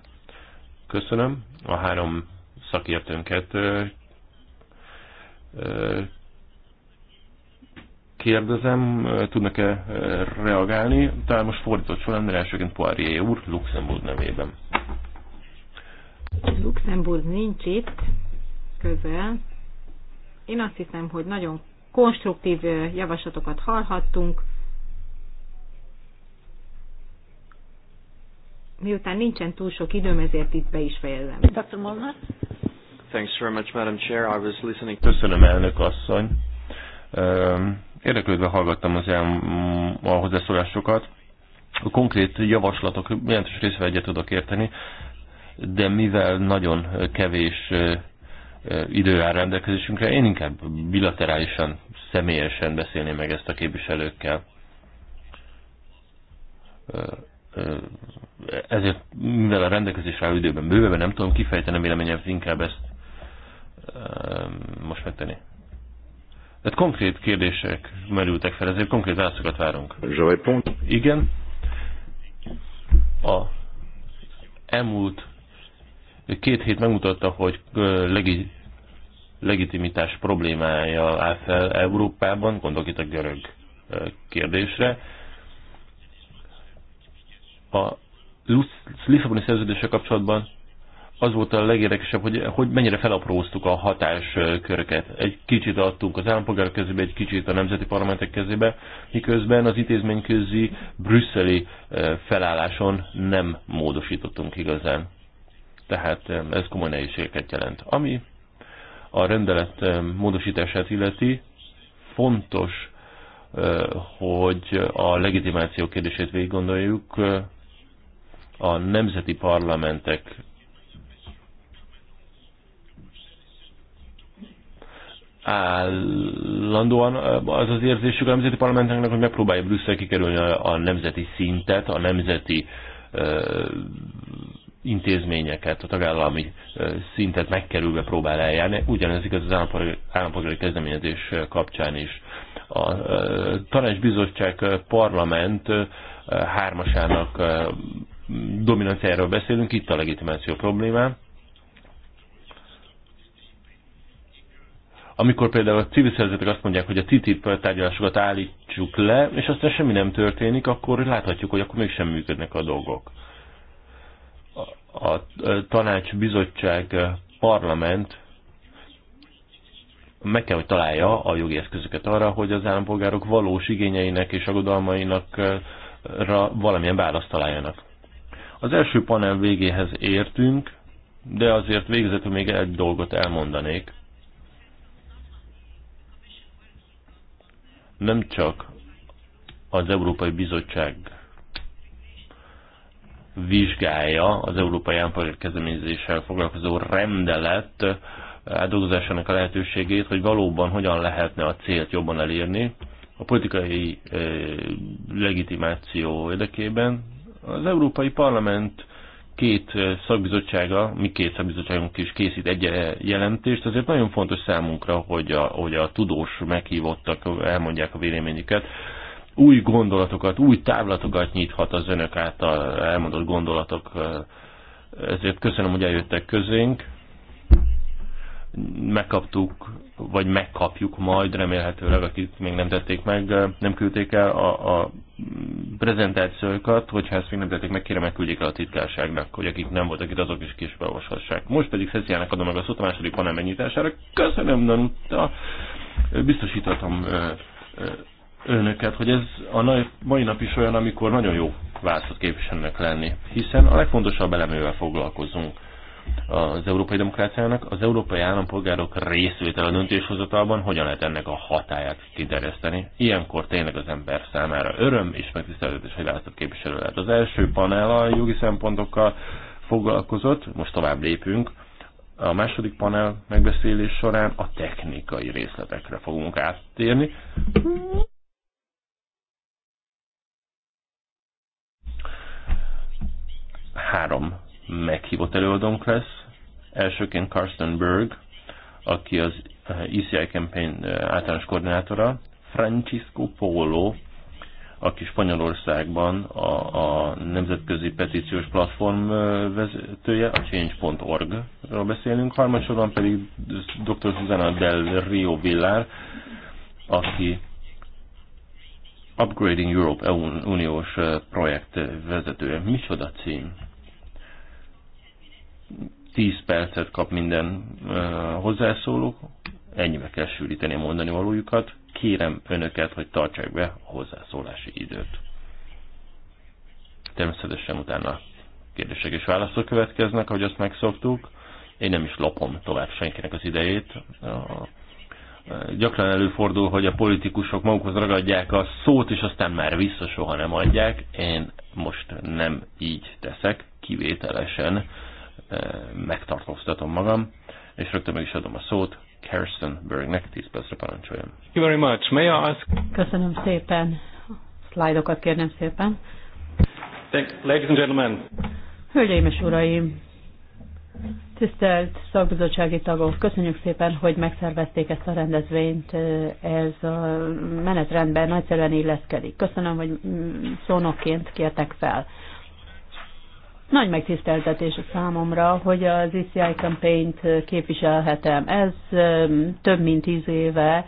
Köszönöm a három szakértőnket. Kérdezem, tudnak-e reagálni? Talán most fordított mert elsőként Poirier úr, Luxemburg nevében. Luxemburg nincs itt, közel, én azt hiszem, hogy nagyon konstruktív javaslatokat hallhattunk. Miután nincsen túl sok időm, ezért itt be is fejezem. Dr. Molnar? Thanks very much, Madam Chair. I was listening. Köszönöm, elnök asszony. Érdeklődve hallgattam az ilyen a hozzászólásokat. A konkrét javaslatok jelentős részével egyet tudok érteni, de mivel nagyon kevés idő áll rendelkezésünkre. Én inkább bilaterálisan, személyesen beszélném meg ezt a képviselőkkel. Ezért, mivel a rendelkezés álló időben bővebben nem tudom kifejteni véleményem, inkább ezt most megtenni. Tehát konkrét kérdések merültek fel, ezért konkrét válaszokat várunk. Igen. A elmúlt Két hét megmutatta, hogy legi, legitimitás problémája áll fel Európában, gondolok itt a görög kérdésre. A Lisszaboni szerződése kapcsolatban az volt a legérdekesebb, hogy, hogy mennyire felapróztuk a hatásköröket. Egy kicsit adtunk az állampolgárok kezébe, egy kicsit a nemzeti parlamentek kezébe, miközben az intézményközi brüsszeli felálláson nem módosítottunk igazán tehát ez komoly nehézségeket jelent. Ami a rendelet módosítását illeti, fontos, hogy a legitimáció kérdését végig gondoljuk, a nemzeti parlamentek állandóan az az érzésük a nemzeti parlamenteknek, hogy megpróbálja Brüsszel kikerülni a, nemzeti szintet, a nemzeti intézményeket, a tagállami szintet megkerülve próbál eljárni. Ugyanez igaz az állampolgári, állampolgári kezdeményezés kapcsán is. A tanácsbizottság parlament hármasának dominanciáról beszélünk, itt a legitimáció problémám. Amikor például a civil szervezetek azt mondják, hogy a TTIP tárgyalásokat állítsuk le, és aztán semmi nem történik, akkor láthatjuk, hogy akkor még sem működnek a dolgok a tanács, bizottság, parlament meg kell, hogy találja a jogi eszközöket arra, hogy az állampolgárok valós igényeinek és aggodalmainak valamilyen választ találjanak. Az első panel végéhez értünk, de azért végzetül még egy dolgot elmondanék. Nem csak az Európai Bizottság vizsgálja az Európai Állampolgár kezdeményezéssel foglalkozó rendelet átdolgozásának a lehetőségét, hogy valóban hogyan lehetne a célt jobban elérni a politikai legitimáció érdekében. Az Európai Parlament két szakbizottsága, mi két szakbizottságunk is készít egy jelentést, azért nagyon fontos számunkra, hogy a, hogy a tudós meghívottak elmondják a véleményüket új gondolatokat, új távlatokat nyithat az önök által elmondott gondolatok. Ezért köszönöm, hogy eljöttek közénk. Megkaptuk, vagy megkapjuk majd, remélhetőleg, akik még nem tették meg, nem küldték el a, a prezentációkat, hogyha ezt még nem tették meg, kérem, megküldjék el a titkárságnak, hogy akik nem voltak itt, azok is kis beolvashassák. Most pedig Szeciának adom meg a szót a második panel megnyitására. Köszönöm, Danuta! Biztosítatom önöket, hogy ez a mai nap is olyan, amikor nagyon jó választott képviselőnek lenni, hiszen a legfontosabb elemével foglalkozunk az európai demokráciának, az európai állampolgárok részvétel a döntéshozatalban, hogyan lehet ennek a hatáját kideríteni. Ilyenkor tényleg az ember számára öröm és megtiszteltetés, hogy választott képviselő lehet. Az első panel a jogi szempontokkal foglalkozott, most tovább lépünk. A második panel megbeszélés során a technikai részletekre fogunk áttérni. három meghívott előadónk lesz. Elsőként Carsten Berg, aki az ECI eh, e Campaign eh, általános koordinátora, Francisco Polo, aki Spanyolországban a, a Nemzetközi Petíciós Platform eh, vezetője, a Change.org-ról beszélünk, harmadsorban pedig dr. Susana del Rio Villar, aki Upgrading Europe e uniós projekt vezetője. Micsoda cím? 10 percet kap minden hozzászóló, ennyibe kell sűríteni a mondani valójukat. Kérem önöket, hogy tartsák be a hozzászólási időt. Természetesen utána kérdések és válaszok következnek, ahogy azt megszoktuk. Én nem is lopom tovább senkinek az idejét. Gyakran előfordul, hogy a politikusok magukhoz ragadják a szót, és aztán már vissza soha nem adják. Én most nem így teszek, kivételesen megtartóztatom magam, és rögtön meg is adom a szót Kirsten Bergnek, 10 percre parancsoljon. Thank you very much. May I ask... Köszönöm szépen. Szlájdokat kérném szépen. Thank, ladies and gentlemen. Hölgyeim és uraim, tisztelt szakbizottsági tagok, köszönjük szépen, hogy megszervezték ezt a rendezvényt. Ez a menetrendben nagyszerűen illeszkedik. Köszönöm, hogy mm, szónokként kértek fel. Nagy megtiszteltetés a számomra, hogy az ICI kampányt képviselhetem. Ez um, több mint tíz éve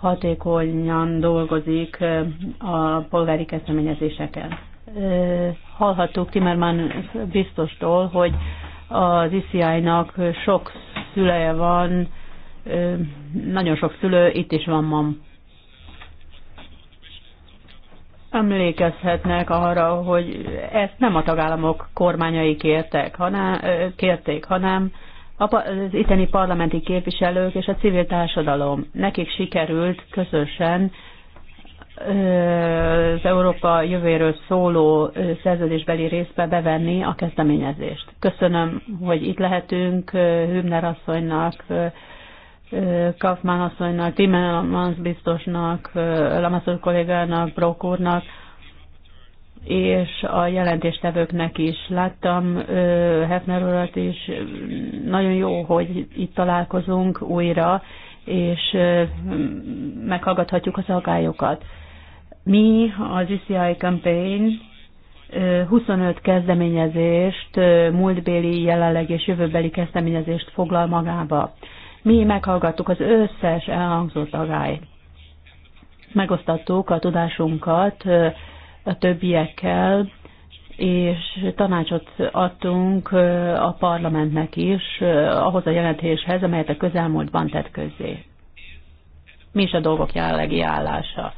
hatékonyan dolgozik um, a polgári kezdeményezéseken. Uh, hallhattuk Timmerman biztostól, hogy az ICI-nak sok szüleje van, um, nagyon sok szülő, itt is van ma emlékezhetnek arra, hogy ezt nem a tagállamok kormányai kértek, hanem, kérték, hanem az itteni parlamenti képviselők és a civil társadalom. Nekik sikerült közösen az Európa jövőről szóló szerződésbeli részbe bevenni a kezdeményezést. Köszönöm, hogy itt lehetünk Hübner asszonynak, Kaufmann asszonynak, Timmermans biztosnak, Lamaszur kollégának, Brokurnak, és a jelentéstevőknek is. Láttam Hefner urat is, nagyon jó, hogy itt találkozunk újra, és meghallgathatjuk az aggályokat. Mi az ICI Campaign 25 kezdeményezést, múltbéli, jelenleg és jövőbeli kezdeményezést foglal magába. Mi meghallgattuk az összes elhangzott agályt. Megosztattuk a tudásunkat a többiekkel, és tanácsot adtunk a parlamentnek is ahhoz a jelentéshez, amelyet a közelmúltban tett közzé. Mi is a dolgok jelenlegi állása?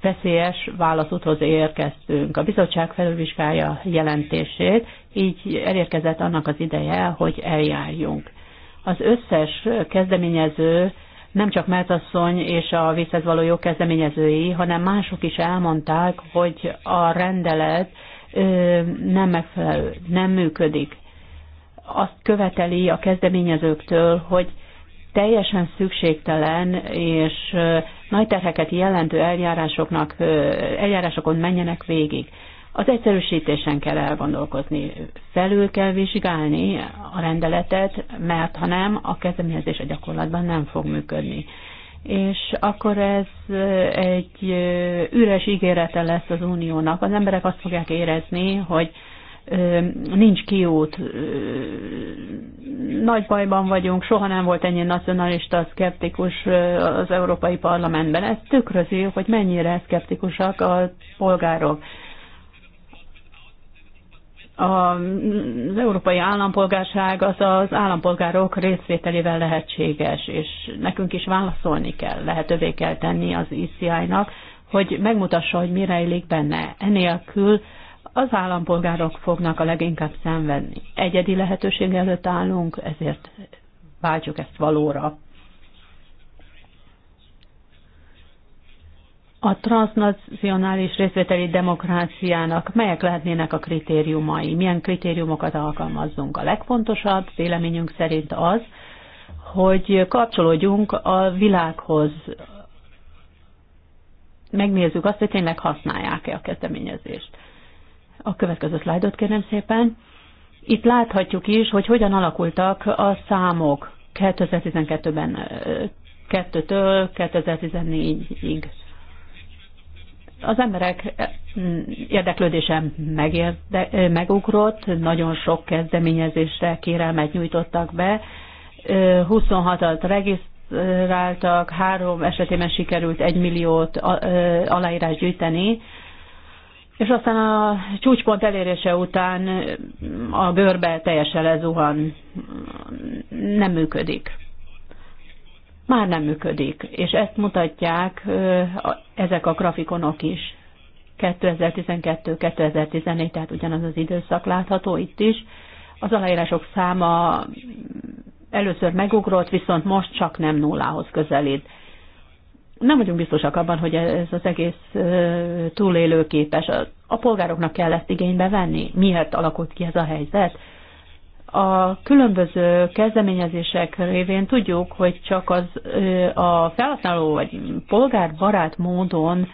Veszélyes válaszúthoz érkeztünk. A bizottság felülvizsgálja jelentését, így elérkezett annak az ideje, hogy eljárjunk az összes kezdeményező, nem csak Meltasszony és a vízhez való jó kezdeményezői, hanem mások is elmondták, hogy a rendelet nem megfelelő, nem működik. Azt követeli a kezdeményezőktől, hogy teljesen szükségtelen és nagy terheket jelentő eljárásoknak, eljárásokon menjenek végig. Az egyszerűsítésen kell elgondolkozni, felül kell vizsgálni a rendeletet, mert ha nem, a kezdeményezés a gyakorlatban nem fog működni. És akkor ez eh, egy eh, üres ígérete lesz az uniónak. Az emberek azt fogják érezni, hogy eh, nincs kiút, nagy bajban vagyunk, soha nem volt ennyi nacionalista, szkeptikus az Európai Parlamentben. Ez tükrözi, hogy mennyire szkeptikusak a polgárok az európai állampolgárság az az állampolgárok részvételével lehetséges, és nekünk is válaszolni kell, lehetővé kell tenni az ICI-nak, hogy megmutassa, hogy mire élik benne. Enélkül az állampolgárok fognak a leginkább szenvedni. Egyedi lehetőség előtt állunk, ezért váltsuk ezt valóra. a transnacionális részvételi demokráciának melyek lehetnének a kritériumai? Milyen kritériumokat alkalmazzunk? A legfontosabb véleményünk szerint az, hogy kapcsolódjunk a világhoz. Megnézzük azt, hogy tényleg használják-e a kezdeményezést. A következő szlájdot kérem szépen. Itt láthatjuk is, hogy hogyan alakultak a számok 2012-ben 2-től 2014-ig az emberek eh, érdeklődése megérde, eh, megugrott, nagyon sok kezdeményezésre kérelmet nyújtottak be, 26-at eh, regisztráltak, három esetében sikerült egy milliót aláírás gyűjteni, és aztán a csúcspont elérése után a bőrbe teljesen lezuhan, nem működik már nem működik, és ezt mutatják ezek a grafikonok is. 2012-2014, tehát ugyanaz az időszak látható itt is. Az aláírások száma először megugrott, viszont most csak nem nullához közelít. Nem vagyunk biztosak abban, hogy ez az egész túlélőképes. A polgároknak kell ezt igénybe venni. Miért alakult ki ez a helyzet? a különböző kezdeményezések révén tudjuk, hogy csak az a felhasználó vagy polgárbarát módon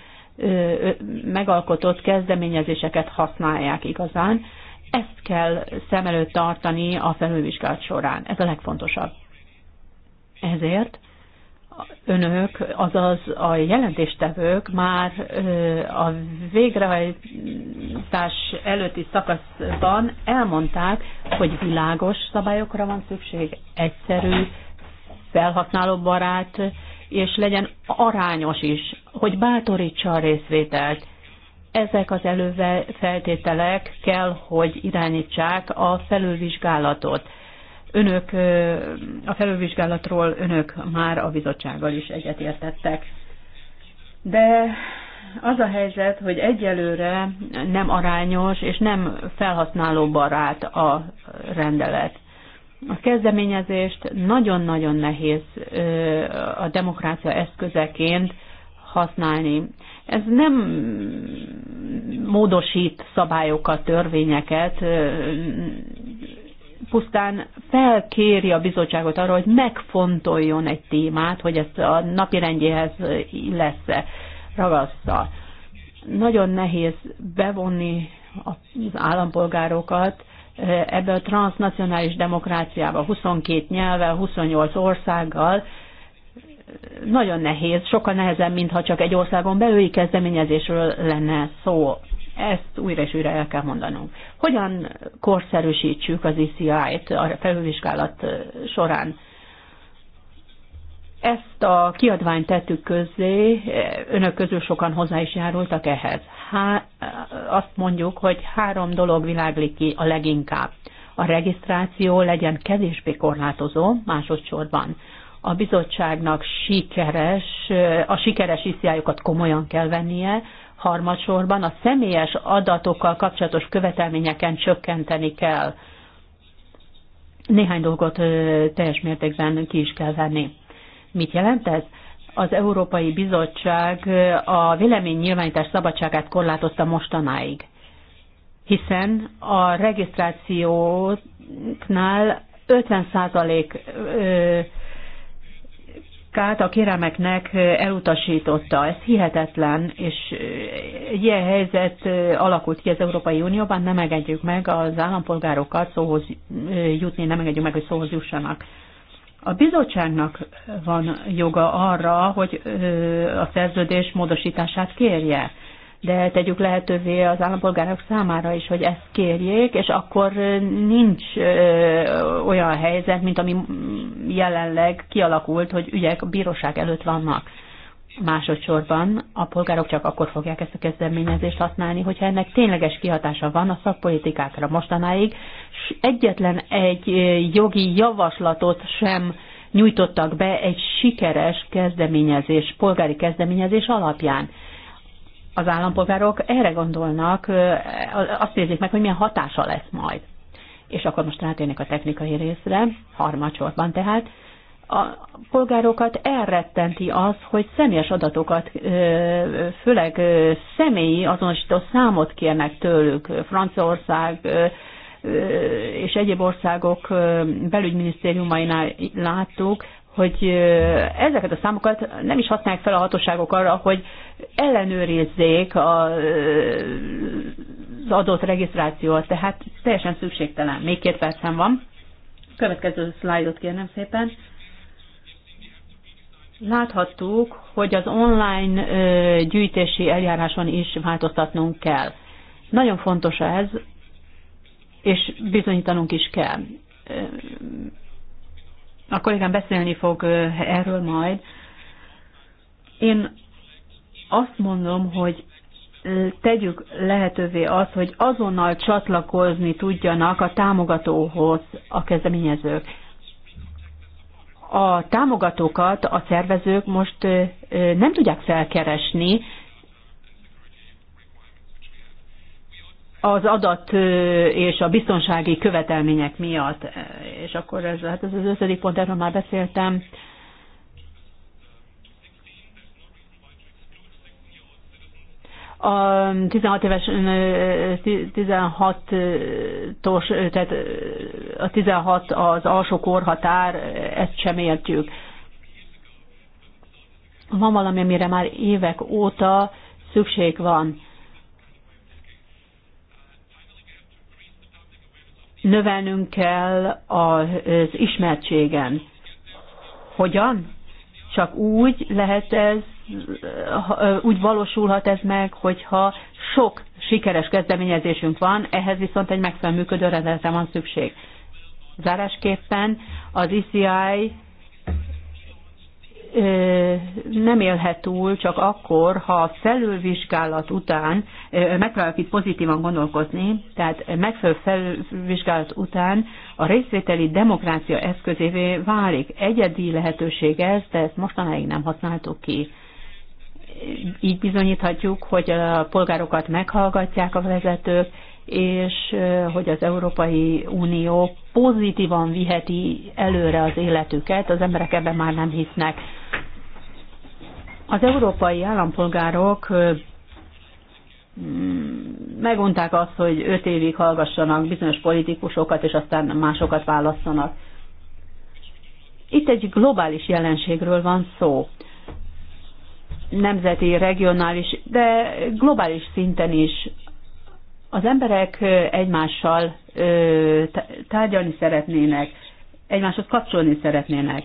megalkotott kezdeményezéseket használják igazán. Ezt kell szem előtt tartani a felülvizsgálat során. Ez a legfontosabb. Ezért önök, azaz a jelentéstevők már a végrehajtás előtti szakaszban elmondták, hogy világos szabályokra van szükség, egyszerű, felhasználóbarát, és legyen arányos is, hogy bátorítsa a részvételt. Ezek az előfeltételek kell, hogy irányítsák a felülvizsgálatot önök a felülvizsgálatról önök már a bizottsággal is egyetértettek. De az a helyzet, hogy egyelőre nem arányos és nem felhasználó barát a rendelet. A kezdeményezést nagyon-nagyon nehéz a demokrácia eszközeként használni. Ez nem módosít szabályokat, törvényeket, pusztán felkéri a bizottságot arra, hogy megfontoljon egy témát, hogy ezt a napi rendjéhez lesz ragassza. Nagyon nehéz bevonni az állampolgárokat eh, ebbe a transnacionális demokráciába, 22 nyelvvel, 28 országgal, nagyon nehéz, sokkal nehezebb, mintha csak egy országon belüli kezdeményezésről lenne szó. Ezt újra és újra el kell mondanunk. Hogyan korszerűsítsük az ICI-t a felülvizsgálat során? Ezt a kiadványt tettük közzé, önök közül sokan hozzá is járultak ehhez. Há, azt mondjuk, hogy három dolog világlik ki a leginkább. A regisztráció legyen kevésbé korlátozó másodszorban. A bizottságnak sikeres, a sikeres iszjájukat komolyan kell vennie, Harmadsorban a személyes adatokkal kapcsolatos követelményeken csökkenteni kell. Néhány dolgot teljes mértékben ki is kell venni. Mit jelent ez? Az Európai Bizottság a vélemény nyilvánítás szabadságát korlátozta mostanáig, hiszen a regisztrációknál 50 százalék kát a kérelmeknek elutasította. Ez hihetetlen, és egy ilyen helyzet alakult ki az Európai Unióban, nem engedjük meg az állampolgárokat szóhoz jutni, nem engedjük meg, hogy szóhoz jussanak. A bizottságnak van joga arra, hogy a szerződés módosítását kérje de tegyük lehetővé az állampolgárok számára is, hogy ezt kérjék, és akkor nincs olyan helyzet, mint ami jelenleg kialakult, hogy ügyek a bíróság előtt vannak. Másodszorban a polgárok csak akkor fogják ezt a kezdeményezést használni, hogyha ennek tényleges kihatása van a szakpolitikákra mostanáig, és egyetlen egy jogi javaslatot sem nyújtottak be egy sikeres kezdeményezés, polgári kezdeményezés alapján az állampolgárok erre gondolnak, azt nézik meg, hogy milyen hatása lesz majd. És akkor most rátérnek a technikai részre, harmadsorban tehát. A polgárokat elrettenti az, hogy személyes adatokat, főleg személyi azonosító számot kérnek tőlük. Franciaország és egyéb országok belügyminisztériumainál láttuk, hogy ezeket a számokat nem is használják fel a hatóságok arra, hogy ellenőrizzék az adott regisztrációt, tehát teljesen szükségtelen. Még két percem van. Következő szlájdot kérnem szépen. Láthattuk, hogy az online gyűjtési eljáráson is változtatnunk kell. Nagyon fontos ez, és bizonyítanunk is kell a kollégám beszélni fog erről majd. Én azt mondom, hogy tegyük lehetővé azt, hogy azonnal csatlakozni tudjanak a támogatóhoz a kezdeményezők. A támogatókat a szervezők most nem tudják felkeresni, az adat és a biztonsági követelmények miatt, és akkor ez, hát ez az ötödik pont, erről már beszéltem, a 16 éves 16-os, tehát a 16 az alsó korhatár, ezt sem értjük. Van valami, amire már évek óta szükség van. növelnünk kell az ismertségen. Hogyan? Csak úgy lehet ez, úgy valósulhat ez meg, hogyha sok sikeres kezdeményezésünk van, ehhez viszont egy megfelelő működő rendeletre van szükség. Zárásképpen az ICI e nem élhet túl csak akkor, ha a felülvizsgálat után, megpróbálok itt pozitívan gondolkozni, tehát megfelelő felülvizsgálat után a részvételi demokrácia eszközévé válik. Egyedi lehetőség ez, de ezt mostanáig nem használtuk ki. Így bizonyíthatjuk, hogy a polgárokat meghallgatják a vezetők, és hogy az Európai Unió pozitívan viheti előre az életüket, az emberek ebben már nem hisznek. Az európai állampolgárok mm, megunták azt, hogy öt évig hallgassanak bizonyos politikusokat, és aztán másokat válasszanak. Itt egy globális jelenségről van szó. Nemzeti, regionális, de globális szinten is az emberek egymással tárgyalni szeretnének, egymáshoz kapcsolni szeretnének.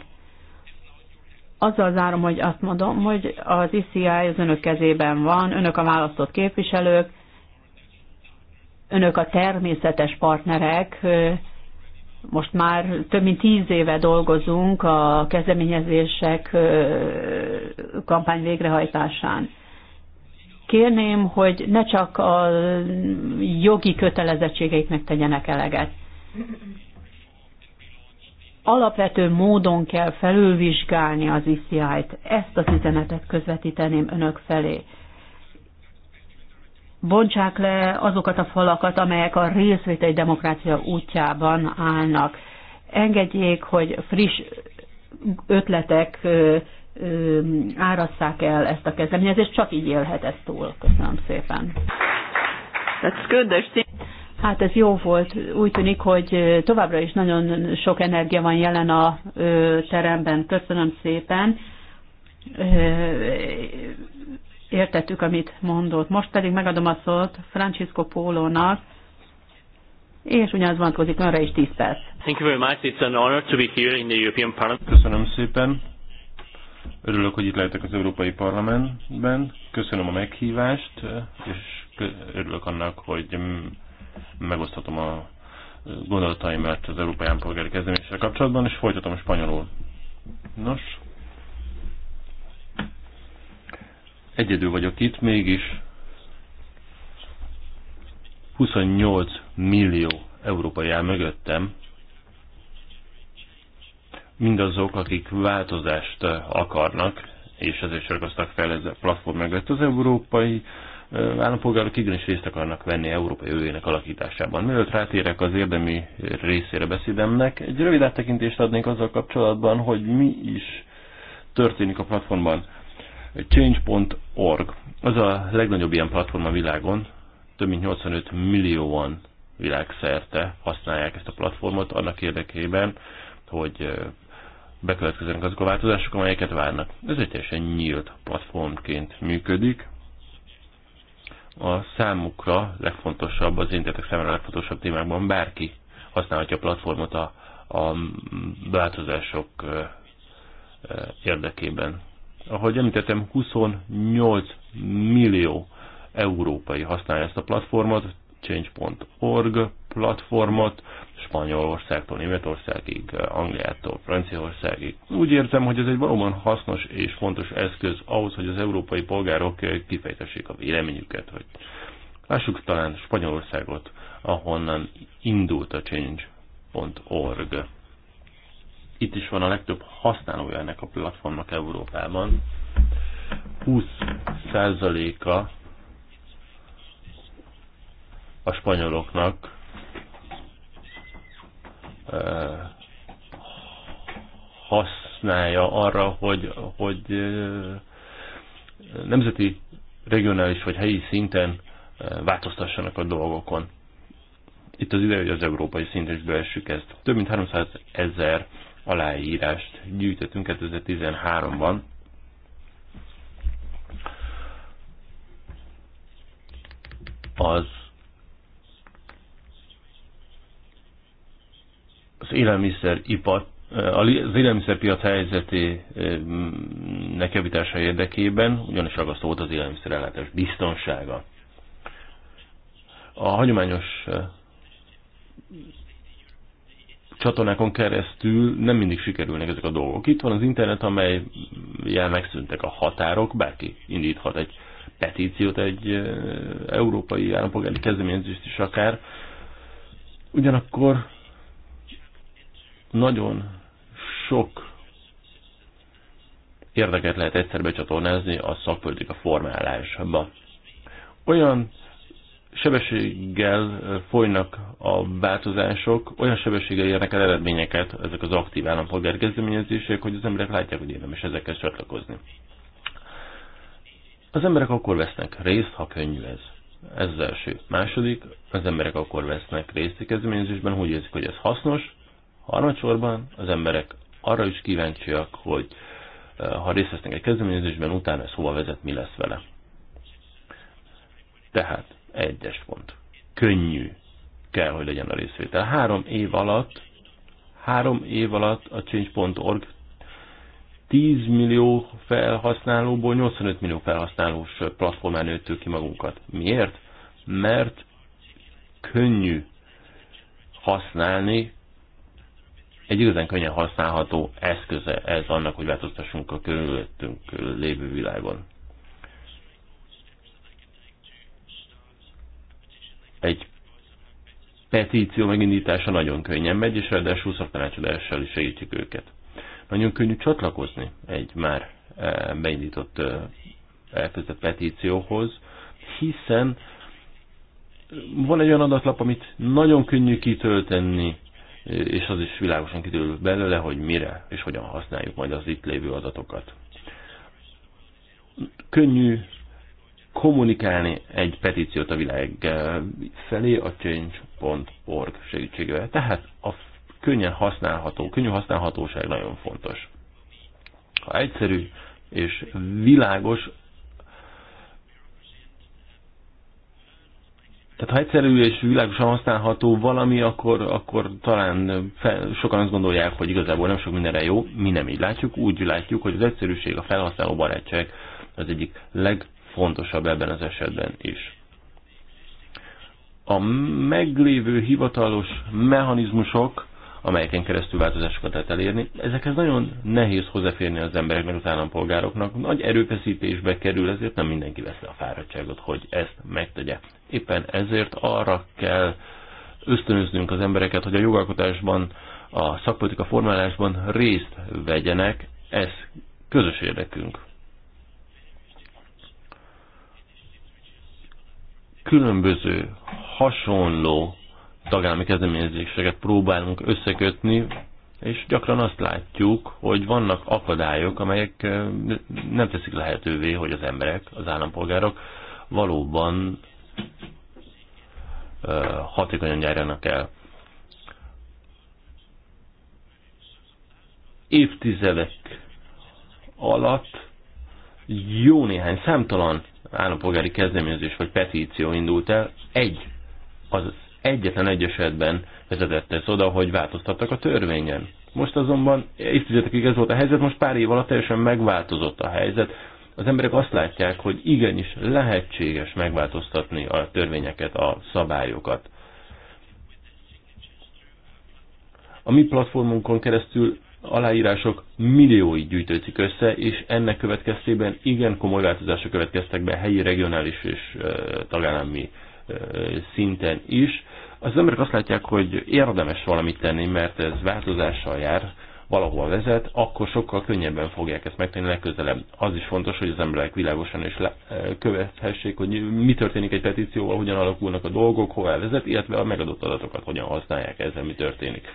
Azzal zárom, hogy azt mondom, hogy az ICI az önök kezében van, önök a választott képviselők, önök a természetes partnerek, most már több mint tíz éve dolgozunk a kezdeményezések kampány végrehajtásán kérném, hogy ne csak a jogi kötelezettségeiknek tegyenek eleget. Alapvető módon kell felülvizsgálni az ICI-t. Ezt az üzenetet közvetíteném önök felé. Bontsák le azokat a falakat, amelyek a egy demokrácia útjában állnak. Engedjék, hogy friss ötletek árasszák el ezt a kezdeményezést, csak így élhet ez túl. Köszönöm szépen. That's good, Hát ez jó volt. Úgy tűnik, hogy továbbra is nagyon sok energia van jelen a teremben. Köszönöm szépen. Értettük, amit mondott. Most pedig megadom a szót Francisco Pólónak, és ugyanaz vonatkozik arra is 10 perc. Köszönöm szépen. Örülök, hogy itt lehetek az Európai Parlamentben. Köszönöm a meghívást, és örülök annak, hogy megoszthatom a gondolataimat az Európai Ámpolgári Kezdeményezéssel kapcsolatban, és folytatom spanyolul. Nos, egyedül vagyok itt, mégis 28 millió európai áll mögöttem, mindazok, akik változást akarnak, és ezért sorgoztak fel ez a platform mögött. Az európai eh, állampolgárok igenis részt akarnak venni Európai jövőjének alakításában. Mielőtt rátérek az érdemi részére beszédemnek, egy rövid áttekintést adnék azzal kapcsolatban, hogy mi is történik a platformban. Change.org az a legnagyobb ilyen platform a világon, több mint 85 millióan világszerte használják ezt a platformot annak érdekében, hogy eh, bekövetkeznek azok a változások, amelyeket várnak. Ez egy teljesen nyílt platformként működik. A számukra legfontosabb, az internetek számára legfontosabb témákban bárki használhatja a platformot a, a változások érdekében. Ahogy említettem, 28 millió európai használja ezt a platformot, change.org platformot, Spanyolországtól Németországig, Angliától Franciaországig. Úgy érzem, hogy ez egy valóban hasznos és fontos eszköz ahhoz, hogy az európai polgárok kifejtessék a véleményüket. Hogy lássuk talán Spanyolországot, ahonnan indult a change.org. Itt is van a legtöbb használója ennek a platformnak Európában. 20%-a a spanyoloknak használja arra, hogy, hogy nemzeti, regionális vagy helyi szinten változtassanak a dolgokon. Itt az ideje, hogy az európai szinten is beessük ezt. Több mint 300 ezer aláírást gyűjtöttünk 2013-ban. Az az élelmiszeripar az élelmiszerpiac helyzeti nekevitása érdekében, ugyanis aggasztó volt az élelmiszerellátás biztonsága. A hagyományos csatornákon keresztül nem mindig sikerülnek ezek a dolgok. Itt van az internet, amely jel megszűntek a határok, bárki indíthat egy petíciót, egy európai állampolgári kezdeményezést is akár. Ugyanakkor nagyon sok érdeket lehet egyszerbe csatornázni a szakpolitika formálásba. Olyan sebességgel folynak a változások, olyan sebességgel érnek el eredményeket ezek az aktív állampolgár kezdeményezések, hogy az emberek látják, hogy érdemes ezekkel csatlakozni. Az emberek akkor vesznek részt, ha könnyű ez. Ez az első. Második, az emberek akkor vesznek részt a kezdeményezésben, hogy érzik, hogy ez hasznos, Harmadsorban az emberek arra is kíváncsiak, hogy eh, ha részt vesznek egy kezdeményezésben, utána ez hova vezet, mi lesz vele. Tehát egyes pont. Könnyű kell, hogy legyen a részvétel. Három év alatt, három év alatt a change.org 10 millió felhasználóból 85 millió felhasználós platformán nőttük ki magunkat. Miért? Mert könnyű használni, egy igazán könnyen használható eszköze ez annak, hogy változtassunk a körülöttünk lévő világon. Egy petíció megindítása nagyon könnyen megy, és ráadásul szaktanácsadással is segítjük őket. Nagyon könnyű csatlakozni egy már eh, beindított eh, elkezdett petícióhoz, hiszen van egy olyan adatlap, amit nagyon könnyű kitölteni, és az is világosan kiderül belőle, hogy mire és hogyan használjuk majd az itt lévő adatokat. Könnyű kommunikálni egy petíciót a világ eh, felé a change.org segítségével. Tehát a könnyen használható, könnyű használhatóság nagyon fontos. Ha egyszerű és világos Tehát ha egyszerű és világosan használható valami, akkor, akkor talán fel, sokan azt gondolják, hogy igazából nem sok mindenre jó, mi nem így látjuk. Úgy látjuk, hogy az egyszerűség, a felhasználó barátság az egyik legfontosabb ebben az esetben is. A meglévő hivatalos mechanizmusok, amelyeken keresztül változásokat lehet elérni, ezekhez nagyon nehéz hozzáférni az embereknek, az állampolgároknak. Nagy erőfeszítésbe kerül, ezért nem mindenki veszi a fáradtságot, hogy ezt megtegye. Éppen ezért arra kell ösztönöznünk az embereket, hogy a jogalkotásban, a szakpolitika formálásban részt vegyenek, ez közös érdekünk. Különböző, hasonló tagállami kezdeményezéseket próbálunk összekötni, és gyakran azt látjuk, hogy vannak akadályok, amelyek eh, nem teszik lehetővé, hogy az emberek, az állampolgárok valóban hatékonyan járjanak el. Évtizedek alatt jó néhány számtalan állampolgári kezdeményezés vagy petíció indult el, egy, az egyetlen egy esetben vezetett ez oda, hogy változtattak a törvényen. Most azonban évtizedekig ez volt a helyzet, most pár év alatt teljesen megváltozott a helyzet, az emberek azt látják, hogy igenis lehetséges megváltoztatni a törvényeket, a szabályokat. A mi platformunkon keresztül aláírások milliói gyűjtődik össze, és ennek következtében igen komoly változások következtek be helyi, regionális és tagállami szinten is. Az emberek azt látják, hogy érdemes valamit tenni, mert ez változással jár, valahova vezet, akkor sokkal könnyebben fogják ezt megtenni legközelebb. Az is fontos, hogy az emberek világosan is követhessék, hogy mi történik egy petícióval, hogyan alakulnak a dolgok, hová vezet, illetve a megadott adatokat hogyan használják ezzel, mi történik.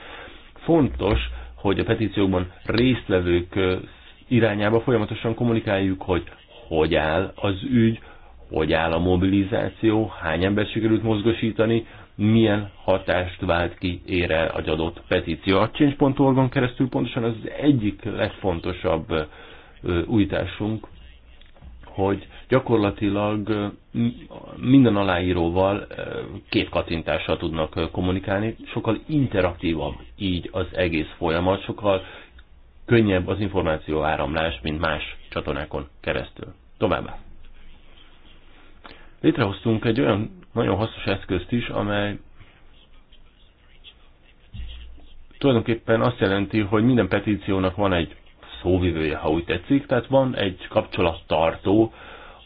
Fontos, hogy a petícióban résztvevők irányába folyamatosan kommunikáljuk, hogy hogy áll az ügy, hogy áll a mobilizáció, hány embert sikerült mozgosítani, milyen hatást vált ki ére egy adott petíció. A change.org-on keresztül pontosan az egyik legfontosabb újításunk, hogy gyakorlatilag minden aláíróval két kattintással tudnak kommunikálni, sokkal interaktívabb így az egész folyamat, sokkal könnyebb az információ áramlás, mint más csatornákon keresztül. Továbbá. Létrehoztunk egy olyan nagyon hasznos eszközt is, amely tulajdonképpen azt jelenti, hogy minden petíciónak van egy szóvivője, ha úgy tetszik, tehát van egy kapcsolattartó,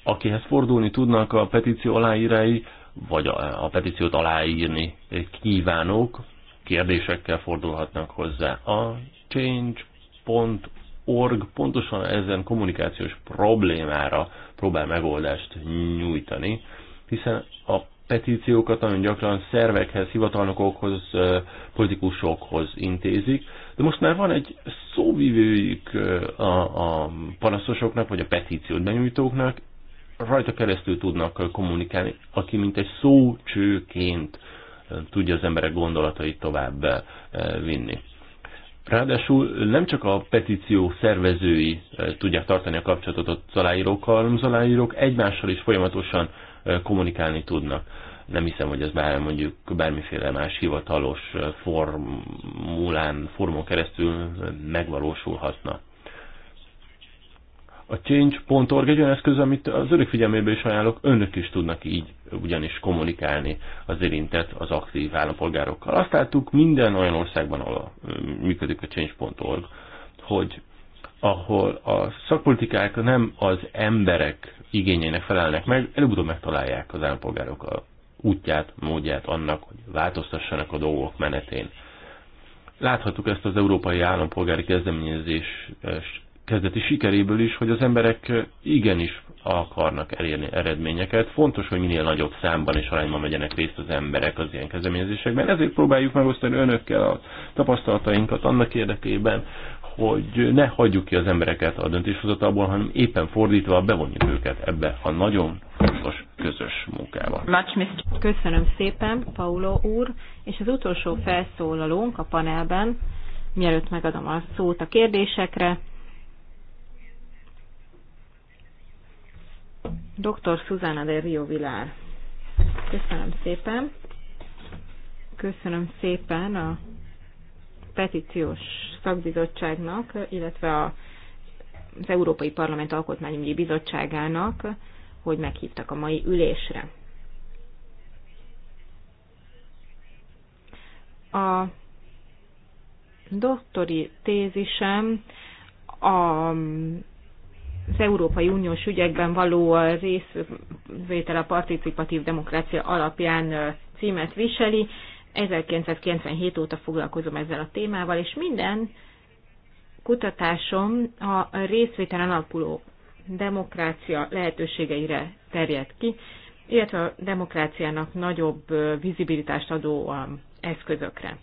akihez fordulni tudnak a petíció aláírái, vagy a, a petíciót aláírni kívánók, kérdésekkel fordulhatnak hozzá. A change.org pontosan ezen kommunikációs problémára próbál megoldást nyújtani, hiszen a petíciókat nagyon gyakran szervekhez, hivatalnokokhoz, politikusokhoz intézik, de most már van egy szóvivőjük a, a panaszosoknak, vagy a petíciót benyújtóknak, rajta keresztül tudnak kommunikálni, aki mint egy szócsőként tudja az emberek gondolatait tovább vinni. Ráadásul nem csak a petíció szervezői eh, tudják tartani a kapcsolatot a zaláírókkal, hanem az aláírók egymással is folyamatosan eh, kommunikálni tudnak. Nem hiszem, hogy ez bár mondjuk bármiféle más hivatalos eh, formulán, formon keresztül megvalósulhatna. A change.org egy olyan eszköz, amit az örök figyelmébe is ajánlok, önök is tudnak így ugyanis kommunikálni az érintett, az aktív állampolgárokkal. Azt láttuk minden olyan országban, ahol működik a change.org, hogy ahol a szakpolitikák nem az emberek igényeinek felelnek meg, előbb-utóbb megtalálják az állampolgárok a útját, módját annak, hogy változtassanak a dolgok menetén. Láthattuk ezt az európai állampolgári kezdeményezés kezdeti sikeréből is, hogy az emberek igenis akarnak elérni eredményeket. Fontos, hogy minél nagyobb számban és arányban vegyenek részt az emberek az ilyen kezdeményezésekben. Ezért próbáljuk megosztani önökkel a tapasztalatainkat annak érdekében, hogy ne hagyjuk ki az embereket a döntéshozatalból, hanem éppen fordítva bevonjuk őket ebbe a nagyon fontos közös munkába. Köszönöm szépen, Paulo úr, és az utolsó felszólalónk a panelben, mielőtt megadom a szót a kérdésekre, Dr. Susana de Rio Vilár. Köszönöm szépen. Köszönöm szépen a petíciós szakbizottságnak, illetve a, az Európai Parlament Alkotmányügyi Bizottságának, hogy meghívtak a mai ülésre. A doktori tézisem a az Európai Uniós ügyekben való részvétel a participatív demokrácia alapján címet viseli. 1997 óta foglalkozom ezzel a témával, és minden kutatásom a részvétel alapuló demokrácia lehetőségeire terjed ki, illetve a demokráciának nagyobb vizibilitást adó eszközökre.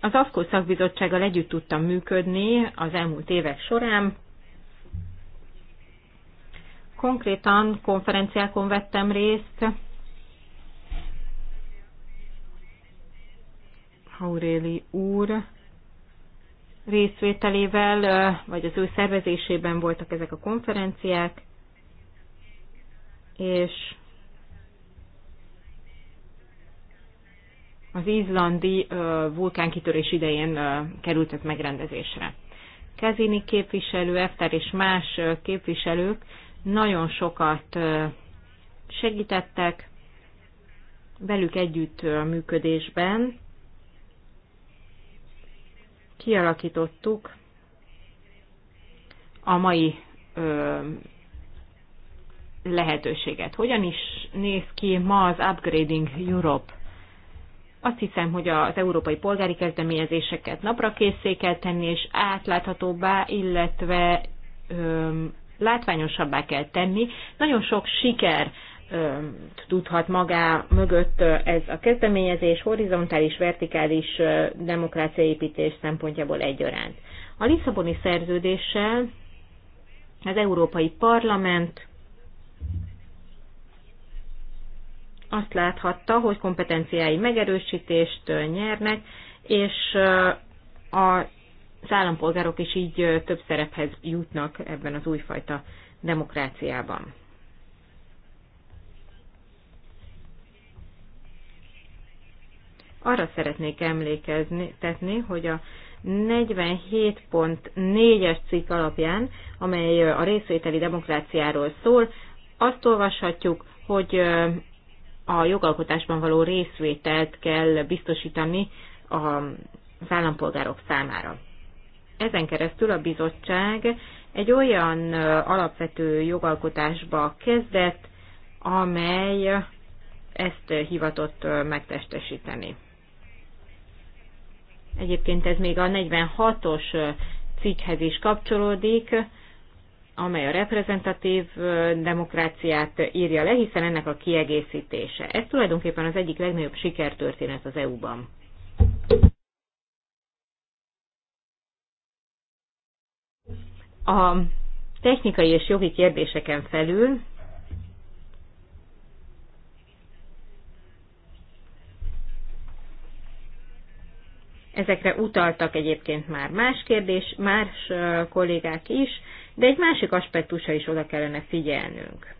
Az AFKO szakbizottsággal együtt tudtam működni az elmúlt évek során. Konkrétan konferenciákon vettem részt. Hauréli úr részvételével, vagy az ő szervezésében voltak ezek a konferenciák, és az izlandi vulkánkitörés idején kerültek megrendezésre. Kezini képviselő, Efter és más képviselők nagyon sokat segítettek velük együtt működésben. Kialakítottuk a mai lehetőséget. Hogyan is néz ki ma az Upgrading Europe azt hiszem, hogy az európai polgári kezdeményezéseket napra készé kell tenni, és átláthatóbbá, illetve öm, látványosabbá kell tenni. Nagyon sok siker tudhat magá mögött ez a kezdeményezés horizontális, vertikális demokráciaépítés szempontjából egyaránt. A Lisszaboni szerződéssel az Európai Parlament azt láthatta, hogy kompetenciái megerősítést nyernek, és az állampolgárok is így több szerephez jutnak ebben az újfajta demokráciában. Arra szeretnék emlékezni, tetni, hogy a 47.4-es cikk alapján, amely a részvételi demokráciáról szól, azt olvashatjuk, hogy a jogalkotásban való részvételt kell biztosítani az állampolgárok számára. Ezen keresztül a bizottság egy olyan alapvető jogalkotásba kezdett, amely ezt hivatott megtestesíteni. Egyébként ez még a 46-os cikkhez is kapcsolódik, amely a reprezentatív demokráciát írja le, hiszen ennek a kiegészítése. Ez tulajdonképpen az egyik legnagyobb sikertörténet az EU-ban. A technikai és jogi kérdéseken felül Ezekre utaltak egyébként már más kérdés, más kollégák is, de egy másik aspektusa is oda kellene figyelnünk.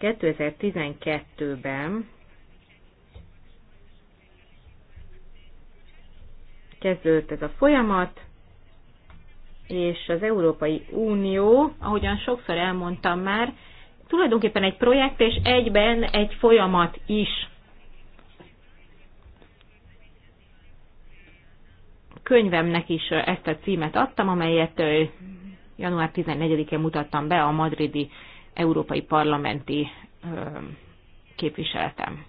2012-ben kezdődött ez a folyamat, és az Európai Unió, ahogyan sokszor elmondtam már, tulajdonképpen egy projekt és egyben egy folyamat is. könyvemnek is ezt a címet adtam, amelyet január 14-én mutattam be a madridi európai parlamenti képviseletem.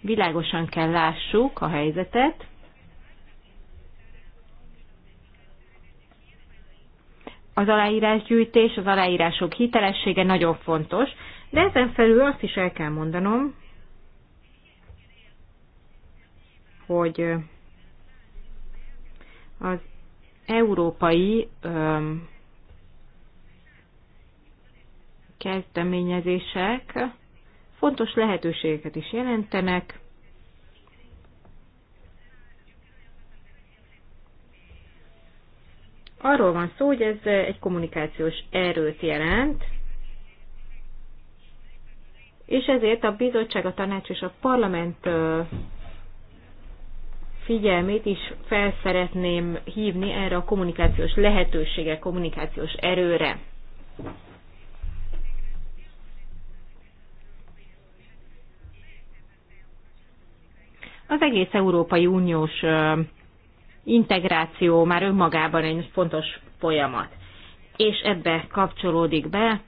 Világosan kell lássuk a helyzetet. Az aláírásgyűjtés, az aláírások hitelessége nagyon fontos, de ezen felül azt is el kell mondanom, hogy az európai öm, kezdeményezések fontos lehetőségeket is jelentenek. Arról van szó, hogy ez egy kommunikációs erőt jelent, és ezért a bizottság, a tanács és a parlament figyelmét is felszeretném hívni erre a kommunikációs lehetősége, kommunikációs erőre. Az egész Európai Uniós integráció már önmagában egy fontos folyamat, és ebbe kapcsolódik be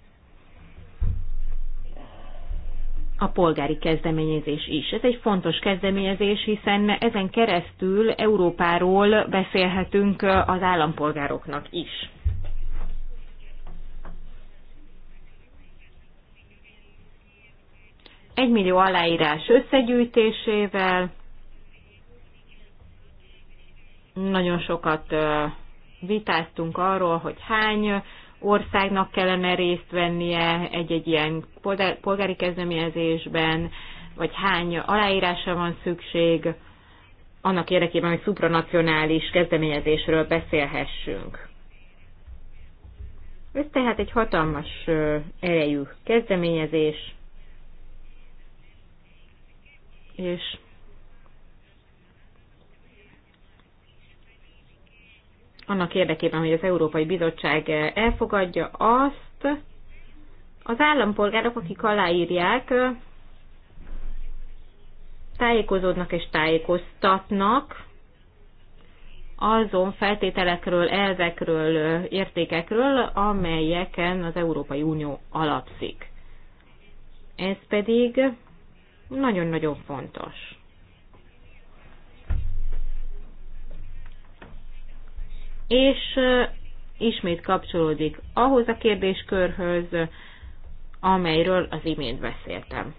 a polgári kezdeményezés is. Ez egy fontos kezdeményezés, hiszen ezen keresztül Európáról beszélhetünk az állampolgároknak is. Egy millió aláírás összegyűjtésével nagyon sokat vitáztunk arról, hogy hány országnak kellene részt vennie egy-egy ilyen polgári kezdeményezésben, vagy hány aláírásra van szükség, annak érdekében, hogy szupranacionális kezdeményezésről beszélhessünk. Ez tehát egy hatalmas erejű kezdeményezés, és annak érdekében, hogy az Európai Bizottság elfogadja azt, az állampolgárok, akik aláírják, tájékozódnak és tájékoztatnak azon feltételekről, elvekről, értékekről, amelyeken az Európai Unió alapszik. Ez pedig nagyon-nagyon fontos. és ismét kapcsolódik ahhoz a kérdéskörhöz, amelyről az imént beszéltem.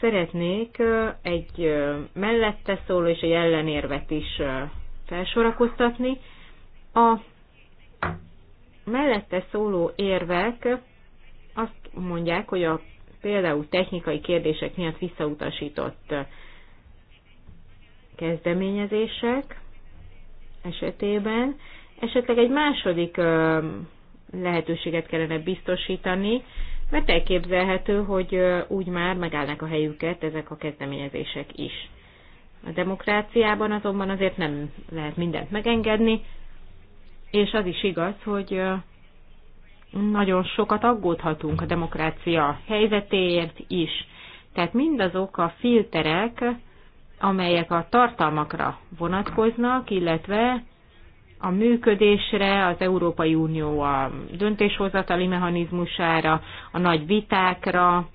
Szeretnék egy mellette szóló és egy ellenérvet is felsorakoztatni. A mellette szóló érvek azt mondják, hogy a például technikai kérdések miatt visszautasított kezdeményezések esetében esetleg egy második lehetőséget kellene biztosítani, mert elképzelhető, hogy úgy már megállnak a helyüket ezek a kezdeményezések is. A demokráciában azonban azért nem lehet mindent megengedni, és az is igaz, hogy nagyon sokat aggódhatunk a demokrácia helyzetéért is. Tehát mindazok a filterek, amelyek a tartalmakra vonatkoznak, illetve a működésre, az Európai Unió a döntéshozatali mechanizmusára, a nagy vitákra, a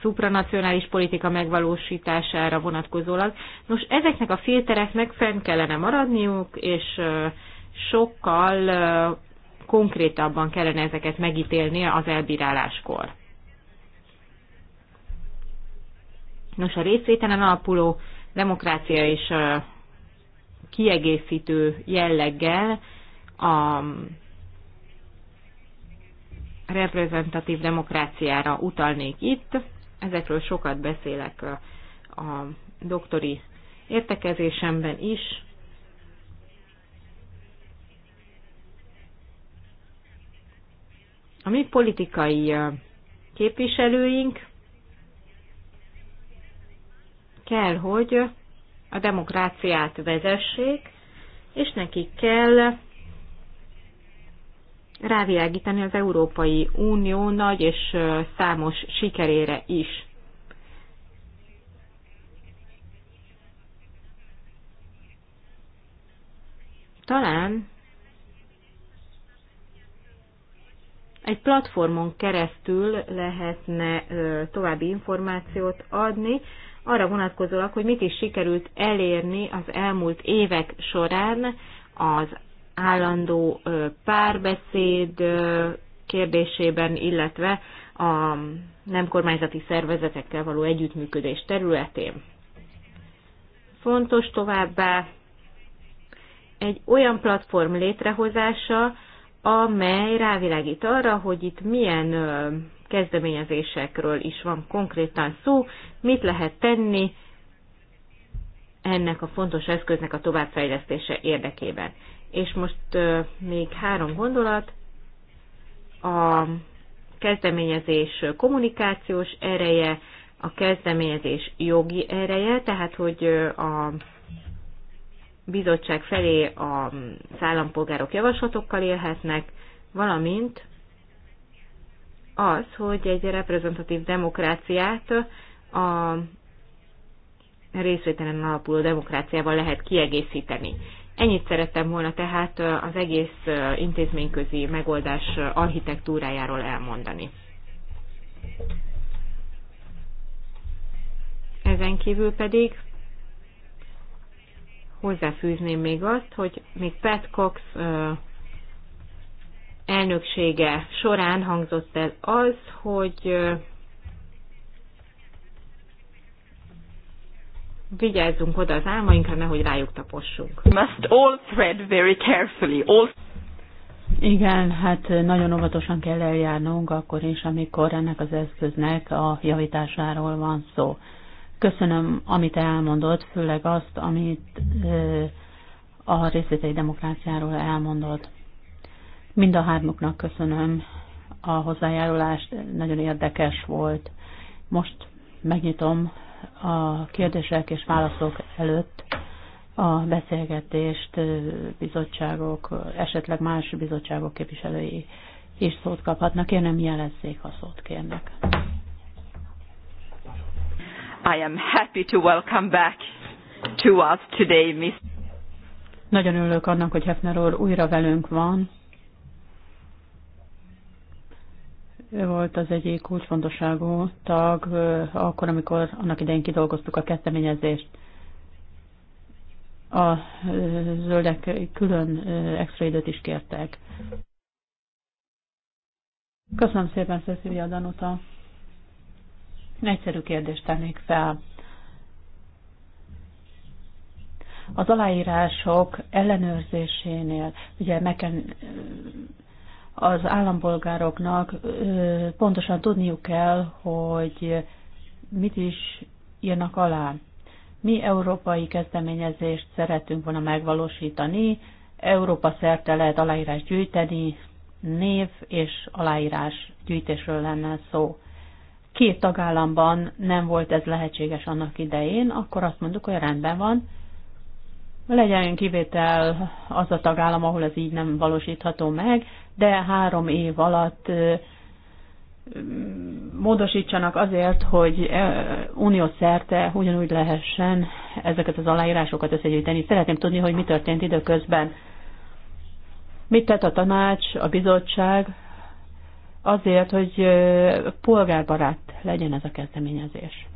szupranacionális politika megvalósítására vonatkozólag. Nos, ezeknek a filtereknek fenn kellene maradniuk, és sokkal konkrétabban kellene ezeket megítélni az elbíráláskor. Nos, a részvételen alapuló demokrácia és kiegészítő jelleggel a reprezentatív demokráciára utalnék itt. Ezekről sokat beszélek a doktori értekezésemben is. A mi politikai képviselőink kell, hogy a demokráciát vezessék, és nekik kell rávilágítani az Európai Unió nagy és számos sikerére is. Talán egy platformon keresztül lehetne további információt adni, arra vonatkozólag, hogy mit is sikerült elérni az elmúlt évek során az állandó párbeszéd kérdésében, illetve a nem kormányzati szervezetekkel való együttműködés területén. Fontos továbbá egy olyan platform létrehozása, amely rávilágít arra, hogy itt milyen kezdeményezésekről is van konkrétan szó, mit lehet tenni ennek a fontos eszköznek a továbbfejlesztése érdekében. És most még három gondolat. A kezdeményezés kommunikációs ereje, a kezdeményezés jogi ereje, tehát hogy a bizottság felé a szállampolgárok javaslatokkal élhetnek, valamint az, hogy egy reprezentatív demokráciát a részvételen alapuló demokráciával lehet kiegészíteni. Ennyit szerettem volna tehát az egész intézményközi megoldás architektúrájáról elmondani. Ezen kívül pedig hozzáfűzném még azt, hogy még Pat Cox elnöksége során hangzott el az, hogy vigyázzunk oda az álmainkra, nehogy rájuk tapossunk. Must all thread very carefully. All... Igen, hát nagyon óvatosan kell eljárnunk akkor is, amikor ennek az eszköznek a javításáról van szó. Köszönöm, amit elmondott, főleg azt, amit a részvételi demokráciáról elmondott. Mind a hármuknak köszönöm a hozzájárulást, nagyon érdekes volt. Most megnyitom a kérdések és válaszok előtt a beszélgetést bizottságok, esetleg más bizottságok képviselői is szót kaphatnak. nem jelezzék, ha szót kérnek. I am happy to welcome back to us today, Miss. Nagyon örülök annak, hogy Hefner úr újra velünk van. Ő volt az egyik kulcsfontosságú tag, akkor, amikor annak idején kidolgoztuk a kezdeményezést. A zöldek külön extra időt is kértek. Köszönöm szépen, Cecilia Danuta. Egyszerű kérdést tennék fel. Az aláírások ellenőrzésénél ugye meg kell az állampolgároknak pontosan tudniuk kell, hogy mit is írnak alá. Mi európai kezdeményezést szeretünk volna megvalósítani, Európa szerte lehet aláírás gyűjteni, név és aláírás gyűjtésről lenne szó. Két tagállamban nem volt ez lehetséges annak idején, akkor azt mondjuk, hogy rendben van, legyen kivétel az a tagállam, ahol ez így nem valósítható meg, de három év alatt módosítsanak azért, hogy unió szerte ugyanúgy lehessen ezeket az aláírásokat összegyűjteni. Szeretném tudni, hogy mi történt időközben. Mit tett a tanács, a bizottság azért, hogy polgárbarát legyen ez a kezdeményezés?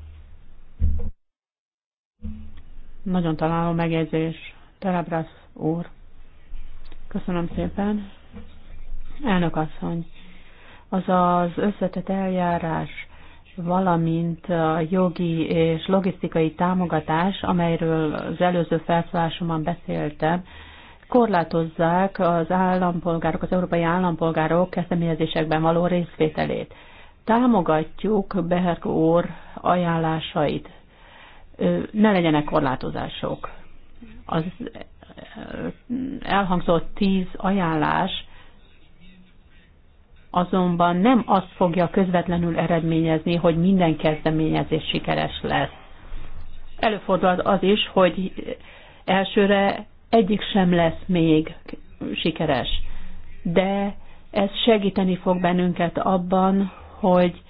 Nagyon találó megjegyzés, Terebrász úr. Köszönöm szépen. Elnök asszony, az az összetett eljárás, valamint a jogi és logisztikai támogatás, amelyről az előző felszólásomban beszéltem, korlátozzák az állampolgárok, az európai állampolgárok kezdeményezésekben való részvételét. Támogatjuk Beherk úr ajánlásait, ne legyenek korlátozások. Az elhangzott tíz ajánlás azonban nem azt fogja közvetlenül eredményezni, hogy minden kezdeményezés sikeres lesz. Előfordul az is, hogy elsőre egyik sem lesz még sikeres, de ez segíteni fog bennünket abban, hogy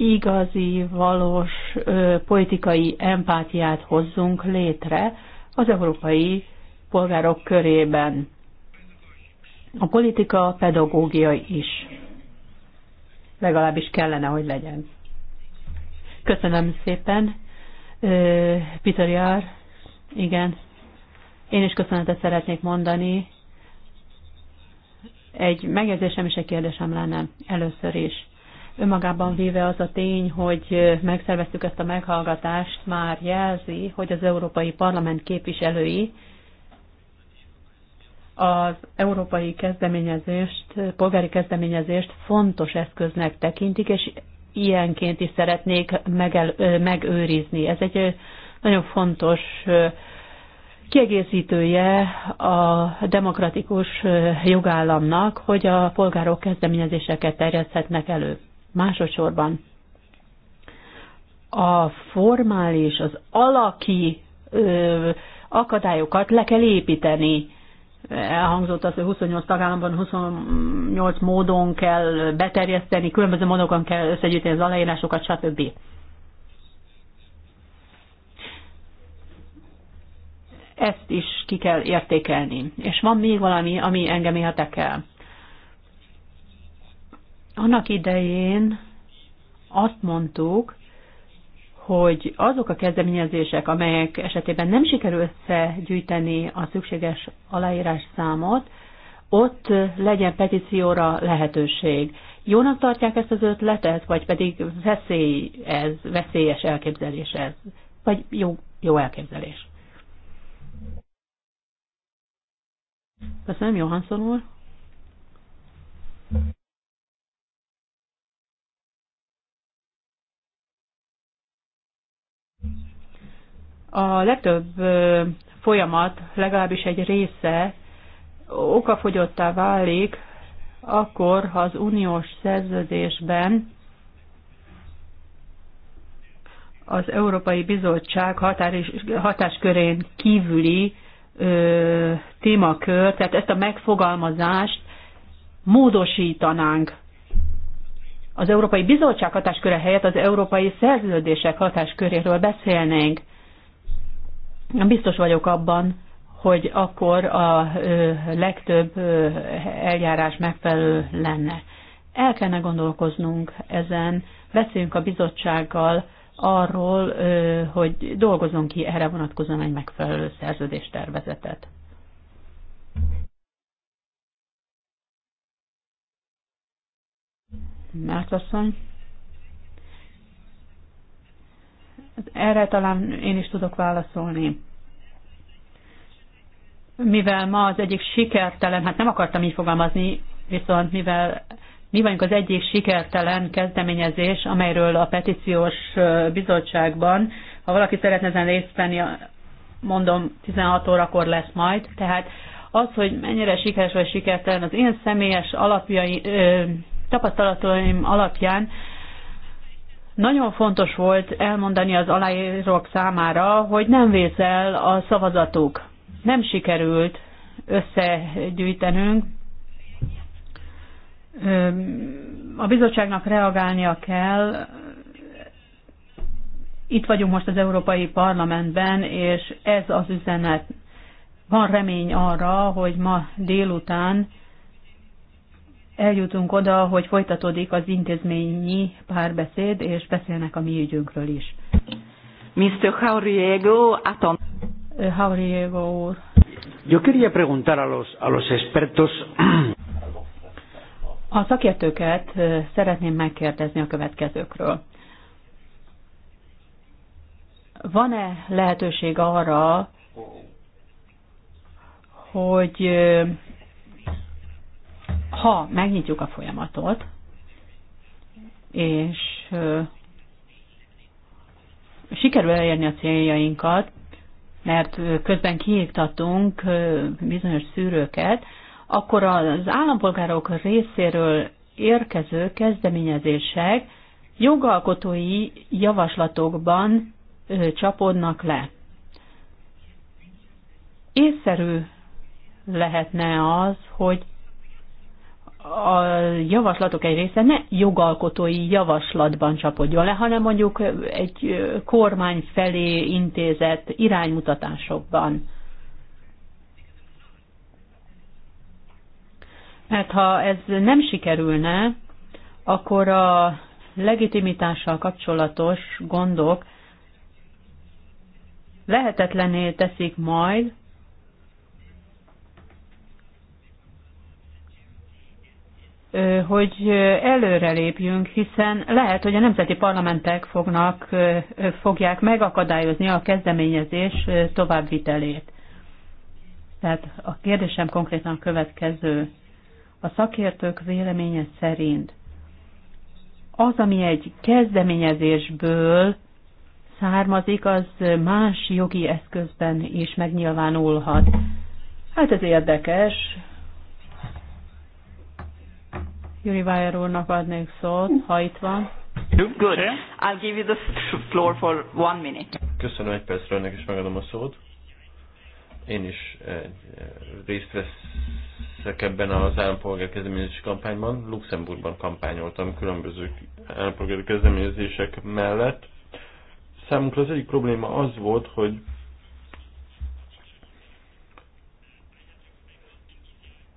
igazi, valós ö, politikai empátiát hozzunk létre az európai polgárok körében. A politika pedagógia is. Legalábbis kellene, hogy legyen. Köszönöm szépen. Ö, Peter Jár, igen. Én is köszönetet szeretnék mondani. Egy megjegyzésem és egy kérdésem lenne először is Önmagában véve az a tény, hogy megszerveztük ezt a meghallgatást, már jelzi, hogy az Európai Parlament képviselői az európai kezdeményezést, polgári kezdeményezést fontos eszköznek tekintik, és ilyenként is szeretnék megel, megőrizni. Ez egy nagyon fontos kiegészítője a demokratikus jogállamnak, hogy a polgárok kezdeményezéseket terjeszthetnek elő. Másodszorban a formális, az alaki ö, akadályokat le kell építeni. Elhangzott az, hogy 28 tagállamban 28 módon kell beterjeszteni, különböző módokon kell összegyűjteni az aláírásokat, stb. Ezt is ki kell értékelni. És van még valami, ami engem érdekel. Annak idején azt mondtuk, hogy azok a kezdeményezések, amelyek esetében nem sikerül összegyűjteni a szükséges aláírás számot, ott legyen petícióra lehetőség. Jónak tartják ezt az ötletet, vagy pedig veszély ez, veszélyes elképzelés ez, vagy jó, jó elképzelés? Köszönöm, Johansson úr. A legtöbb folyamat, legalábbis egy része okafogyottá válik, akkor, ha az uniós szerződésben az Európai Bizottság határ, hatáskörén kívüli ö, témakör, tehát ezt a megfogalmazást módosítanánk. Az Európai Bizottság hatásköre helyett az európai szerződések hatásköréről beszélnénk. Biztos vagyok abban, hogy akkor a legtöbb eljárás megfelelő lenne. El kellene gondolkoznunk ezen, beszéljünk a bizottsággal arról, hogy dolgozzon ki erre vonatkozóan egy megfelelő szerződéstervezetet. asszony. Erre talán én is tudok válaszolni. Mivel ma az egyik sikertelen, hát nem akartam így fogalmazni, viszont mivel mi vagyunk az egyik sikertelen kezdeményezés, amelyről a petíciós bizottságban, ha valaki szeretne ezen részt venni, mondom, 16 órakor lesz majd, tehát az, hogy mennyire sikeres vagy sikertelen, az én személyes alapjai, ö, tapasztalataim alapján nagyon fontos volt elmondani az aláírók számára, hogy nem vészel a szavazatuk. Nem sikerült összegyűjtenünk. A bizottságnak reagálnia kell. Itt vagyunk most az Európai Parlamentben, és ez az üzenet. Van remény arra, hogy ma délután eljutunk oda, hogy folytatódik az intézményi párbeszéd, és beszélnek a mi ügyünkről is. Mr. Jauriego, Atom. Jauriego úr. Yo quería preguntar a los, a los expertos... A szakértőket szeretném megkérdezni a következőkről. Van-e lehetőség arra, hogy ha megnyitjuk a folyamatot, és sikerül elérni a céljainkat, mert közben kiiktatunk bizonyos szűrőket, akkor az állampolgárok részéről érkező kezdeményezések jogalkotói javaslatokban csapódnak le. Észszerű lehetne az, hogy a javaslatok egy része ne jogalkotói javaslatban csapodjon le, hanem mondjuk egy kormány felé intézett iránymutatásokban. Mert ha ez nem sikerülne, akkor a legitimitással kapcsolatos gondok lehetetlené teszik majd hogy előrelépjünk, hiszen lehet, hogy a nemzeti parlamentek fognak, fogják megakadályozni a kezdeményezés továbbvitelét. Tehát a kérdésem konkrétan a következő. A szakértők véleménye szerint az, ami egy kezdeményezésből származik, az más jogi eszközben is megnyilvánulhat. Hát ez érdekes, Juri Weyer úrnak adnék szót, ha itt van. Good. I'll give you the floor for one minute. Köszönöm egy percre, önnek is megadom a szót. Én is eh, részt veszek ebben az állampolgári kezdeményezési kampányban. Luxemburgban kampányoltam különböző állampolgári kezdeményezések mellett. Számunkra az egyik probléma az volt, hogy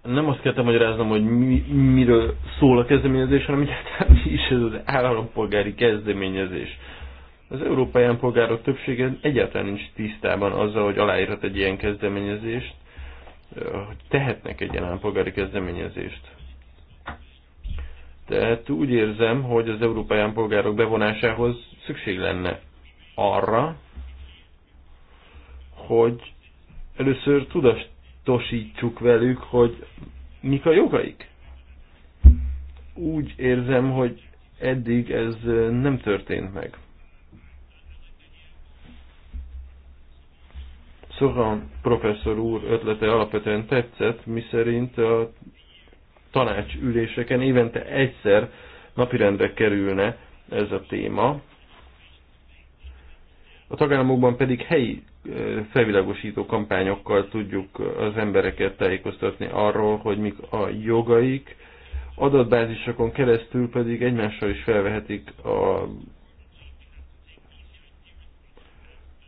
nem azt kell magyaráznom, hogy mi, miről szól a kezdeményezés, hanem egyáltalán mi is ez az állampolgári kezdeményezés. Az európai állampolgárok többsége egyáltalán nincs tisztában azzal, hogy aláírhat egy ilyen kezdeményezést, hogy tehetnek egy ilyen állampolgári kezdeményezést. Tehát úgy érzem, hogy az európai állampolgárok bevonásához szükség lenne arra, hogy először tudast tosítsuk velük, hogy mik a jogaik. Úgy érzem, hogy eddig ez nem történt meg. Szóval professzor úr ötlete alapvetően tetszett, miszerint a tanácsüléseken évente egyszer napirendre kerülne ez a téma, a tagállamokban pedig helyi felvilágosító kampányokkal tudjuk az embereket tájékoztatni arról, hogy mik a jogaik, adatbázisokon keresztül pedig egymással is felvehetik a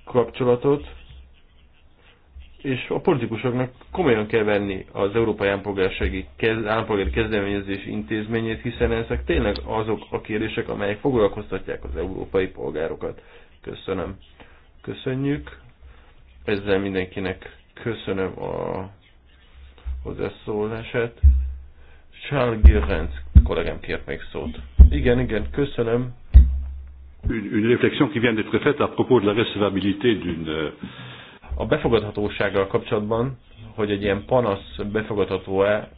kapcsolatot, és a politikusoknak komolyan kell venni az Európai Állampolgársági kez, Állampolgári Kezdeményezés intézményét, hiszen ezek tényleg azok a kérdések, amelyek foglalkoztatják az európai polgárokat. Köszönöm. Köszönjük. Ezzel mindenkinek köszönöm a hozzászólását. Charles Girrenz kollégám kért még szót. Igen, igen, köszönöm. Une, une réflexion qui vient d'être faite à propos de la recevabilité d'une... Euh, a befogadhatósággal kapcsolatban, hogy egy ilyen panasz befogadható-e,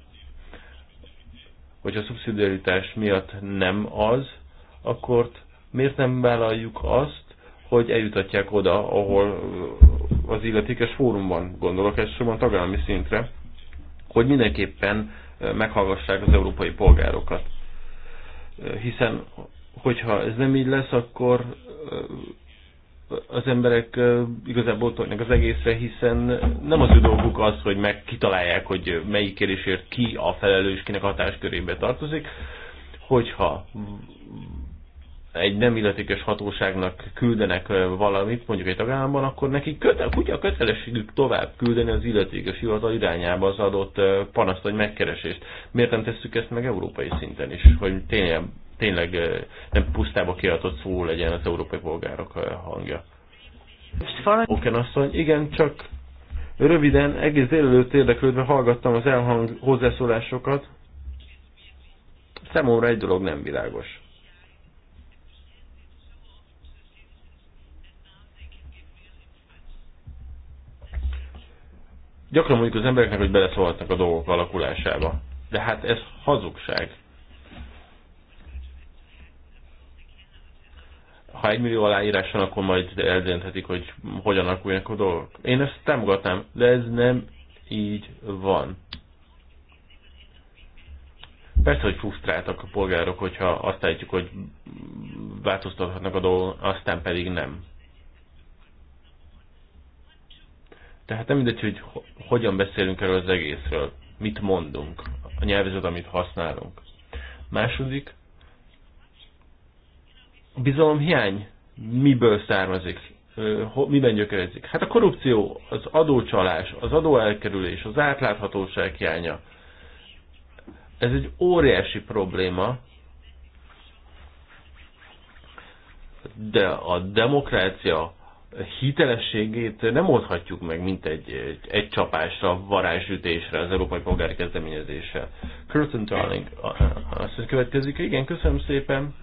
hogy a szubszidiaritás miatt nem az, akkor miért nem vállaljuk azt, hogy eljutatják oda, ahol az illetékes fórumban, gondolok elsősorban tagállami szintre, hogy mindenképpen eh, meghallgassák az európai polgárokat. Eh, hiszen, hogyha ez nem így lesz, akkor eh, az emberek igazából tojnak az egészre, hiszen nem az ő dolguk az, hogy meg kitalálják, hogy melyik kérésért ki a felelős, kinek a hatáskörébe tartozik, hogyha egy nem illetékes hatóságnak küldenek valamit, mondjuk egy tagállamban, akkor neki köte, kutya kötelességük tovább küldeni az illetékes hivatal irányába az adott panaszt vagy megkeresést. Miért nem tesszük ezt meg európai szinten is, hogy tényleg, tényleg nem pusztába kiadott szó legyen az európai polgárok hangja? Oké, asszony, igen, csak röviden, egész délelőtt érdeklődve hallgattam az elhang hozzászólásokat. Számomra egy dolog nem világos Gyakran mondjuk az embereknek, hogy beleszólhatnak a dolgok alakulásába. De hát ez hazugság. Ha egy millió aláírás van, akkor majd eldönthetik, hogy hogyan alakulnak a dolgok. Én ezt támogatnám, de ez nem így van. Persze, hogy frusztráltak a polgárok, hogyha azt állítjuk, hogy változtathatnak a dolgok, aztán pedig nem. Tehát nem mindegy, hogy hogyan beszélünk erről az egészről, mit mondunk, a nyelvezet, amit használunk. Második, a bizalom hiány miből származik, miben gyökerezik? Hát a korrupció, az adócsalás, az adóelkerülés, az átláthatóság hiánya. Ez egy óriási probléma, de a demokrácia hitelességét nem oldhatjuk meg, mint egy, egy, egy csapásra, varázsütésre az európai polgári kezdeményezéssel. Curtin Darling, azt következik. Igen, köszönöm szépen.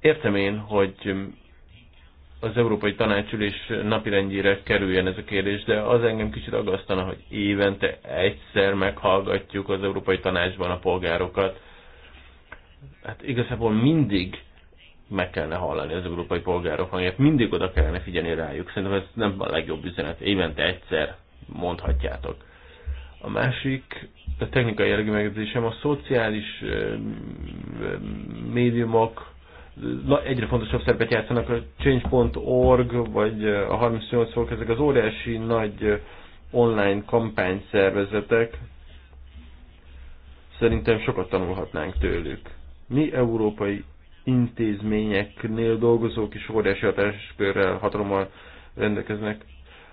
Értem én, hogy az Európai Tanácsülés napirendjére kerüljen ez a kérdés, de az engem kicsit aggasztana, hogy évente egyszer meghallgatjuk az Európai Tanácsban a polgárokat. Hát igazából mindig meg kellene hallani az európai polgárok hangját, mindig oda kellene figyelni rájuk. Szerintem ez nem a legjobb üzenet, évente egyszer mondhatjátok. A másik, a technikai jellegű megjegyzésem, a szociális médiumok egyre fontosabb szerepet játszanak a Change.org, vagy a 38 fok, ezek az óriási nagy online szervezetek. Szerintem sokat tanulhatnánk tőlük. Mi európai intézményeknél dolgozók is óriási hatáskörrel, hatalommal rendelkeznek.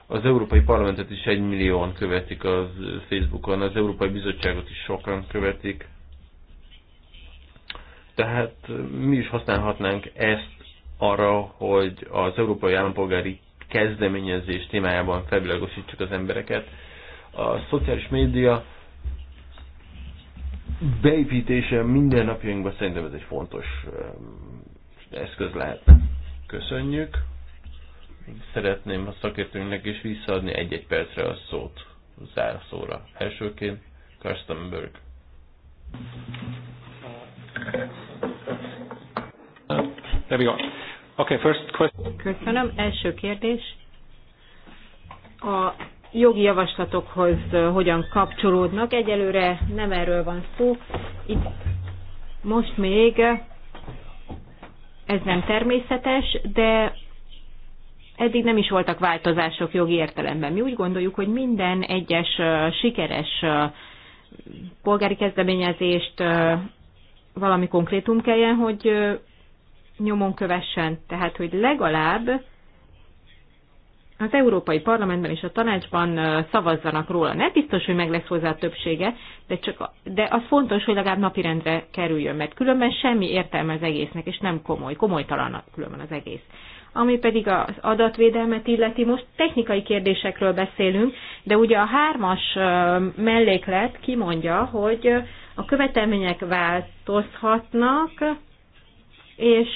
Az Európai Parlamentet is egy millióan követik az Facebookon, az Európai Bizottságot is sokan követik. Tehát mi is használhatnánk ezt arra, hogy az európai állampolgári kezdeményezés témájában felvilágosítsuk az embereket. A szociális média beépítése minden napjainkban szerintem ez egy fontos um, eszköz lehetne. Köszönjük. Szeretném a szakértőnknek is visszaadni egy-egy percre a szót zárszóra. Elsőként Karstenberg. There we go. Okay, first question. Köszönöm. Első kérdés. A jogi javaslatokhoz hogyan kapcsolódnak? Egyelőre nem erről van szó. Itt most még ez nem természetes, de eddig nem is voltak változások jogi értelemben. Mi úgy gondoljuk, hogy minden egyes sikeres polgári kezdeményezést valami konkrétum kelljen, hogy nyomon kövessen. Tehát, hogy legalább az Európai Parlamentben és a tanácsban szavazzanak róla. Nem biztos, hogy meg lesz hozzá a többsége, de, csak, a, de az fontos, hogy legalább napirendre kerüljön, mert különben semmi értelme az egésznek, és nem komoly, komolytalan különben az egész. Ami pedig az adatvédelmet illeti, most technikai kérdésekről beszélünk, de ugye a hármas melléklet kimondja, hogy a követelmények változhatnak, és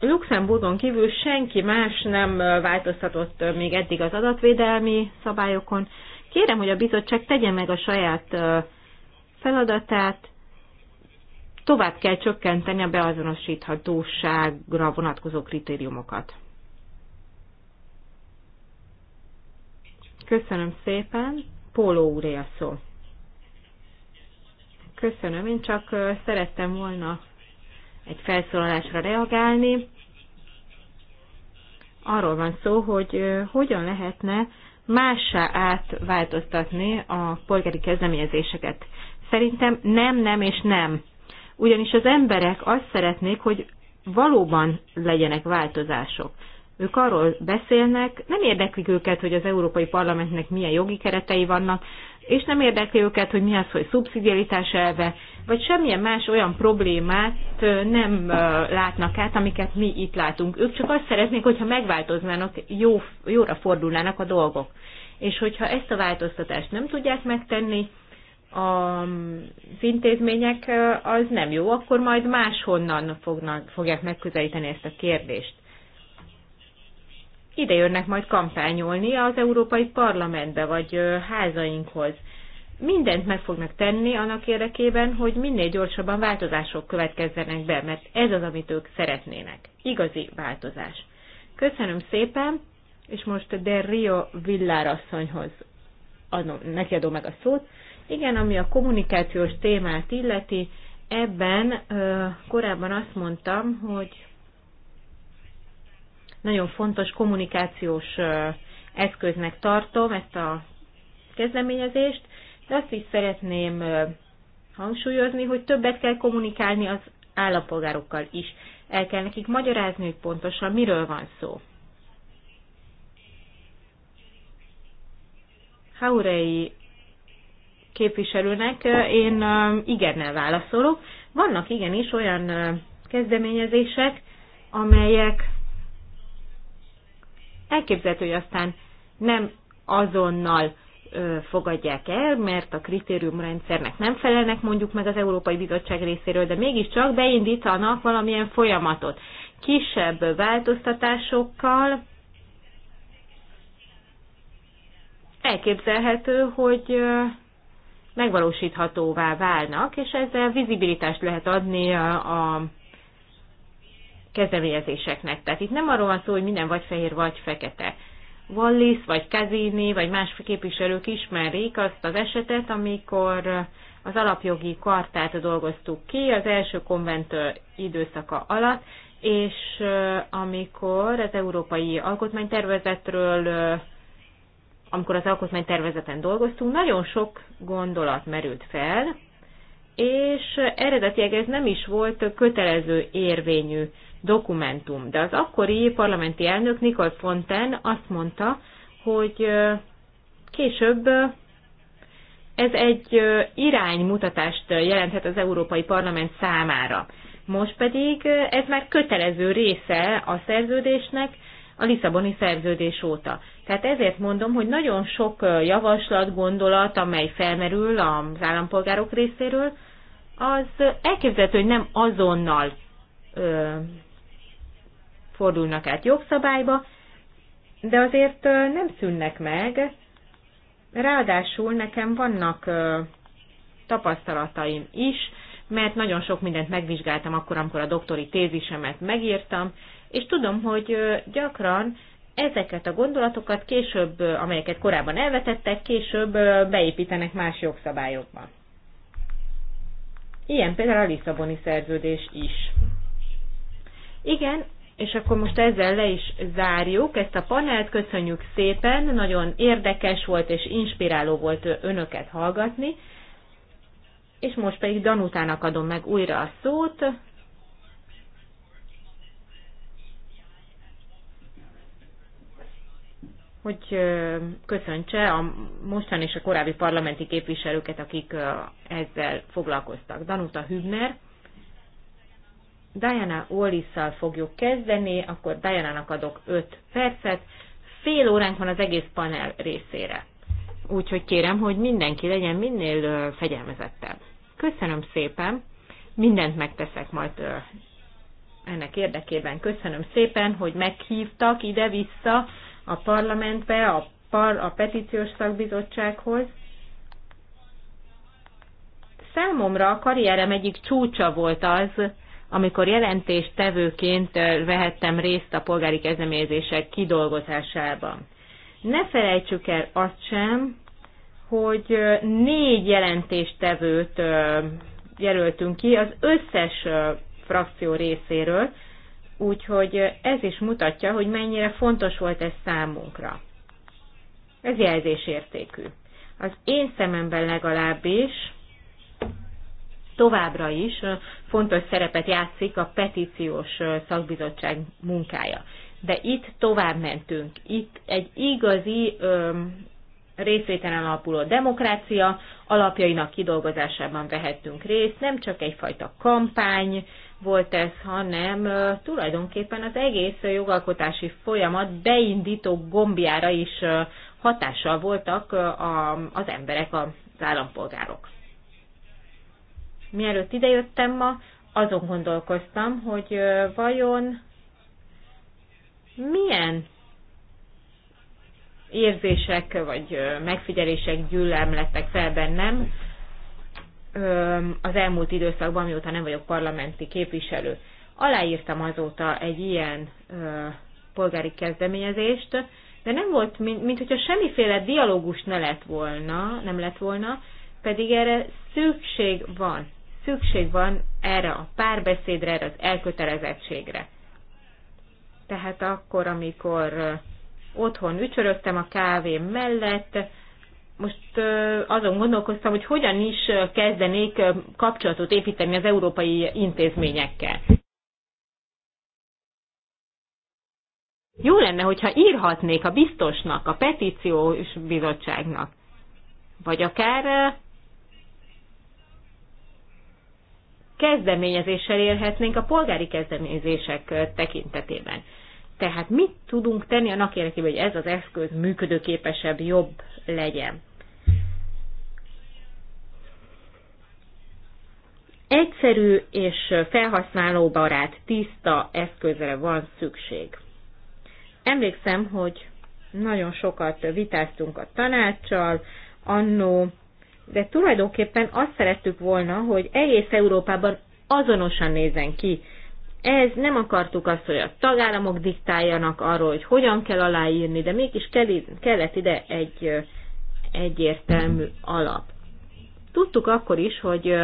Luxemburgon kívül senki más nem változtatott még eddig az adatvédelmi szabályokon. Kérem, hogy a bizottság tegye meg a saját feladatát, tovább kell csökkenteni a beazonosíthatóságra vonatkozó kritériumokat. Köszönöm szépen, Póló úré a szó. Köszönöm, én csak szerettem volna egy felszólalásra reagálni. Arról van szó, hogy hogyan lehetne mássá átváltoztatni a polgári kezdeményezéseket. Szerintem nem, nem és nem. Ugyanis az emberek azt szeretnék, hogy valóban legyenek változások. Ők arról beszélnek, nem érdeklik őket, hogy az Európai Parlamentnek milyen jogi keretei vannak, és nem érdekli őket, hogy mi az, hogy szubszidiaritás elve, vagy semmilyen más olyan problémát nem látnak át, amiket mi itt látunk. Ők csak azt szeretnék, hogyha megváltoznának, jó, jóra fordulnának a dolgok. És hogyha ezt a változtatást nem tudják megtenni, az intézmények az nem jó, akkor majd máshonnan fognak, fogják megközelíteni ezt a kérdést ide jönnek majd kampányolni az Európai Parlamentbe vagy házainkhoz. Mindent meg fognak tenni annak érdekében, hogy minél gyorsabban változások következzenek be, mert ez az, amit ők szeretnének. Igazi változás. Köszönöm szépen, és most De Rio Villárasszonyhoz adom, neki adom meg a szót. Igen, ami a kommunikációs témát illeti, ebben korábban azt mondtam, hogy nagyon fontos kommunikációs eszköznek tartom ezt a kezdeményezést, de azt is szeretném hangsúlyozni, hogy többet kell kommunikálni az állampolgárokkal is. El kell nekik magyarázni, hogy pontosan miről van szó. Haurei képviselőnek én igennel válaszolok. Vannak igenis olyan kezdeményezések, amelyek Elképzelhető, hogy aztán nem azonnal fogadják el, mert a kritériumrendszernek nem felelnek mondjuk meg az Európai Bizottság részéről, de mégiscsak beindítanak valamilyen folyamatot. Kisebb változtatásokkal elképzelhető, hogy megvalósíthatóvá válnak, és ezzel vizibilitást lehet adni a kezdeményezéseknek. Tehát itt nem arról van szó, hogy minden vagy fehér, vagy fekete. Wallis, vagy Kazini, vagy más képviselők ismerik azt az esetet, amikor az alapjogi kartát dolgoztuk ki az első konvent időszaka alatt, és amikor az európai alkotmánytervezetről, amikor az alkotmánytervezeten dolgoztunk, nagyon sok gondolat merült fel, és eredetileg ez nem is volt kötelező érvényű dokumentum. De az akkori parlamenti elnök Nikol Fonten azt mondta, hogy később ez egy iránymutatást jelenthet az Európai Parlament számára. Most pedig ez már kötelező része a szerződésnek, a Lisszaboni szerződés óta. Tehát ezért mondom, hogy nagyon sok javaslat, gondolat, amely felmerül az állampolgárok részéről, az elképzelhető, hogy nem azonnal ö, fordulnak át jogszabályba, de azért ö, nem szűnnek meg. Ráadásul nekem vannak ö, tapasztalataim is, mert nagyon sok mindent megvizsgáltam akkor, amikor a doktori tézisemet megírtam, és tudom, hogy gyakran ezeket a gondolatokat később, amelyeket korábban elvetettek, később beépítenek más jogszabályokba. Ilyen például a Lisszaboni szerződés is. Igen, és akkor most ezzel le is zárjuk ezt a panelt. Köszönjük szépen, nagyon érdekes volt és inspiráló volt önöket hallgatni. És most pedig Danutának adom meg újra a szót, hogy köszöntse a mostani és a korábbi parlamenti képviselőket, akik ezzel foglalkoztak. Danuta Hübner, Diana Wallis-szal fogjuk kezdeni, akkor Diana-nak adok 5 percet, fél óránk van az egész panel részére. Úgyhogy kérem, hogy mindenki legyen minél fegyelmezettebb. Köszönöm szépen, mindent megteszek majd ennek érdekében. Köszönöm szépen, hogy meghívtak ide-vissza, a parlamentbe, a, par, a petíciós szakbizottsághoz. Számomra a karrierem egyik csúcsa volt az, amikor jelentéstevőként vehettem részt a polgári kezdeményezések kidolgozásában. Ne felejtsük el azt sem, hogy négy jelentéstevőt jelöltünk ki az összes frakció részéről, Úgyhogy ez is mutatja, hogy mennyire fontos volt ez számunkra. Ez jelzésértékű. Az én szememben legalábbis továbbra is fontos szerepet játszik a petíciós szakbizottság munkája. De itt tovább mentünk. Itt egy igazi részvételen alapuló demokrácia alapjainak kidolgozásában vehettünk részt. Nem csak egyfajta kampány volt ez, hanem tulajdonképpen az egész jogalkotási folyamat beindító gombjára is hatással voltak az emberek, az állampolgárok. Mielőtt idejöttem ma, azon gondolkoztam, hogy vajon milyen érzések vagy megfigyelések gyűlömlettek fel bennem az elmúlt időszakban, mióta nem vagyok parlamenti képviselő. Aláírtam azóta egy ilyen polgári kezdeményezést, de nem volt, mint, mint hogyha semmiféle dialógus ne lett volna, nem lett volna, pedig erre szükség van. Szükség van erre a párbeszédre, erre az elkötelezettségre. Tehát akkor, amikor otthon ücsörögtem a kávém mellett, most azon gondolkoztam, hogy hogyan is kezdenék kapcsolatot építeni az európai intézményekkel. Jó lenne, hogyha írhatnék a biztosnak, a petíciós bizottságnak, vagy akár kezdeményezéssel érhetnénk a polgári kezdeményezések tekintetében. Tehát mit tudunk tenni annak érdekében, hogy ez az eszköz működőképesebb, jobb legyen? Egyszerű és felhasználóbarát, tiszta eszközre van szükség. Emlékszem, hogy nagyon sokat vitáztunk a tanácssal, annó, de tulajdonképpen azt szerettük volna, hogy egész Európában azonosan nézen ki ez nem akartuk azt, hogy a tagállamok diktáljanak arról, hogy hogyan kell aláírni, de mégis kellett ide egy egyértelmű alap. Tudtuk akkor is, hogy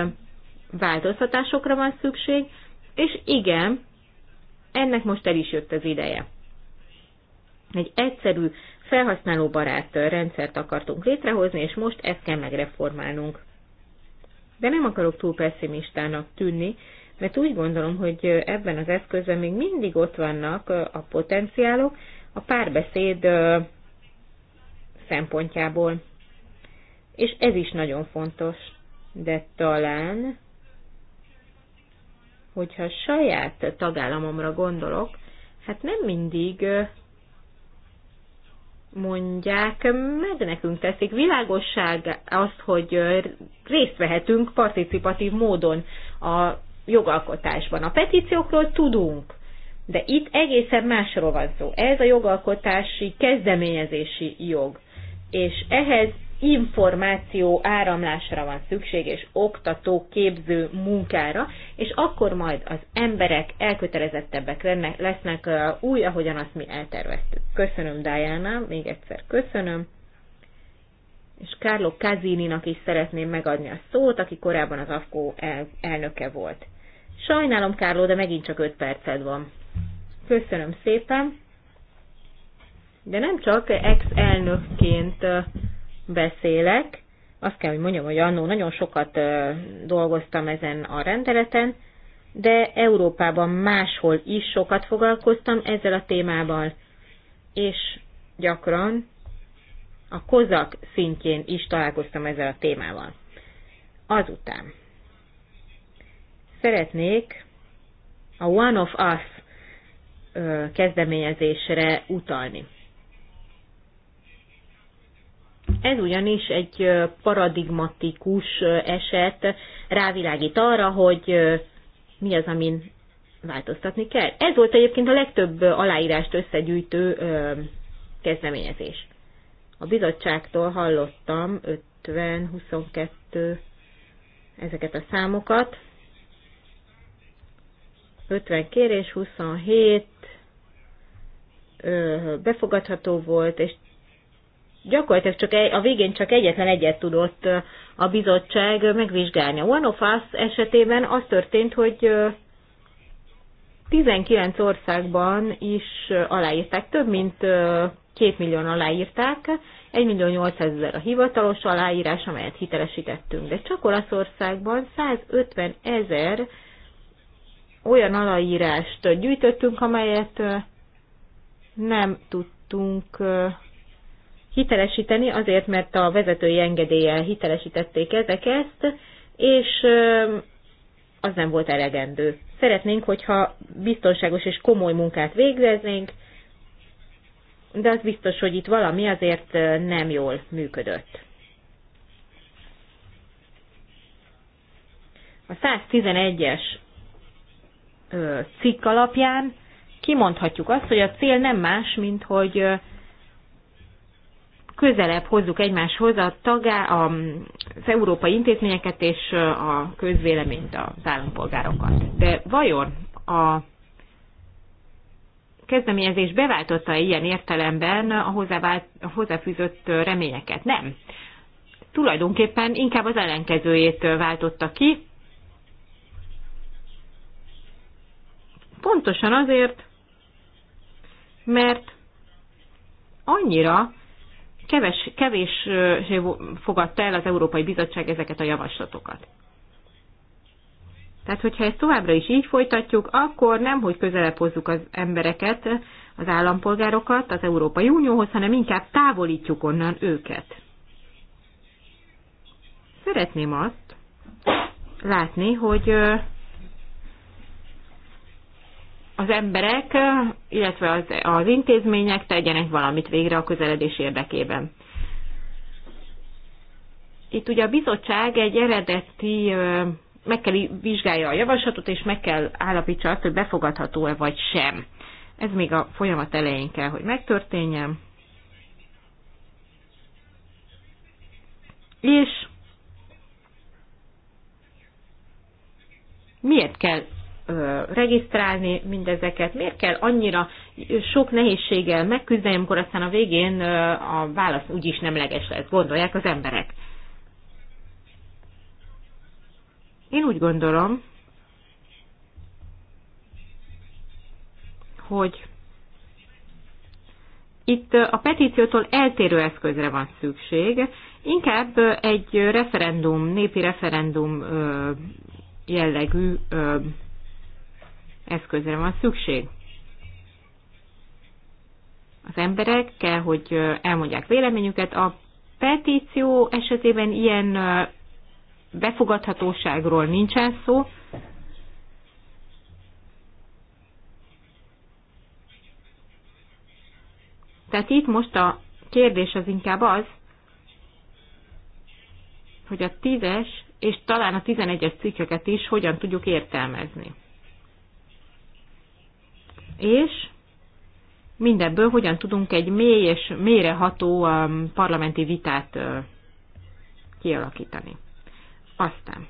változtatásokra van szükség, és igen, ennek most el is jött az ideje. Egy egyszerű, felhasználóbarát rendszert akartunk létrehozni, és most ezt kell megreformálnunk. De nem akarok túl pessimistának tűnni, mert úgy gondolom, hogy ebben az eszközben még mindig ott vannak a potenciálok a párbeszéd szempontjából. És ez is nagyon fontos. De talán, hogyha saját tagállamomra gondolok, hát nem mindig mondják, meg nekünk teszik világosság azt, hogy részt vehetünk participatív módon a jogalkotásban. A petíciókról tudunk, de itt egészen másról van szó. Ez a jogalkotási kezdeményezési jog, és ehhez információ áramlásra van szükség, és oktató, képző munkára, és akkor majd az emberek elkötelezettebbek lesznek új, ahogyan azt mi elterveztük. Köszönöm Diana, még egyszer köszönöm és Carlo Kazininak is szeretném megadni a szót, aki korábban az AFKO elnöke volt. Sajnálom, Kárló, de megint csak 5 perced van. Köszönöm szépen. De nem csak ex-elnökként beszélek, azt kell, hogy mondjam, hogy annó nagyon sokat dolgoztam ezen a rendeleten, de Európában máshol is sokat foglalkoztam ezzel a témával, és gyakran a kozak szintjén is találkoztam ezzel a témával. Azután szeretnék a One of Us kezdeményezésre utalni. Ez ugyanis egy paradigmatikus eset rávilágít arra, hogy mi az, amin változtatni kell. Ez volt egyébként a legtöbb aláírást összegyűjtő kezdeményezés. A bizottságtól hallottam 50, 22 ezeket a számokat. 50 kérés, 27 befogadható volt, és gyakorlatilag csak a végén csak egyetlen egyet tudott a bizottság megvizsgálni. A One of Us esetében az történt, hogy 19 országban is aláírták, több mint 2 millió aláírták, 1 millió 800 ezer a hivatalos aláírás, amelyet hitelesítettünk, de csak Olaszországban 150 ezer olyan aláírást gyűjtöttünk, amelyet nem tudtunk hitelesíteni, azért, mert a vezetői engedéllyel hitelesítették ezeket, és az nem volt elegendő. Szeretnénk, hogyha biztonságos és komoly munkát végeznénk, de az biztos, hogy itt valami azért nem jól működött. A 111-es cikk alapján kimondhatjuk azt, hogy a cél nem más, mint hogy közelebb hozzuk egymáshoz a tagá, a, az európai intézményeket és a közvéleményt, az állampolgárokat. De vajon a kezdeményezés beváltotta -e ilyen értelemben a, hozzávált, a hozzáfűzött reményeket? Nem. Tulajdonképpen inkább az ellenkezőjét váltotta ki, Pontosan azért, mert annyira keves, kevés fogadta el az Európai Bizottság ezeket a javaslatokat. Tehát, hogyha ezt továbbra is így folytatjuk, akkor nem, hogy közelebb hozzuk az embereket, az állampolgárokat az Európai Unióhoz, hanem inkább távolítjuk onnan őket. Szeretném azt látni, hogy az emberek, illetve az, az intézmények tegyenek valamit végre a közeledés érdekében. Itt ugye a bizottság egy eredeti, meg kell vizsgálja a javaslatot, és meg kell állapítsa azt, hogy befogadható-e vagy sem. Ez még a folyamat elején kell, hogy megtörténjen. És miért kell regisztrálni mindezeket? Miért kell annyira sok nehézséggel megküzdeni, amikor aztán a végén a válasz úgyis nemleges lesz, gondolják az emberek? Én úgy gondolom, hogy itt a petíciótól eltérő eszközre van szükség, inkább egy referendum, népi referendum jellegű eszközre van szükség. Az emberek kell, hogy elmondják véleményüket. A petíció esetében ilyen befogadhatóságról nincsen szó. Tehát itt most a kérdés az inkább az, hogy a tízes és talán a tizenegyes cikkeket is hogyan tudjuk értelmezni és mindebből hogyan tudunk egy mély és mélyreható um, parlamenti vitát kialakítani. Aztán.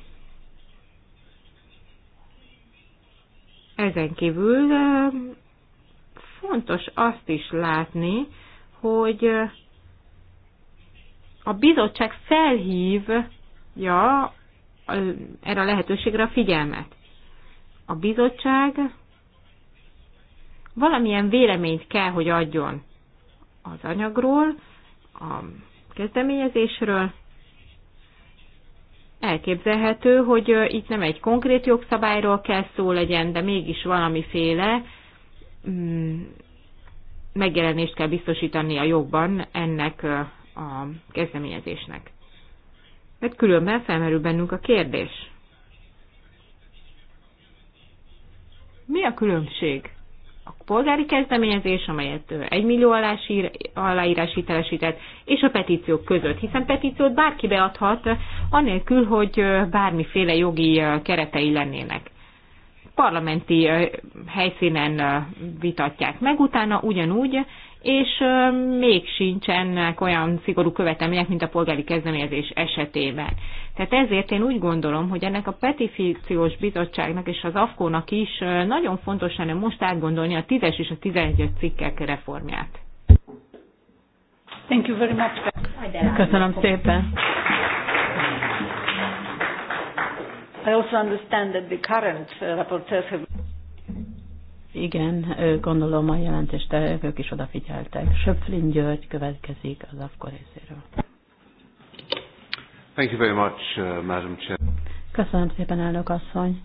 Ezen kívül fontos azt is látni, hogy a bizottság felhívja erre a lehetőségre a figyelmet. A bizottság valamilyen véleményt kell, hogy adjon az anyagról, a kezdeményezésről. Elképzelhető, hogy itt nem egy konkrét jogszabályról kell szó legyen, de mégis valamiféle mm, megjelenést kell biztosítani a jogban ennek a kezdeményezésnek. Mert különben felmerül bennünk a kérdés. Mi a különbség polgári kezdeményezés, amelyet 1 millió aláírás hitelesített, és a petíciók között, hiszen petíciót bárki beadhat, anélkül, hogy bármiféle jogi keretei lennének. Parlamenti helyszínen vitatják meg, utána ugyanúgy és még sincsenek olyan szigorú követelmények, mint a polgári kezdeményezés esetében. Tehát ezért én úgy gondolom, hogy ennek a petíciós bizottságnak és az afko nak is nagyon fontos lenne most átgondolni a 10-es és a 11-es cikkek reformját. Thank you very much. Köszönöm szépen. I also understand that the current uh, rapporteurs have igen, gondolom a jelentést ők is odafigyeltek. Söpflin György következik az AFKO részéről. Thank you very much, uh, Madam Chair. Köszönöm szépen, elnök asszony.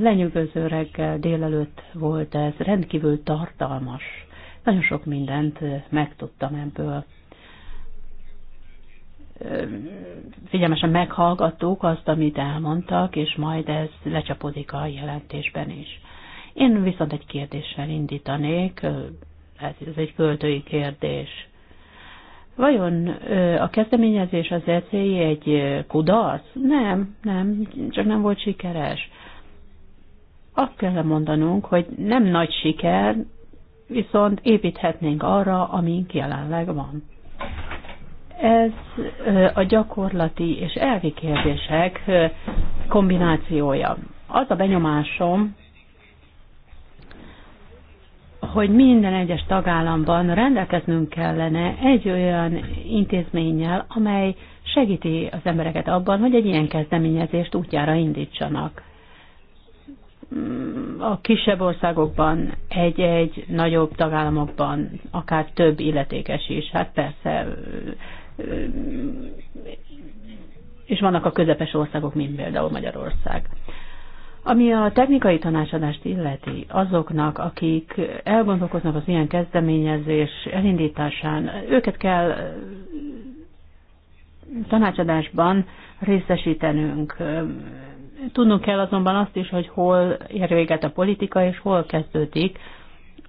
Lenyűgöző reggel délelőtt volt ez, rendkívül tartalmas. Nagyon sok mindent megtudtam ebből. Figyelmesen meghallgattuk azt, amit elmondtak, és majd ez lecsapódik a jelentésben is. Én viszont egy kérdéssel indítanék, ez, ez egy költői kérdés. Vajon a kezdeményezés az ECI egy kudarc? Nem, nem, csak nem volt sikeres. Azt kell mondanunk, hogy nem nagy siker, viszont építhetnénk arra, amink jelenleg van. Ez a gyakorlati és elvi kérdések kombinációja. Az a benyomásom, hogy minden egyes tagállamban rendelkeznünk kellene egy olyan intézménnyel, amely segíti az embereket abban, hogy egy ilyen kezdeményezést útjára indítsanak. Mm, a kisebb országokban, egy-egy nagyobb tagállamokban, akár több illetékes is, hát persze. És vannak a közepes országok, mint például Magyarország. Ami a technikai tanácsadást illeti, azoknak, akik elgondolkoznak az ilyen kezdeményezés elindításán, őket kell tanácsadásban részesítenünk. Tudnunk kell azonban azt is, hogy hol ér véget a politika, és hol kezdődik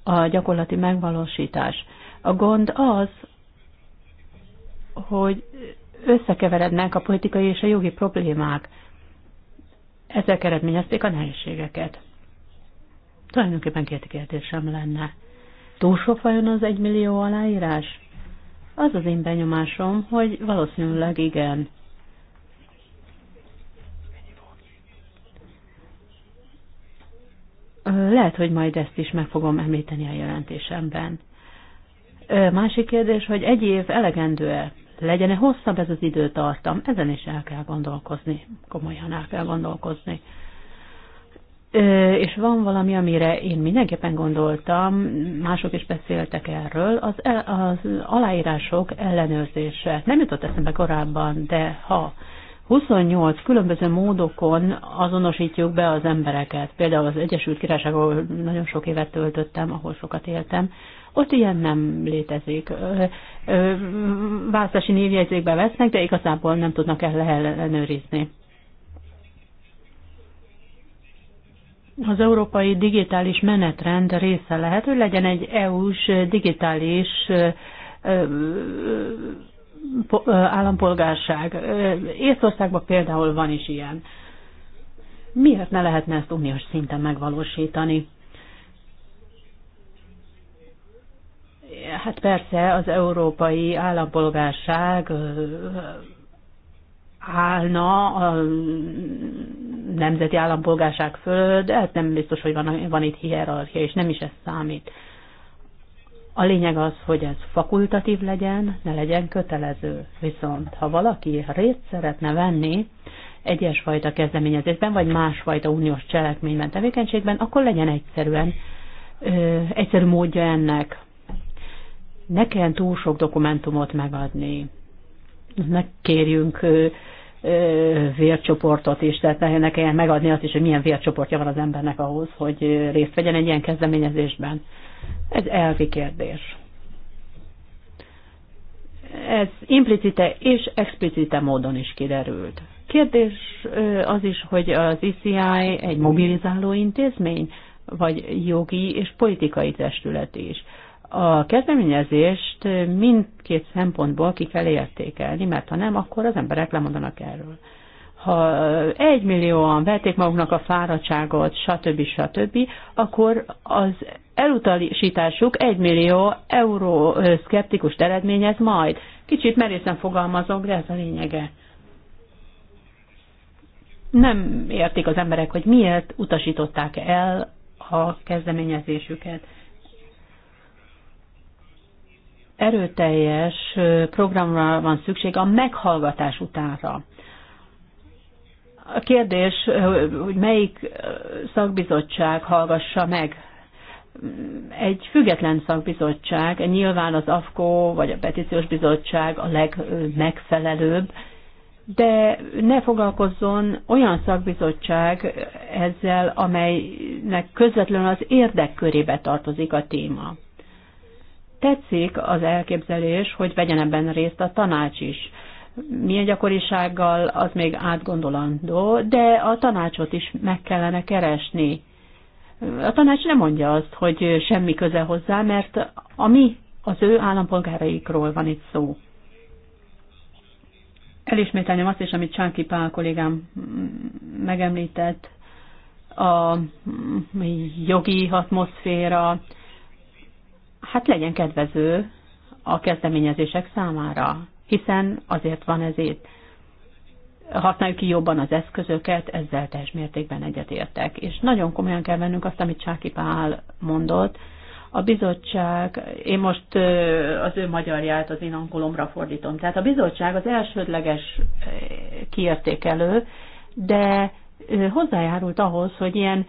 a gyakorlati megvalósítás. A gond az, hogy összekeverednek a politikai és a jogi problémák ezek eredményezték a nehézségeket. Tulajdonképpen két kérdésem lenne. Túl sok vajon az egymillió aláírás? Az az én benyomásom, hogy valószínűleg igen. Lehet, hogy majd ezt is meg fogom említeni a jelentésemben. Másik kérdés, hogy egy év elegendő-e? legyen-e hosszabb ez az időtartam? Ezen is el kell gondolkozni, komolyan el kell gondolkozni. Ö, és van valami, amire én mindenképpen gondoltam, mások is beszéltek erről, az, az aláírások ellenőrzése. Nem jutott eszembe korábban, de ha 28 különböző módokon azonosítjuk be az embereket. Például az Egyesült Királyság, ahol nagyon sok évet töltöttem, ahol sokat éltem, ott ilyen nem létezik. Választási névjegyzékbe vesznek, de igazából nem tudnak el ellenőrizni. Az európai digitális menetrend része lehet, hogy legyen egy EU-s digitális állampolgárság. Észországban például van is ilyen. Miért ne lehetne ezt uniós szinten megvalósítani? Hát persze az európai állampolgárság állna a nemzeti állampolgárság fölött, de hát nem biztos, hogy van, van itt hierarchia, és nem is ez számít. A lényeg az, hogy ez fakultatív legyen, ne legyen kötelező. Viszont, ha valaki részt szeretne venni egyesfajta kezdeményezésben, vagy másfajta uniós cselekményben, tevékenységben, akkor legyen egyszerűen ö, egyszerű módja ennek. Ne kell túl sok dokumentumot megadni. Ne kérjünk ö, ö, vércsoportot is, tehát ne, ne kelljen megadni azt is, hogy milyen vércsoportja van az embernek ahhoz, hogy részt vegyen egy ilyen kezdeményezésben ez elvi kérdés. Ez implicite és explicite módon is kiderült. Kérdés az is, hogy az ICI egy mobilizáló intézmény, vagy jogi és politikai testület is. A kezdeményezést mindkét szempontból ki kell értékelni, mert ha nem, akkor az emberek lemondanak erről ha egymillióan vették maguknak a fáradtságot, stb. stb., akkor az elutasításuk egymillió euró szkeptikus eredményez majd. Kicsit merészen fogalmazok, de ez a lényege. Nem értik az emberek, hogy miért utasították el a kezdeményezésüket. Erőteljes programra van szükség a meghallgatás utánra a kérdés, hogy melyik szakbizottság hallgassa meg egy független szakbizottság, nyilván az AFKO vagy a Petíciós Bizottság a legmegfelelőbb, de ne foglalkozzon olyan szakbizottság ezzel, amelynek közvetlenül az érdekkörébe tartozik a téma. Tetszik az elképzelés, hogy vegyen ebben részt a tanács is milyen gyakorisággal, az még átgondolandó, de a tanácsot is meg kellene keresni. A tanács nem mondja azt, hogy semmi köze hozzá, mert a mi, az ő állampolgáraikról van itt szó. Elismételném azt is, amit Csánki Pál kollégám megemlített, a jogi atmoszféra, hát legyen kedvező a kezdeményezések számára hiszen azért van ezért, Használjuk ki jobban az eszközöket, ezzel teljes mértékben egyetértek. És nagyon komolyan kell vennünk azt, amit Csáki Pál mondott, a bizottság, én most az ő magyarját az én angolomra fordítom, tehát a bizottság az elsődleges kiértékelő, de hozzájárult ahhoz, hogy ilyen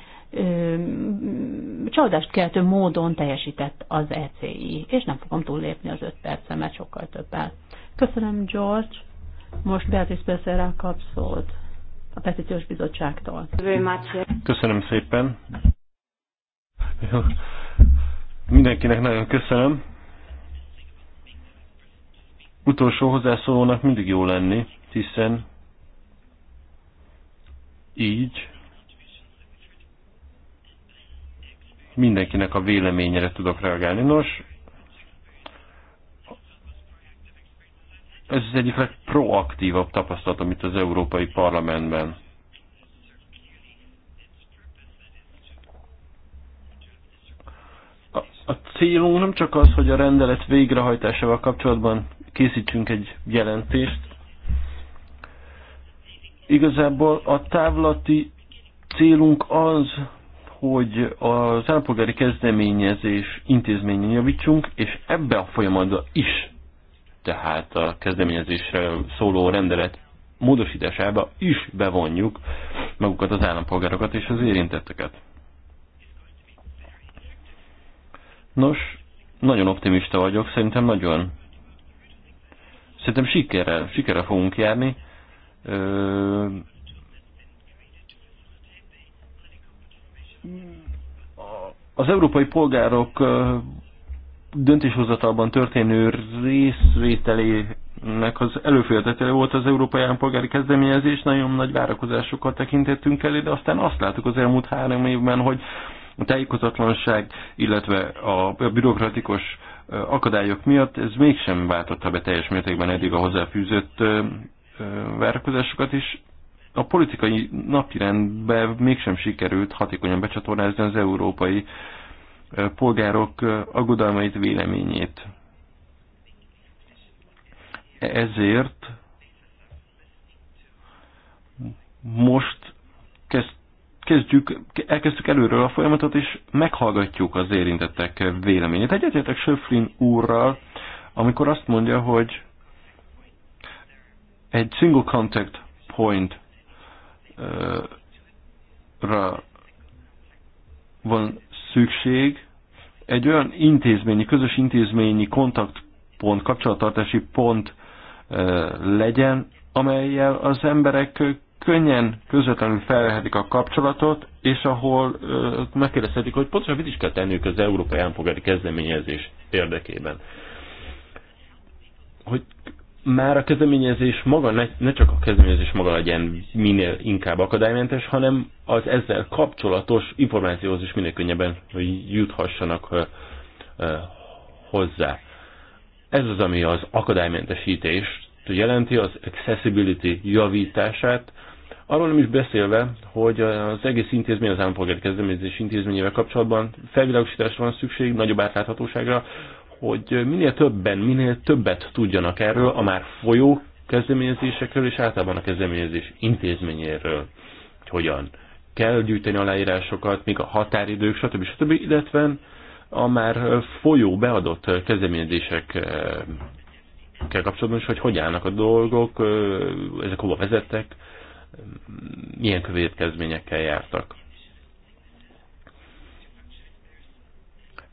csodást keltő módon teljesített az ECI, és nem fogom túllépni az öt percemet, sokkal többel. Köszönöm, George. Most Beatrice Becerra kap a petíciós bizottságtól. Köszönöm szépen. Jó. Mindenkinek nagyon köszönöm. Utolsó hozzászólónak mindig jó lenni, hiszen így mindenkinek a véleményére tudok reagálni. Nos, ez az egyik legproaktívabb tapasztalat, amit az Európai Parlamentben a célunk nem csak az, hogy a rendelet végrehajtásával kapcsolatban készítsünk egy jelentést. Igazából a távlati célunk az, hogy az állampolgári kezdeményezés intézményen javítsunk, és ebbe a folyamatban is tehát a kezdeményezésre szóló rendelet módosításába is bevonjuk magukat az állampolgárokat és az érintetteket. Nos, nagyon optimista vagyok, szerintem nagyon. Szerintem sikerrel, sikerrel fogunk járni. Ö... Az európai polgárok döntéshozatalban történő részvételének az előféltetője volt az Európai Állampolgári Kezdeményezés, nagyon nagy várakozásokat tekintettünk elé, de aztán azt láttuk az elmúlt három évben, hogy a tájékozatlanság, illetve a bürokratikus akadályok miatt ez mégsem váltotta be teljes mértékben eddig a hozzáfűzött várakozásokat, és a politikai napirendbe mégsem sikerült hatékonyan becsatornázni az európai polgárok aggodalmait, véleményét. Ezért most kezdjük, elkezdtük előről a folyamatot, és meghallgatjuk az érintettek véleményét. Egyetértek Söflin úrral, amikor azt mondja, hogy egy single contact point ra van szükség egy olyan intézményi, közös intézményi kontaktpont, kapcsolattartási pont legyen, amelyel az emberek könnyen, közvetlenül felvehetik a kapcsolatot, és ahol megkérdezhetik, hogy pontosan mit is kell tenniük az európai állampolgári kezdeményezés érdekében. Hogy már a kezdeményezés maga, ne, ne csak a kezdeményezés maga legyen minél inkább akadálymentes, hanem az ezzel kapcsolatos információhoz is minél könnyebben juthassanak hozzá. Ez az, ami az akadálymentesítést jelenti, az accessibility javítását, Arról nem is beszélve, hogy az egész intézmény, az állampolgári kezdeményezés intézményével kapcsolatban felvilágosításra van szükség, nagyobb átláthatóságra, hogy minél többen, minél többet tudjanak erről a már folyó kezdeményezésekről, és általában a kezdeményezés intézményéről, hogy hogyan kell gyűjteni aláírásokat, még a határidők, stb. stb. illetve a már folyó beadott kezdeményezésekkel kapcsolatban is, hogy hogy állnak a dolgok, ezek hova vezettek, milyen következményekkel jártak.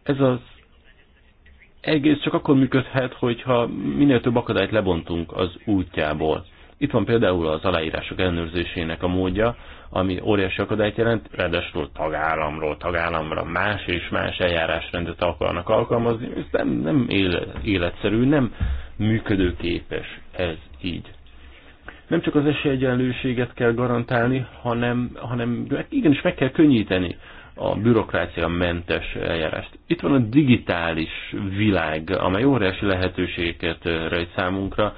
Ez az egész csak akkor működhet, hogyha minél több akadályt lebontunk az útjából. Itt van például az aláírások ellenőrzésének a módja, ami óriási akadályt jelent, ráadásul tagállamról tagállamra más és más eljárásrendet akarnak alkalmazni, ez nem, nem életszerű, nem működőképes ez így. Nem csak az esélyegyenlőséget kell garantálni, hanem, hanem igenis meg kell könnyíteni a bürokrácia mentes eljárást. Itt van a digitális világ, amely óriási lehetőségeket rejt számunkra,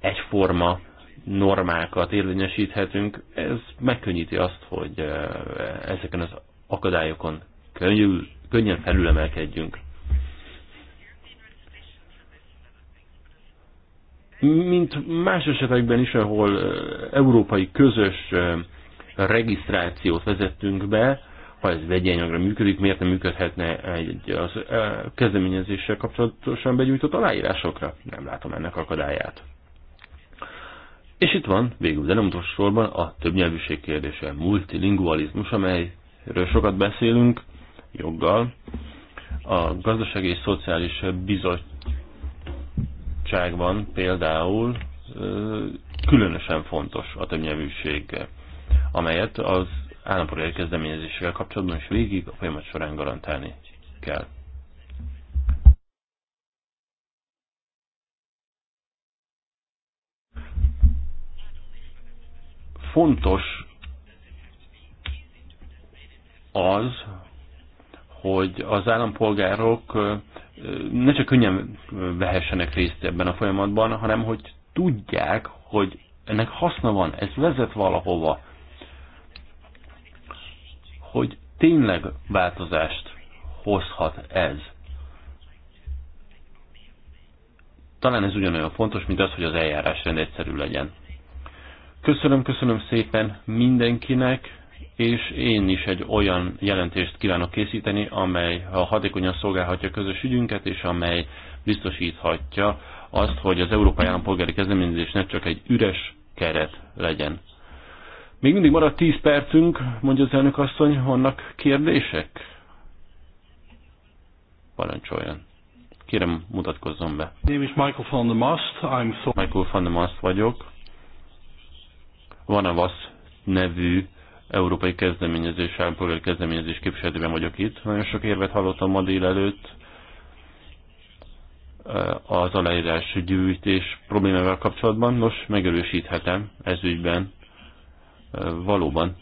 egyforma normákat érvényesíthetünk, ez megkönnyíti azt, hogy eh, ezeken az akadályokon könnyű, könnyen felülemelkedjünk. Mint más esetekben is, ahol eh, európai közös eh, regisztrációt vezettünk be, ha ez egy anyagra működik, miért nem működhetne egy az kezdeményezéssel kapcsolatosan begyújtott aláírásokra? Nem látom ennek akadályát. És itt van, végül, de nem utolsó sorban, a többnyelvűség kérdése, multilingualizmus, amelyről sokat beszélünk, joggal. A Gazdasági és Szociális Bizottságban például különösen fontos a többnyelvűség, amelyet az állampolgári kezdeményezésével kapcsolatban, is végig a folyamat során garantálni kell. Fontos az, hogy az állampolgárok ne csak könnyen vehessenek részt ebben a folyamatban, hanem hogy tudják, hogy ennek haszna van, ez vezet valahova, hogy tényleg változást hozhat ez. Talán ez ugyanolyan fontos, mint az, hogy az eljárás rend egyszerű legyen. Köszönöm, köszönöm szépen mindenkinek, és én is egy olyan jelentést kívánok készíteni, amely ha hatékonyan szolgálhatja a közös ügyünket, és amely biztosíthatja azt, hogy az európai állampolgári kezdeményezés ne csak egy üres keret legyen. Még mindig maradt 10 percünk, mondja az elnök asszony, vannak kérdések? Parancsoljon. Kérem, mutatkozzon be. Name is Michael van der Mast. I'm so Michael van der Mast vagyok. Van a VASZ nevű európai kezdeményezés, állampolgári kezdeményezés képviseletében vagyok itt. Nagyon sok érvet hallottam ma délelőtt eh, az aláírás gyűjtés problémával kapcsolatban. Nos, megerősíthetem ez ügyben valóban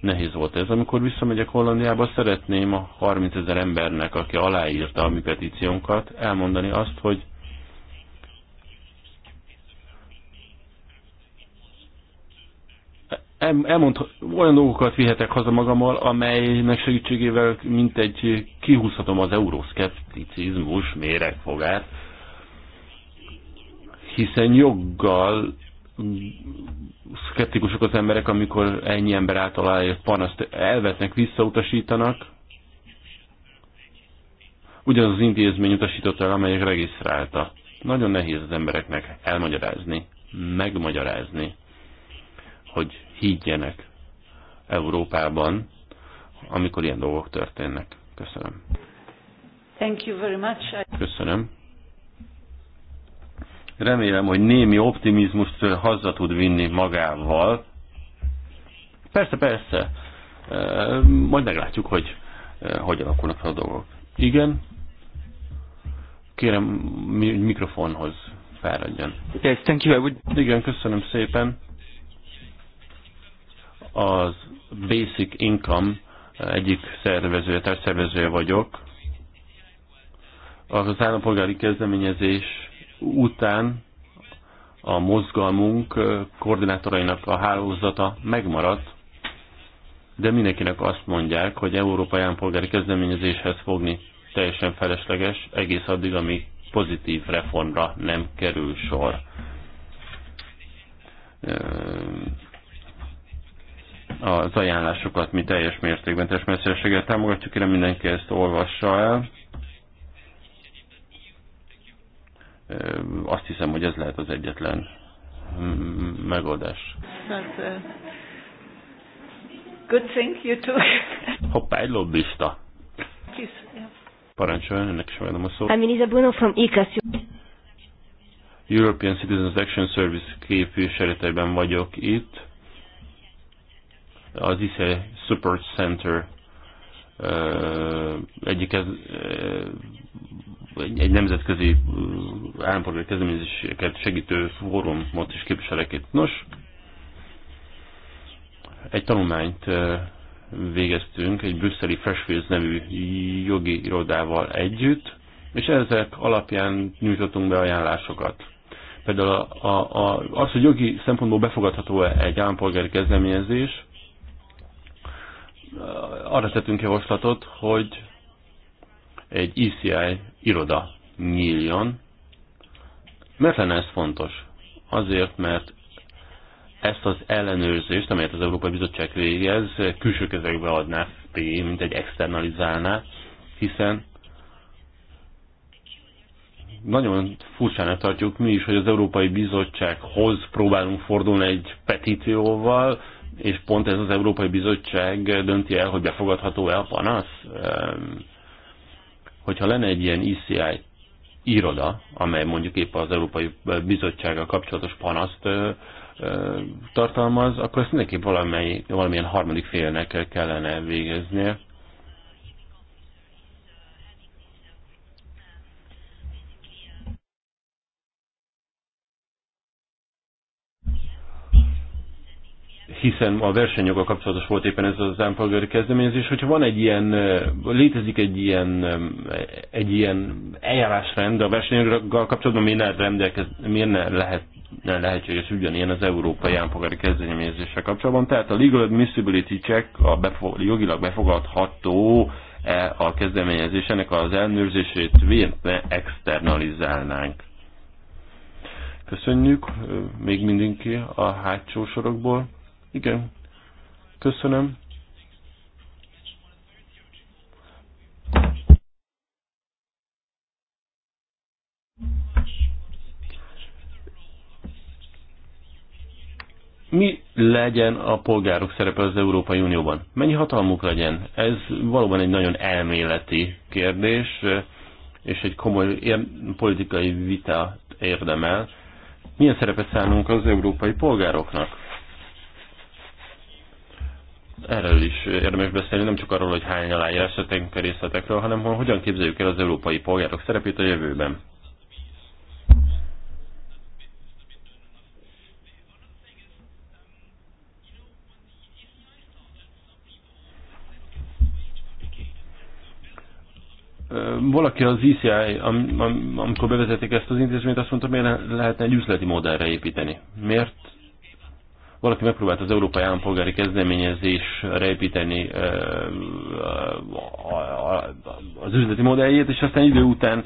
nehéz volt ez. Amikor visszamegyek Hollandiába, szeretném a 30 ezer embernek, aki aláírta a mi petíciónkat, elmondani azt, hogy elmond, olyan dolgokat vihetek haza magammal, amelynek segítségével mint egy kihúzhatom az euroszkepticizmus méregfogát, hiszen joggal szkeptikusok az emberek, amikor ennyi ember által panaszt elvetnek, visszautasítanak. Ugyanaz az intézmény utasította el, amelyek regisztrálta. Nagyon nehéz az embereknek elmagyarázni, megmagyarázni, hogy higgyenek Európában, amikor ilyen dolgok történnek. Köszönöm. Thank you very much. Köszönöm. Remélem, hogy némi optimizmust haza tud vinni magával. Persze, persze. Majd meglátjuk, hogy hogy alakulnak fel a dolgok. Igen. Kérem, mikrofonhoz felradjon. Yes, thank you. Igen, köszönöm szépen. Az Basic Income egyik szervezője, szervezője vagyok. Az állampolgári kezdeményezés után a mozgalmunk koordinátorainak a hálózata megmaradt, de mindenkinek azt mondják, hogy európai állampolgári kezdeményezéshez fogni teljesen felesleges, egész addig, amíg pozitív reformra nem kerül sor. Az ajánlásokat mi teljes mértékben, teljes messzességgel támogatjuk, kérem mindenki ezt olvassa el. Azt hiszem, hogy ez lehet az egyetlen mm, megoldás. Uh, good thing you took. Hoppá, egy lobbista. Parancsoljon, ennek sem adom a szót. Amin Bruno from ICAS. European Citizens Action Service képviseletében vagyok itt. Az ISE Support Center uh, egyik ez, uh, egy nemzetközi állampolgári kezdeményezéseket segítő fórumot is képviselek itt. Nos, egy tanulmányt végeztünk egy brüsszeli Freshfields nevű jogi irodával együtt, és ezek alapján nyújtottunk be ajánlásokat. Például a, a, a, az, hogy jogi szempontból befogadható-e egy állampolgári kezdeményezés, arra tettünk javaslatot, hogy egy ECI iroda nyíljon. Miért lenne ez fontos? Azért, mert ezt az ellenőrzést, amelyet az Európai Bizottság végez, külső kezekbe adná ki, mint egy externalizálná, hiszen nagyon furcsának tartjuk mi is, hogy az Európai Bizottsághoz próbálunk fordulni egy petícióval, és pont ez az Európai Bizottság dönti el, hogy befogadható-e a panasz. Ehm, hogyha lenne egy ilyen ECI iroda, amely mondjuk épp az Európai Bizottsággal kapcsolatos panaszt tartalmaz, akkor ezt mindenképp valamely, valamilyen harmadik félnek kellene végeznie. hiszen a versenyjoga kapcsolatos volt éppen ez az állampolgári kezdeményezés, hogyha van egy ilyen, létezik egy ilyen, egy ilyen eljárásrend a versenyjoggal kapcsolatban, miért ne, rendelkez, miért ne lehet hogy ez ugyanilyen az európai állampolgári kezdeményezéssel kapcsolatban. Tehát a legal admissibility check a befo- jogilag befogadható -e a kezdeményezés, ennek az ellenőrzését miért ne externalizálnánk. Köszönjük még mindenki a hátsó sorokból. Igen, köszönöm. mi legyen a polgárok szerepe az Európai Unióban? Mennyi hatalmuk legyen? Ez valóban egy nagyon elméleti kérdés, és egy komoly politikai vita érdemel. Milyen szerepe szánunk az európai polgároknak? erről is érdemes beszélni, nem csak arról, hogy hány aláírás a részletekről, hanem hogy hogyan képzeljük el az európai polgárok szerepét a jövőben. valaki az ICI, e am, am, amikor bevezették ezt az intézményt, azt mondta, miért lehetne egy üzleti modellre építeni. Miért valaki megpróbált az európai állampolgári kezdeményezés építeni az üzleti modelljét, és aztán idő után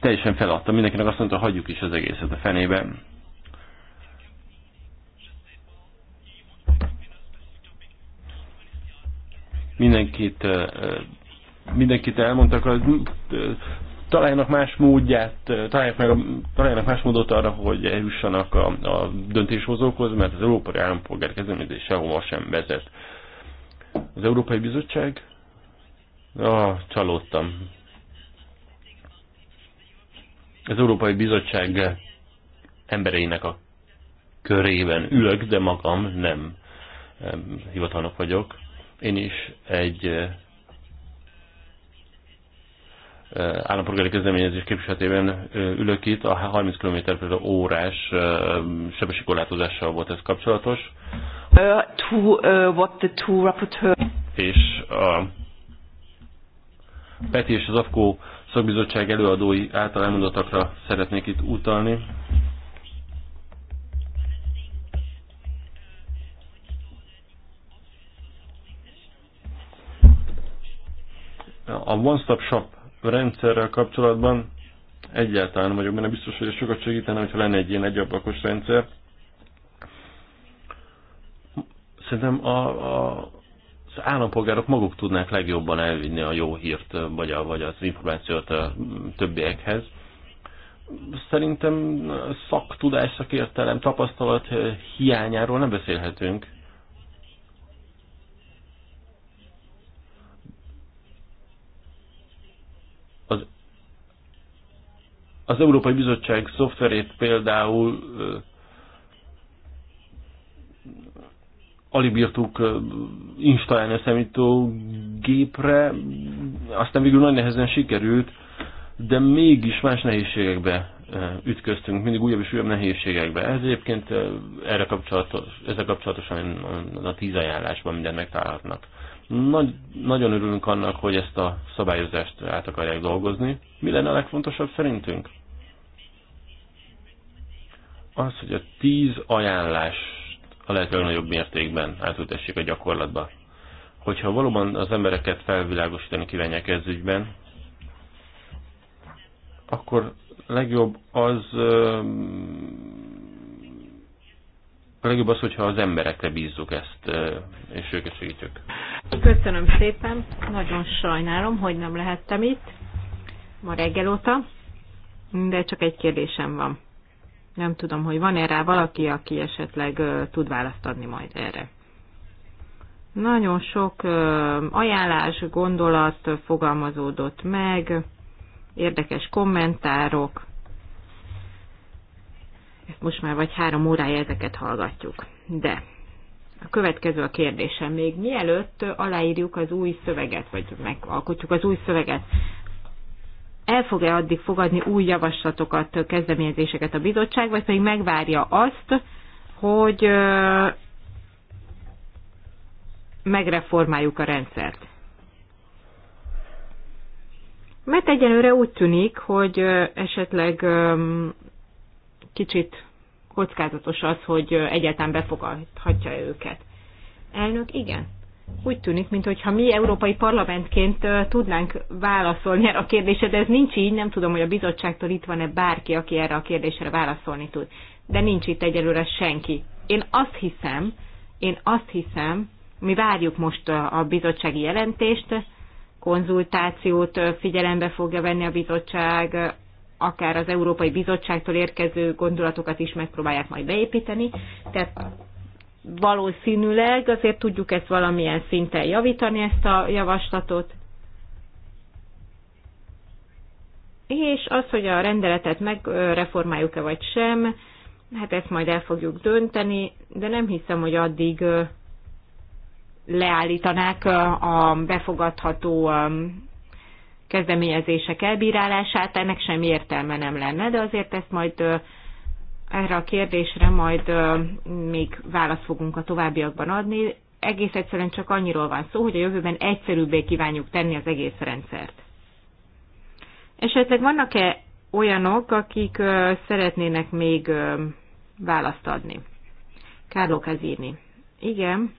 teljesen feladta. Mindenkinek azt mondta, hagyjuk is az egészet a fenébe. Mindenkit mindenkit elmondtak, találjanak más módját, találjanak, meg, találjanak más módot arra, hogy eljussanak a, a döntéshozókhoz, mert az európai állampolgár kezdeményezés sehova sem vezet. Az Európai Bizottság? Ah, csalódtam. Az Európai Bizottság embereinek a körében ülök, de magam nem hivatalnok vagyok. Én is egy Eh, állampolgári kezdeményezés képviseletében eh, ülök itt, a 30 km per órás eh, sebességkorlátozással volt ez kapcsolatos. Uh, to, uh, what the two rapporteur... És a Peti és az AFKO szakbizottság előadói által elmondottakra szeretnék itt utalni. a One Stop Shop rendszerrel kapcsolatban egyáltalán nem vagyok benne biztos, hogy sokat segítene, hogyha lenne egy ilyen egyablakos rendszer. Szerintem a, a, az állampolgárok maguk tudnák legjobban elvinni a jó hírt, vagy, a, vagy az információt a többiekhez. Szerintem szaktudás, szakértelem, tapasztalat hiányáról nem beszélhetünk. Az Európai Bizottság szoftverét például alig bírtuk installálni a számítógépre, aztán végül nagy nehezen sikerült, de mégis más nehézségekbe ütköztünk, mindig újabb és újabb nehézségekbe. Ez egyébként erre kapcsolatos, ezzel kapcsolatosan a tíz ajánlásban mindent megtalálhatnak. Nagy, nagyon örülünk annak, hogy ezt a szabályozást át akarják dolgozni. Mi lenne a legfontosabb szerintünk? Az, hogy a tíz ajánlás a lehető legnagyobb mértékben átültessék a gyakorlatba. Hogyha valóban az embereket felvilágosítani kívánják ez ügyben, akkor legjobb az a legjobb az, hogyha az emberekre bízzuk ezt, és őket segítjük. Köszönöm szépen, nagyon sajnálom, hogy nem lehettem itt ma reggel óta, de csak egy kérdésem van. Nem tudom, hogy van-e rá valaki, aki esetleg uh, tud választ adni majd erre. Nagyon sok uh, ajánlás, gondolat fogalmazódott meg, érdekes kommentárok. Ezt most már vagy három órája ezeket hallgatjuk. De a következő a kérdésem. Még mielőtt aláírjuk az új szöveget, vagy megalkotjuk az új szöveget, el fog-e addig fogadni új javaslatokat, kezdeményezéseket a bizottság, vagy pedig megvárja azt, hogy megreformáljuk a rendszert? Mert egyelőre úgy tűnik, hogy esetleg kicsit kockázatos az, hogy egyáltalán befogadhatja őket. Elnök, igen. Úgy tűnik, mintha mi európai parlamentként tudnánk válaszolni erre a kérdésre, de ez nincs így, nem tudom, hogy a bizottságtól itt van-e bárki, aki erre a kérdésre válaszolni tud. De nincs itt egyelőre senki. Én azt hiszem, én azt hiszem, mi várjuk most a bizottsági jelentést, konzultációt figyelembe fogja venni a bizottság, akár az Európai Bizottságtól érkező gondolatokat is megpróbálják majd beépíteni. Tehát valószínűleg azért tudjuk ezt valamilyen szinten javítani, ezt a javaslatot. És az, hogy a rendeletet megreformáljuk-e vagy sem, hát ezt majd el fogjuk dönteni, de nem hiszem, hogy addig leállítanák a befogadható kezdeményezések elbírálását, ennek semmi értelme nem lenne, de azért ezt majd erre a kérdésre majd még választ fogunk a továbbiakban adni. Egész egyszerűen csak annyiról van szó, hogy a jövőben egyszerűbbé kívánjuk tenni az egész rendszert. Esetleg vannak-e olyanok, akik szeretnének még választ adni? Kárló Kazini. Igen.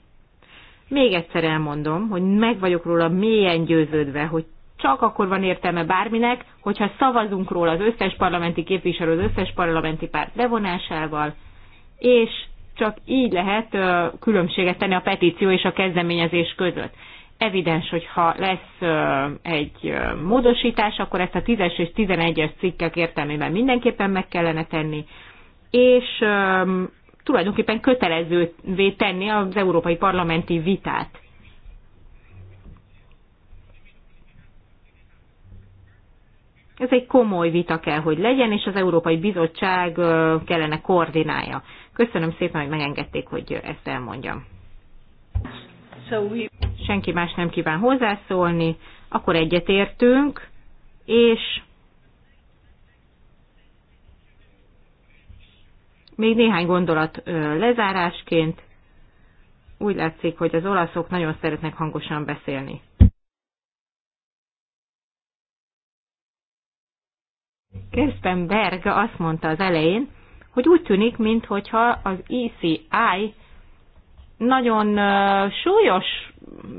Még egyszer elmondom, hogy meg vagyok róla mélyen győződve, hogy csak akkor van értelme bárminek, hogyha szavazunk róla az összes parlamenti képviselő, az összes parlamenti párt bevonásával, és csak így lehet különbséget tenni a petíció és a kezdeményezés között. Evidens, hogyha lesz egy módosítás, akkor ezt a 10-es és 11-es cikkek értelmében mindenképpen meg kellene tenni, és tulajdonképpen kötelezővé tenni az európai parlamenti vitát Ez egy komoly vita kell, hogy legyen, és az Európai Bizottság kellene koordinálja. Köszönöm szépen, hogy megengedték, hogy ezt elmondjam. Senki más nem kíván hozzászólni, akkor egyetértünk, és még néhány gondolat lezárásként. Úgy látszik, hogy az olaszok nagyon szeretnek hangosan beszélni. Gerstenberg azt mondta az elején, hogy úgy tűnik, mintha az ECI nagyon súlyos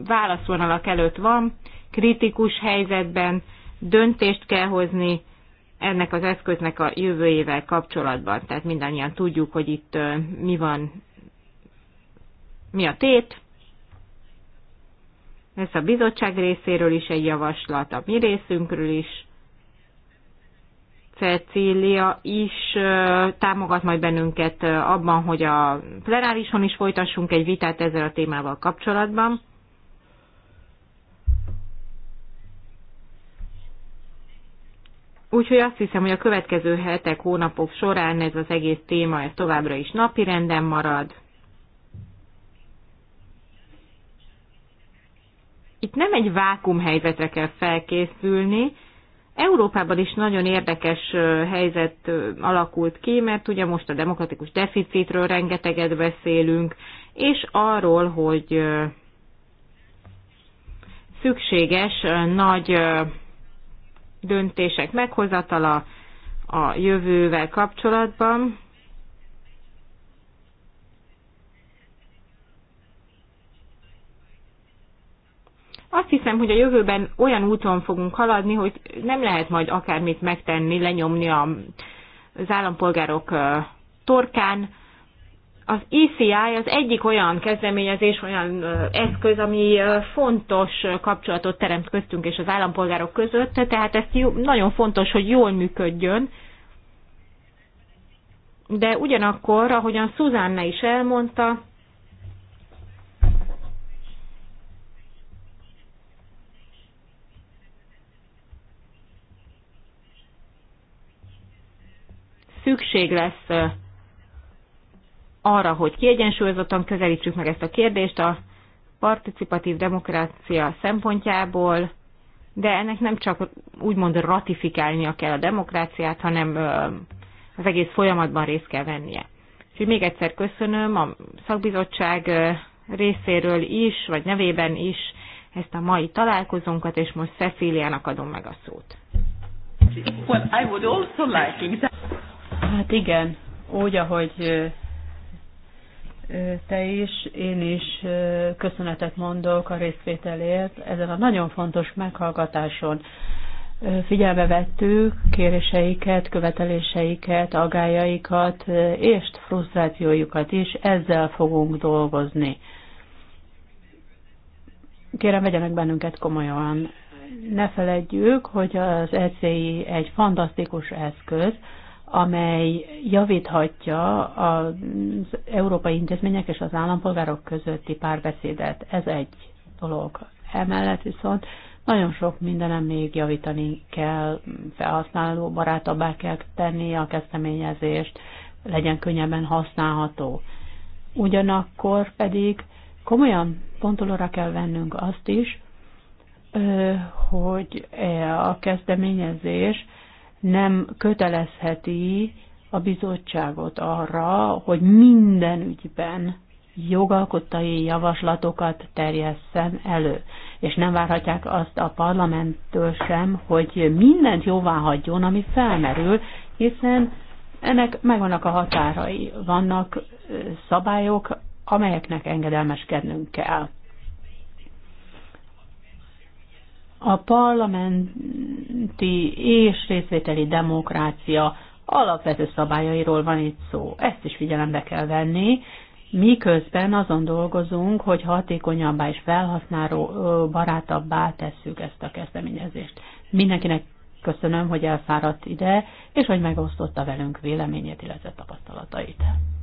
válaszvonalak előtt van, kritikus helyzetben döntést kell hozni ennek az eszköznek a jövőjével kapcsolatban. Tehát mindannyian tudjuk, hogy itt mi van, mi a tét. Ez a bizottság részéről is egy javaslat, a mi részünkről is. Cecília is támogat majd bennünket abban, hogy a plenárison is folytassunk egy vitát ezzel a témával kapcsolatban. Úgyhogy azt hiszem, hogy a következő hetek, hónapok során ez az egész téma ez továbbra is napi renden marad. Itt nem egy vákum helyzetre kell felkészülni, Európában is nagyon érdekes helyzet alakult ki, mert ugye most a demokratikus deficitről rengeteget beszélünk, és arról, hogy szükséges nagy döntések meghozatala a jövővel kapcsolatban, Azt hiszem, hogy a jövőben olyan úton fogunk haladni, hogy nem lehet majd akármit megtenni, lenyomni a, az állampolgárok torkán. Az ECI az egyik olyan kezdeményezés, olyan eszköz, ami fontos kapcsolatot teremt köztünk és az állampolgárok között, tehát ezt jó, nagyon fontos, hogy jól működjön. De ugyanakkor, ahogyan Szuzánna is elmondta, szükség lesz arra, hogy kiegyensúlyozottan közelítsük meg ezt a kérdést a participatív demokrácia szempontjából, de ennek nem csak úgymond ratifikálnia kell a demokráciát, hanem az egész folyamatban részt kell vennie. Úgyhogy még egyszer köszönöm a szakbizottság részéről is, vagy nevében is ezt a mai találkozónkat, és most Cecíliának adom meg a szót. Well, I would also like Hát igen, úgy, ahogy te is, én is köszönetet mondok a részvételért ezen a nagyon fontos meghallgatáson. Figyelme vettük kéréseiket, követeléseiket, agájaikat és frusztrációjukat is, ezzel fogunk dolgozni. Kérem, vegyenek bennünket komolyan. Ne feledjük, hogy az ECI egy fantasztikus eszköz, amely javíthatja az európai intézmények és az állampolgárok közötti párbeszédet. Ez egy dolog. Emellett viszont nagyon sok mindenem még javítani kell, felhasználó barátabbá kell tenni a kezdeményezést, legyen könnyebben használható. Ugyanakkor pedig komolyan pontolóra kell vennünk azt is, hogy a kezdeményezés nem kötelezheti a bizottságot arra, hogy minden ügyben jogalkotai javaslatokat terjesszen elő. És nem várhatják azt a parlamenttől sem, hogy mindent jóvá hagyjon, ami felmerül, hiszen ennek megvannak a határai, vannak szabályok, amelyeknek engedelmeskednünk kell. A parlamenti és részvételi demokrácia alapvető szabályairól van itt szó. Ezt is figyelembe kell venni, miközben azon dolgozunk, hogy hatékonyabbá és felhasználó barátabbá tesszük ezt a kezdeményezést. Mindenkinek köszönöm, hogy elfáradt ide, és hogy megosztotta velünk véleményét, illetve tapasztalatait.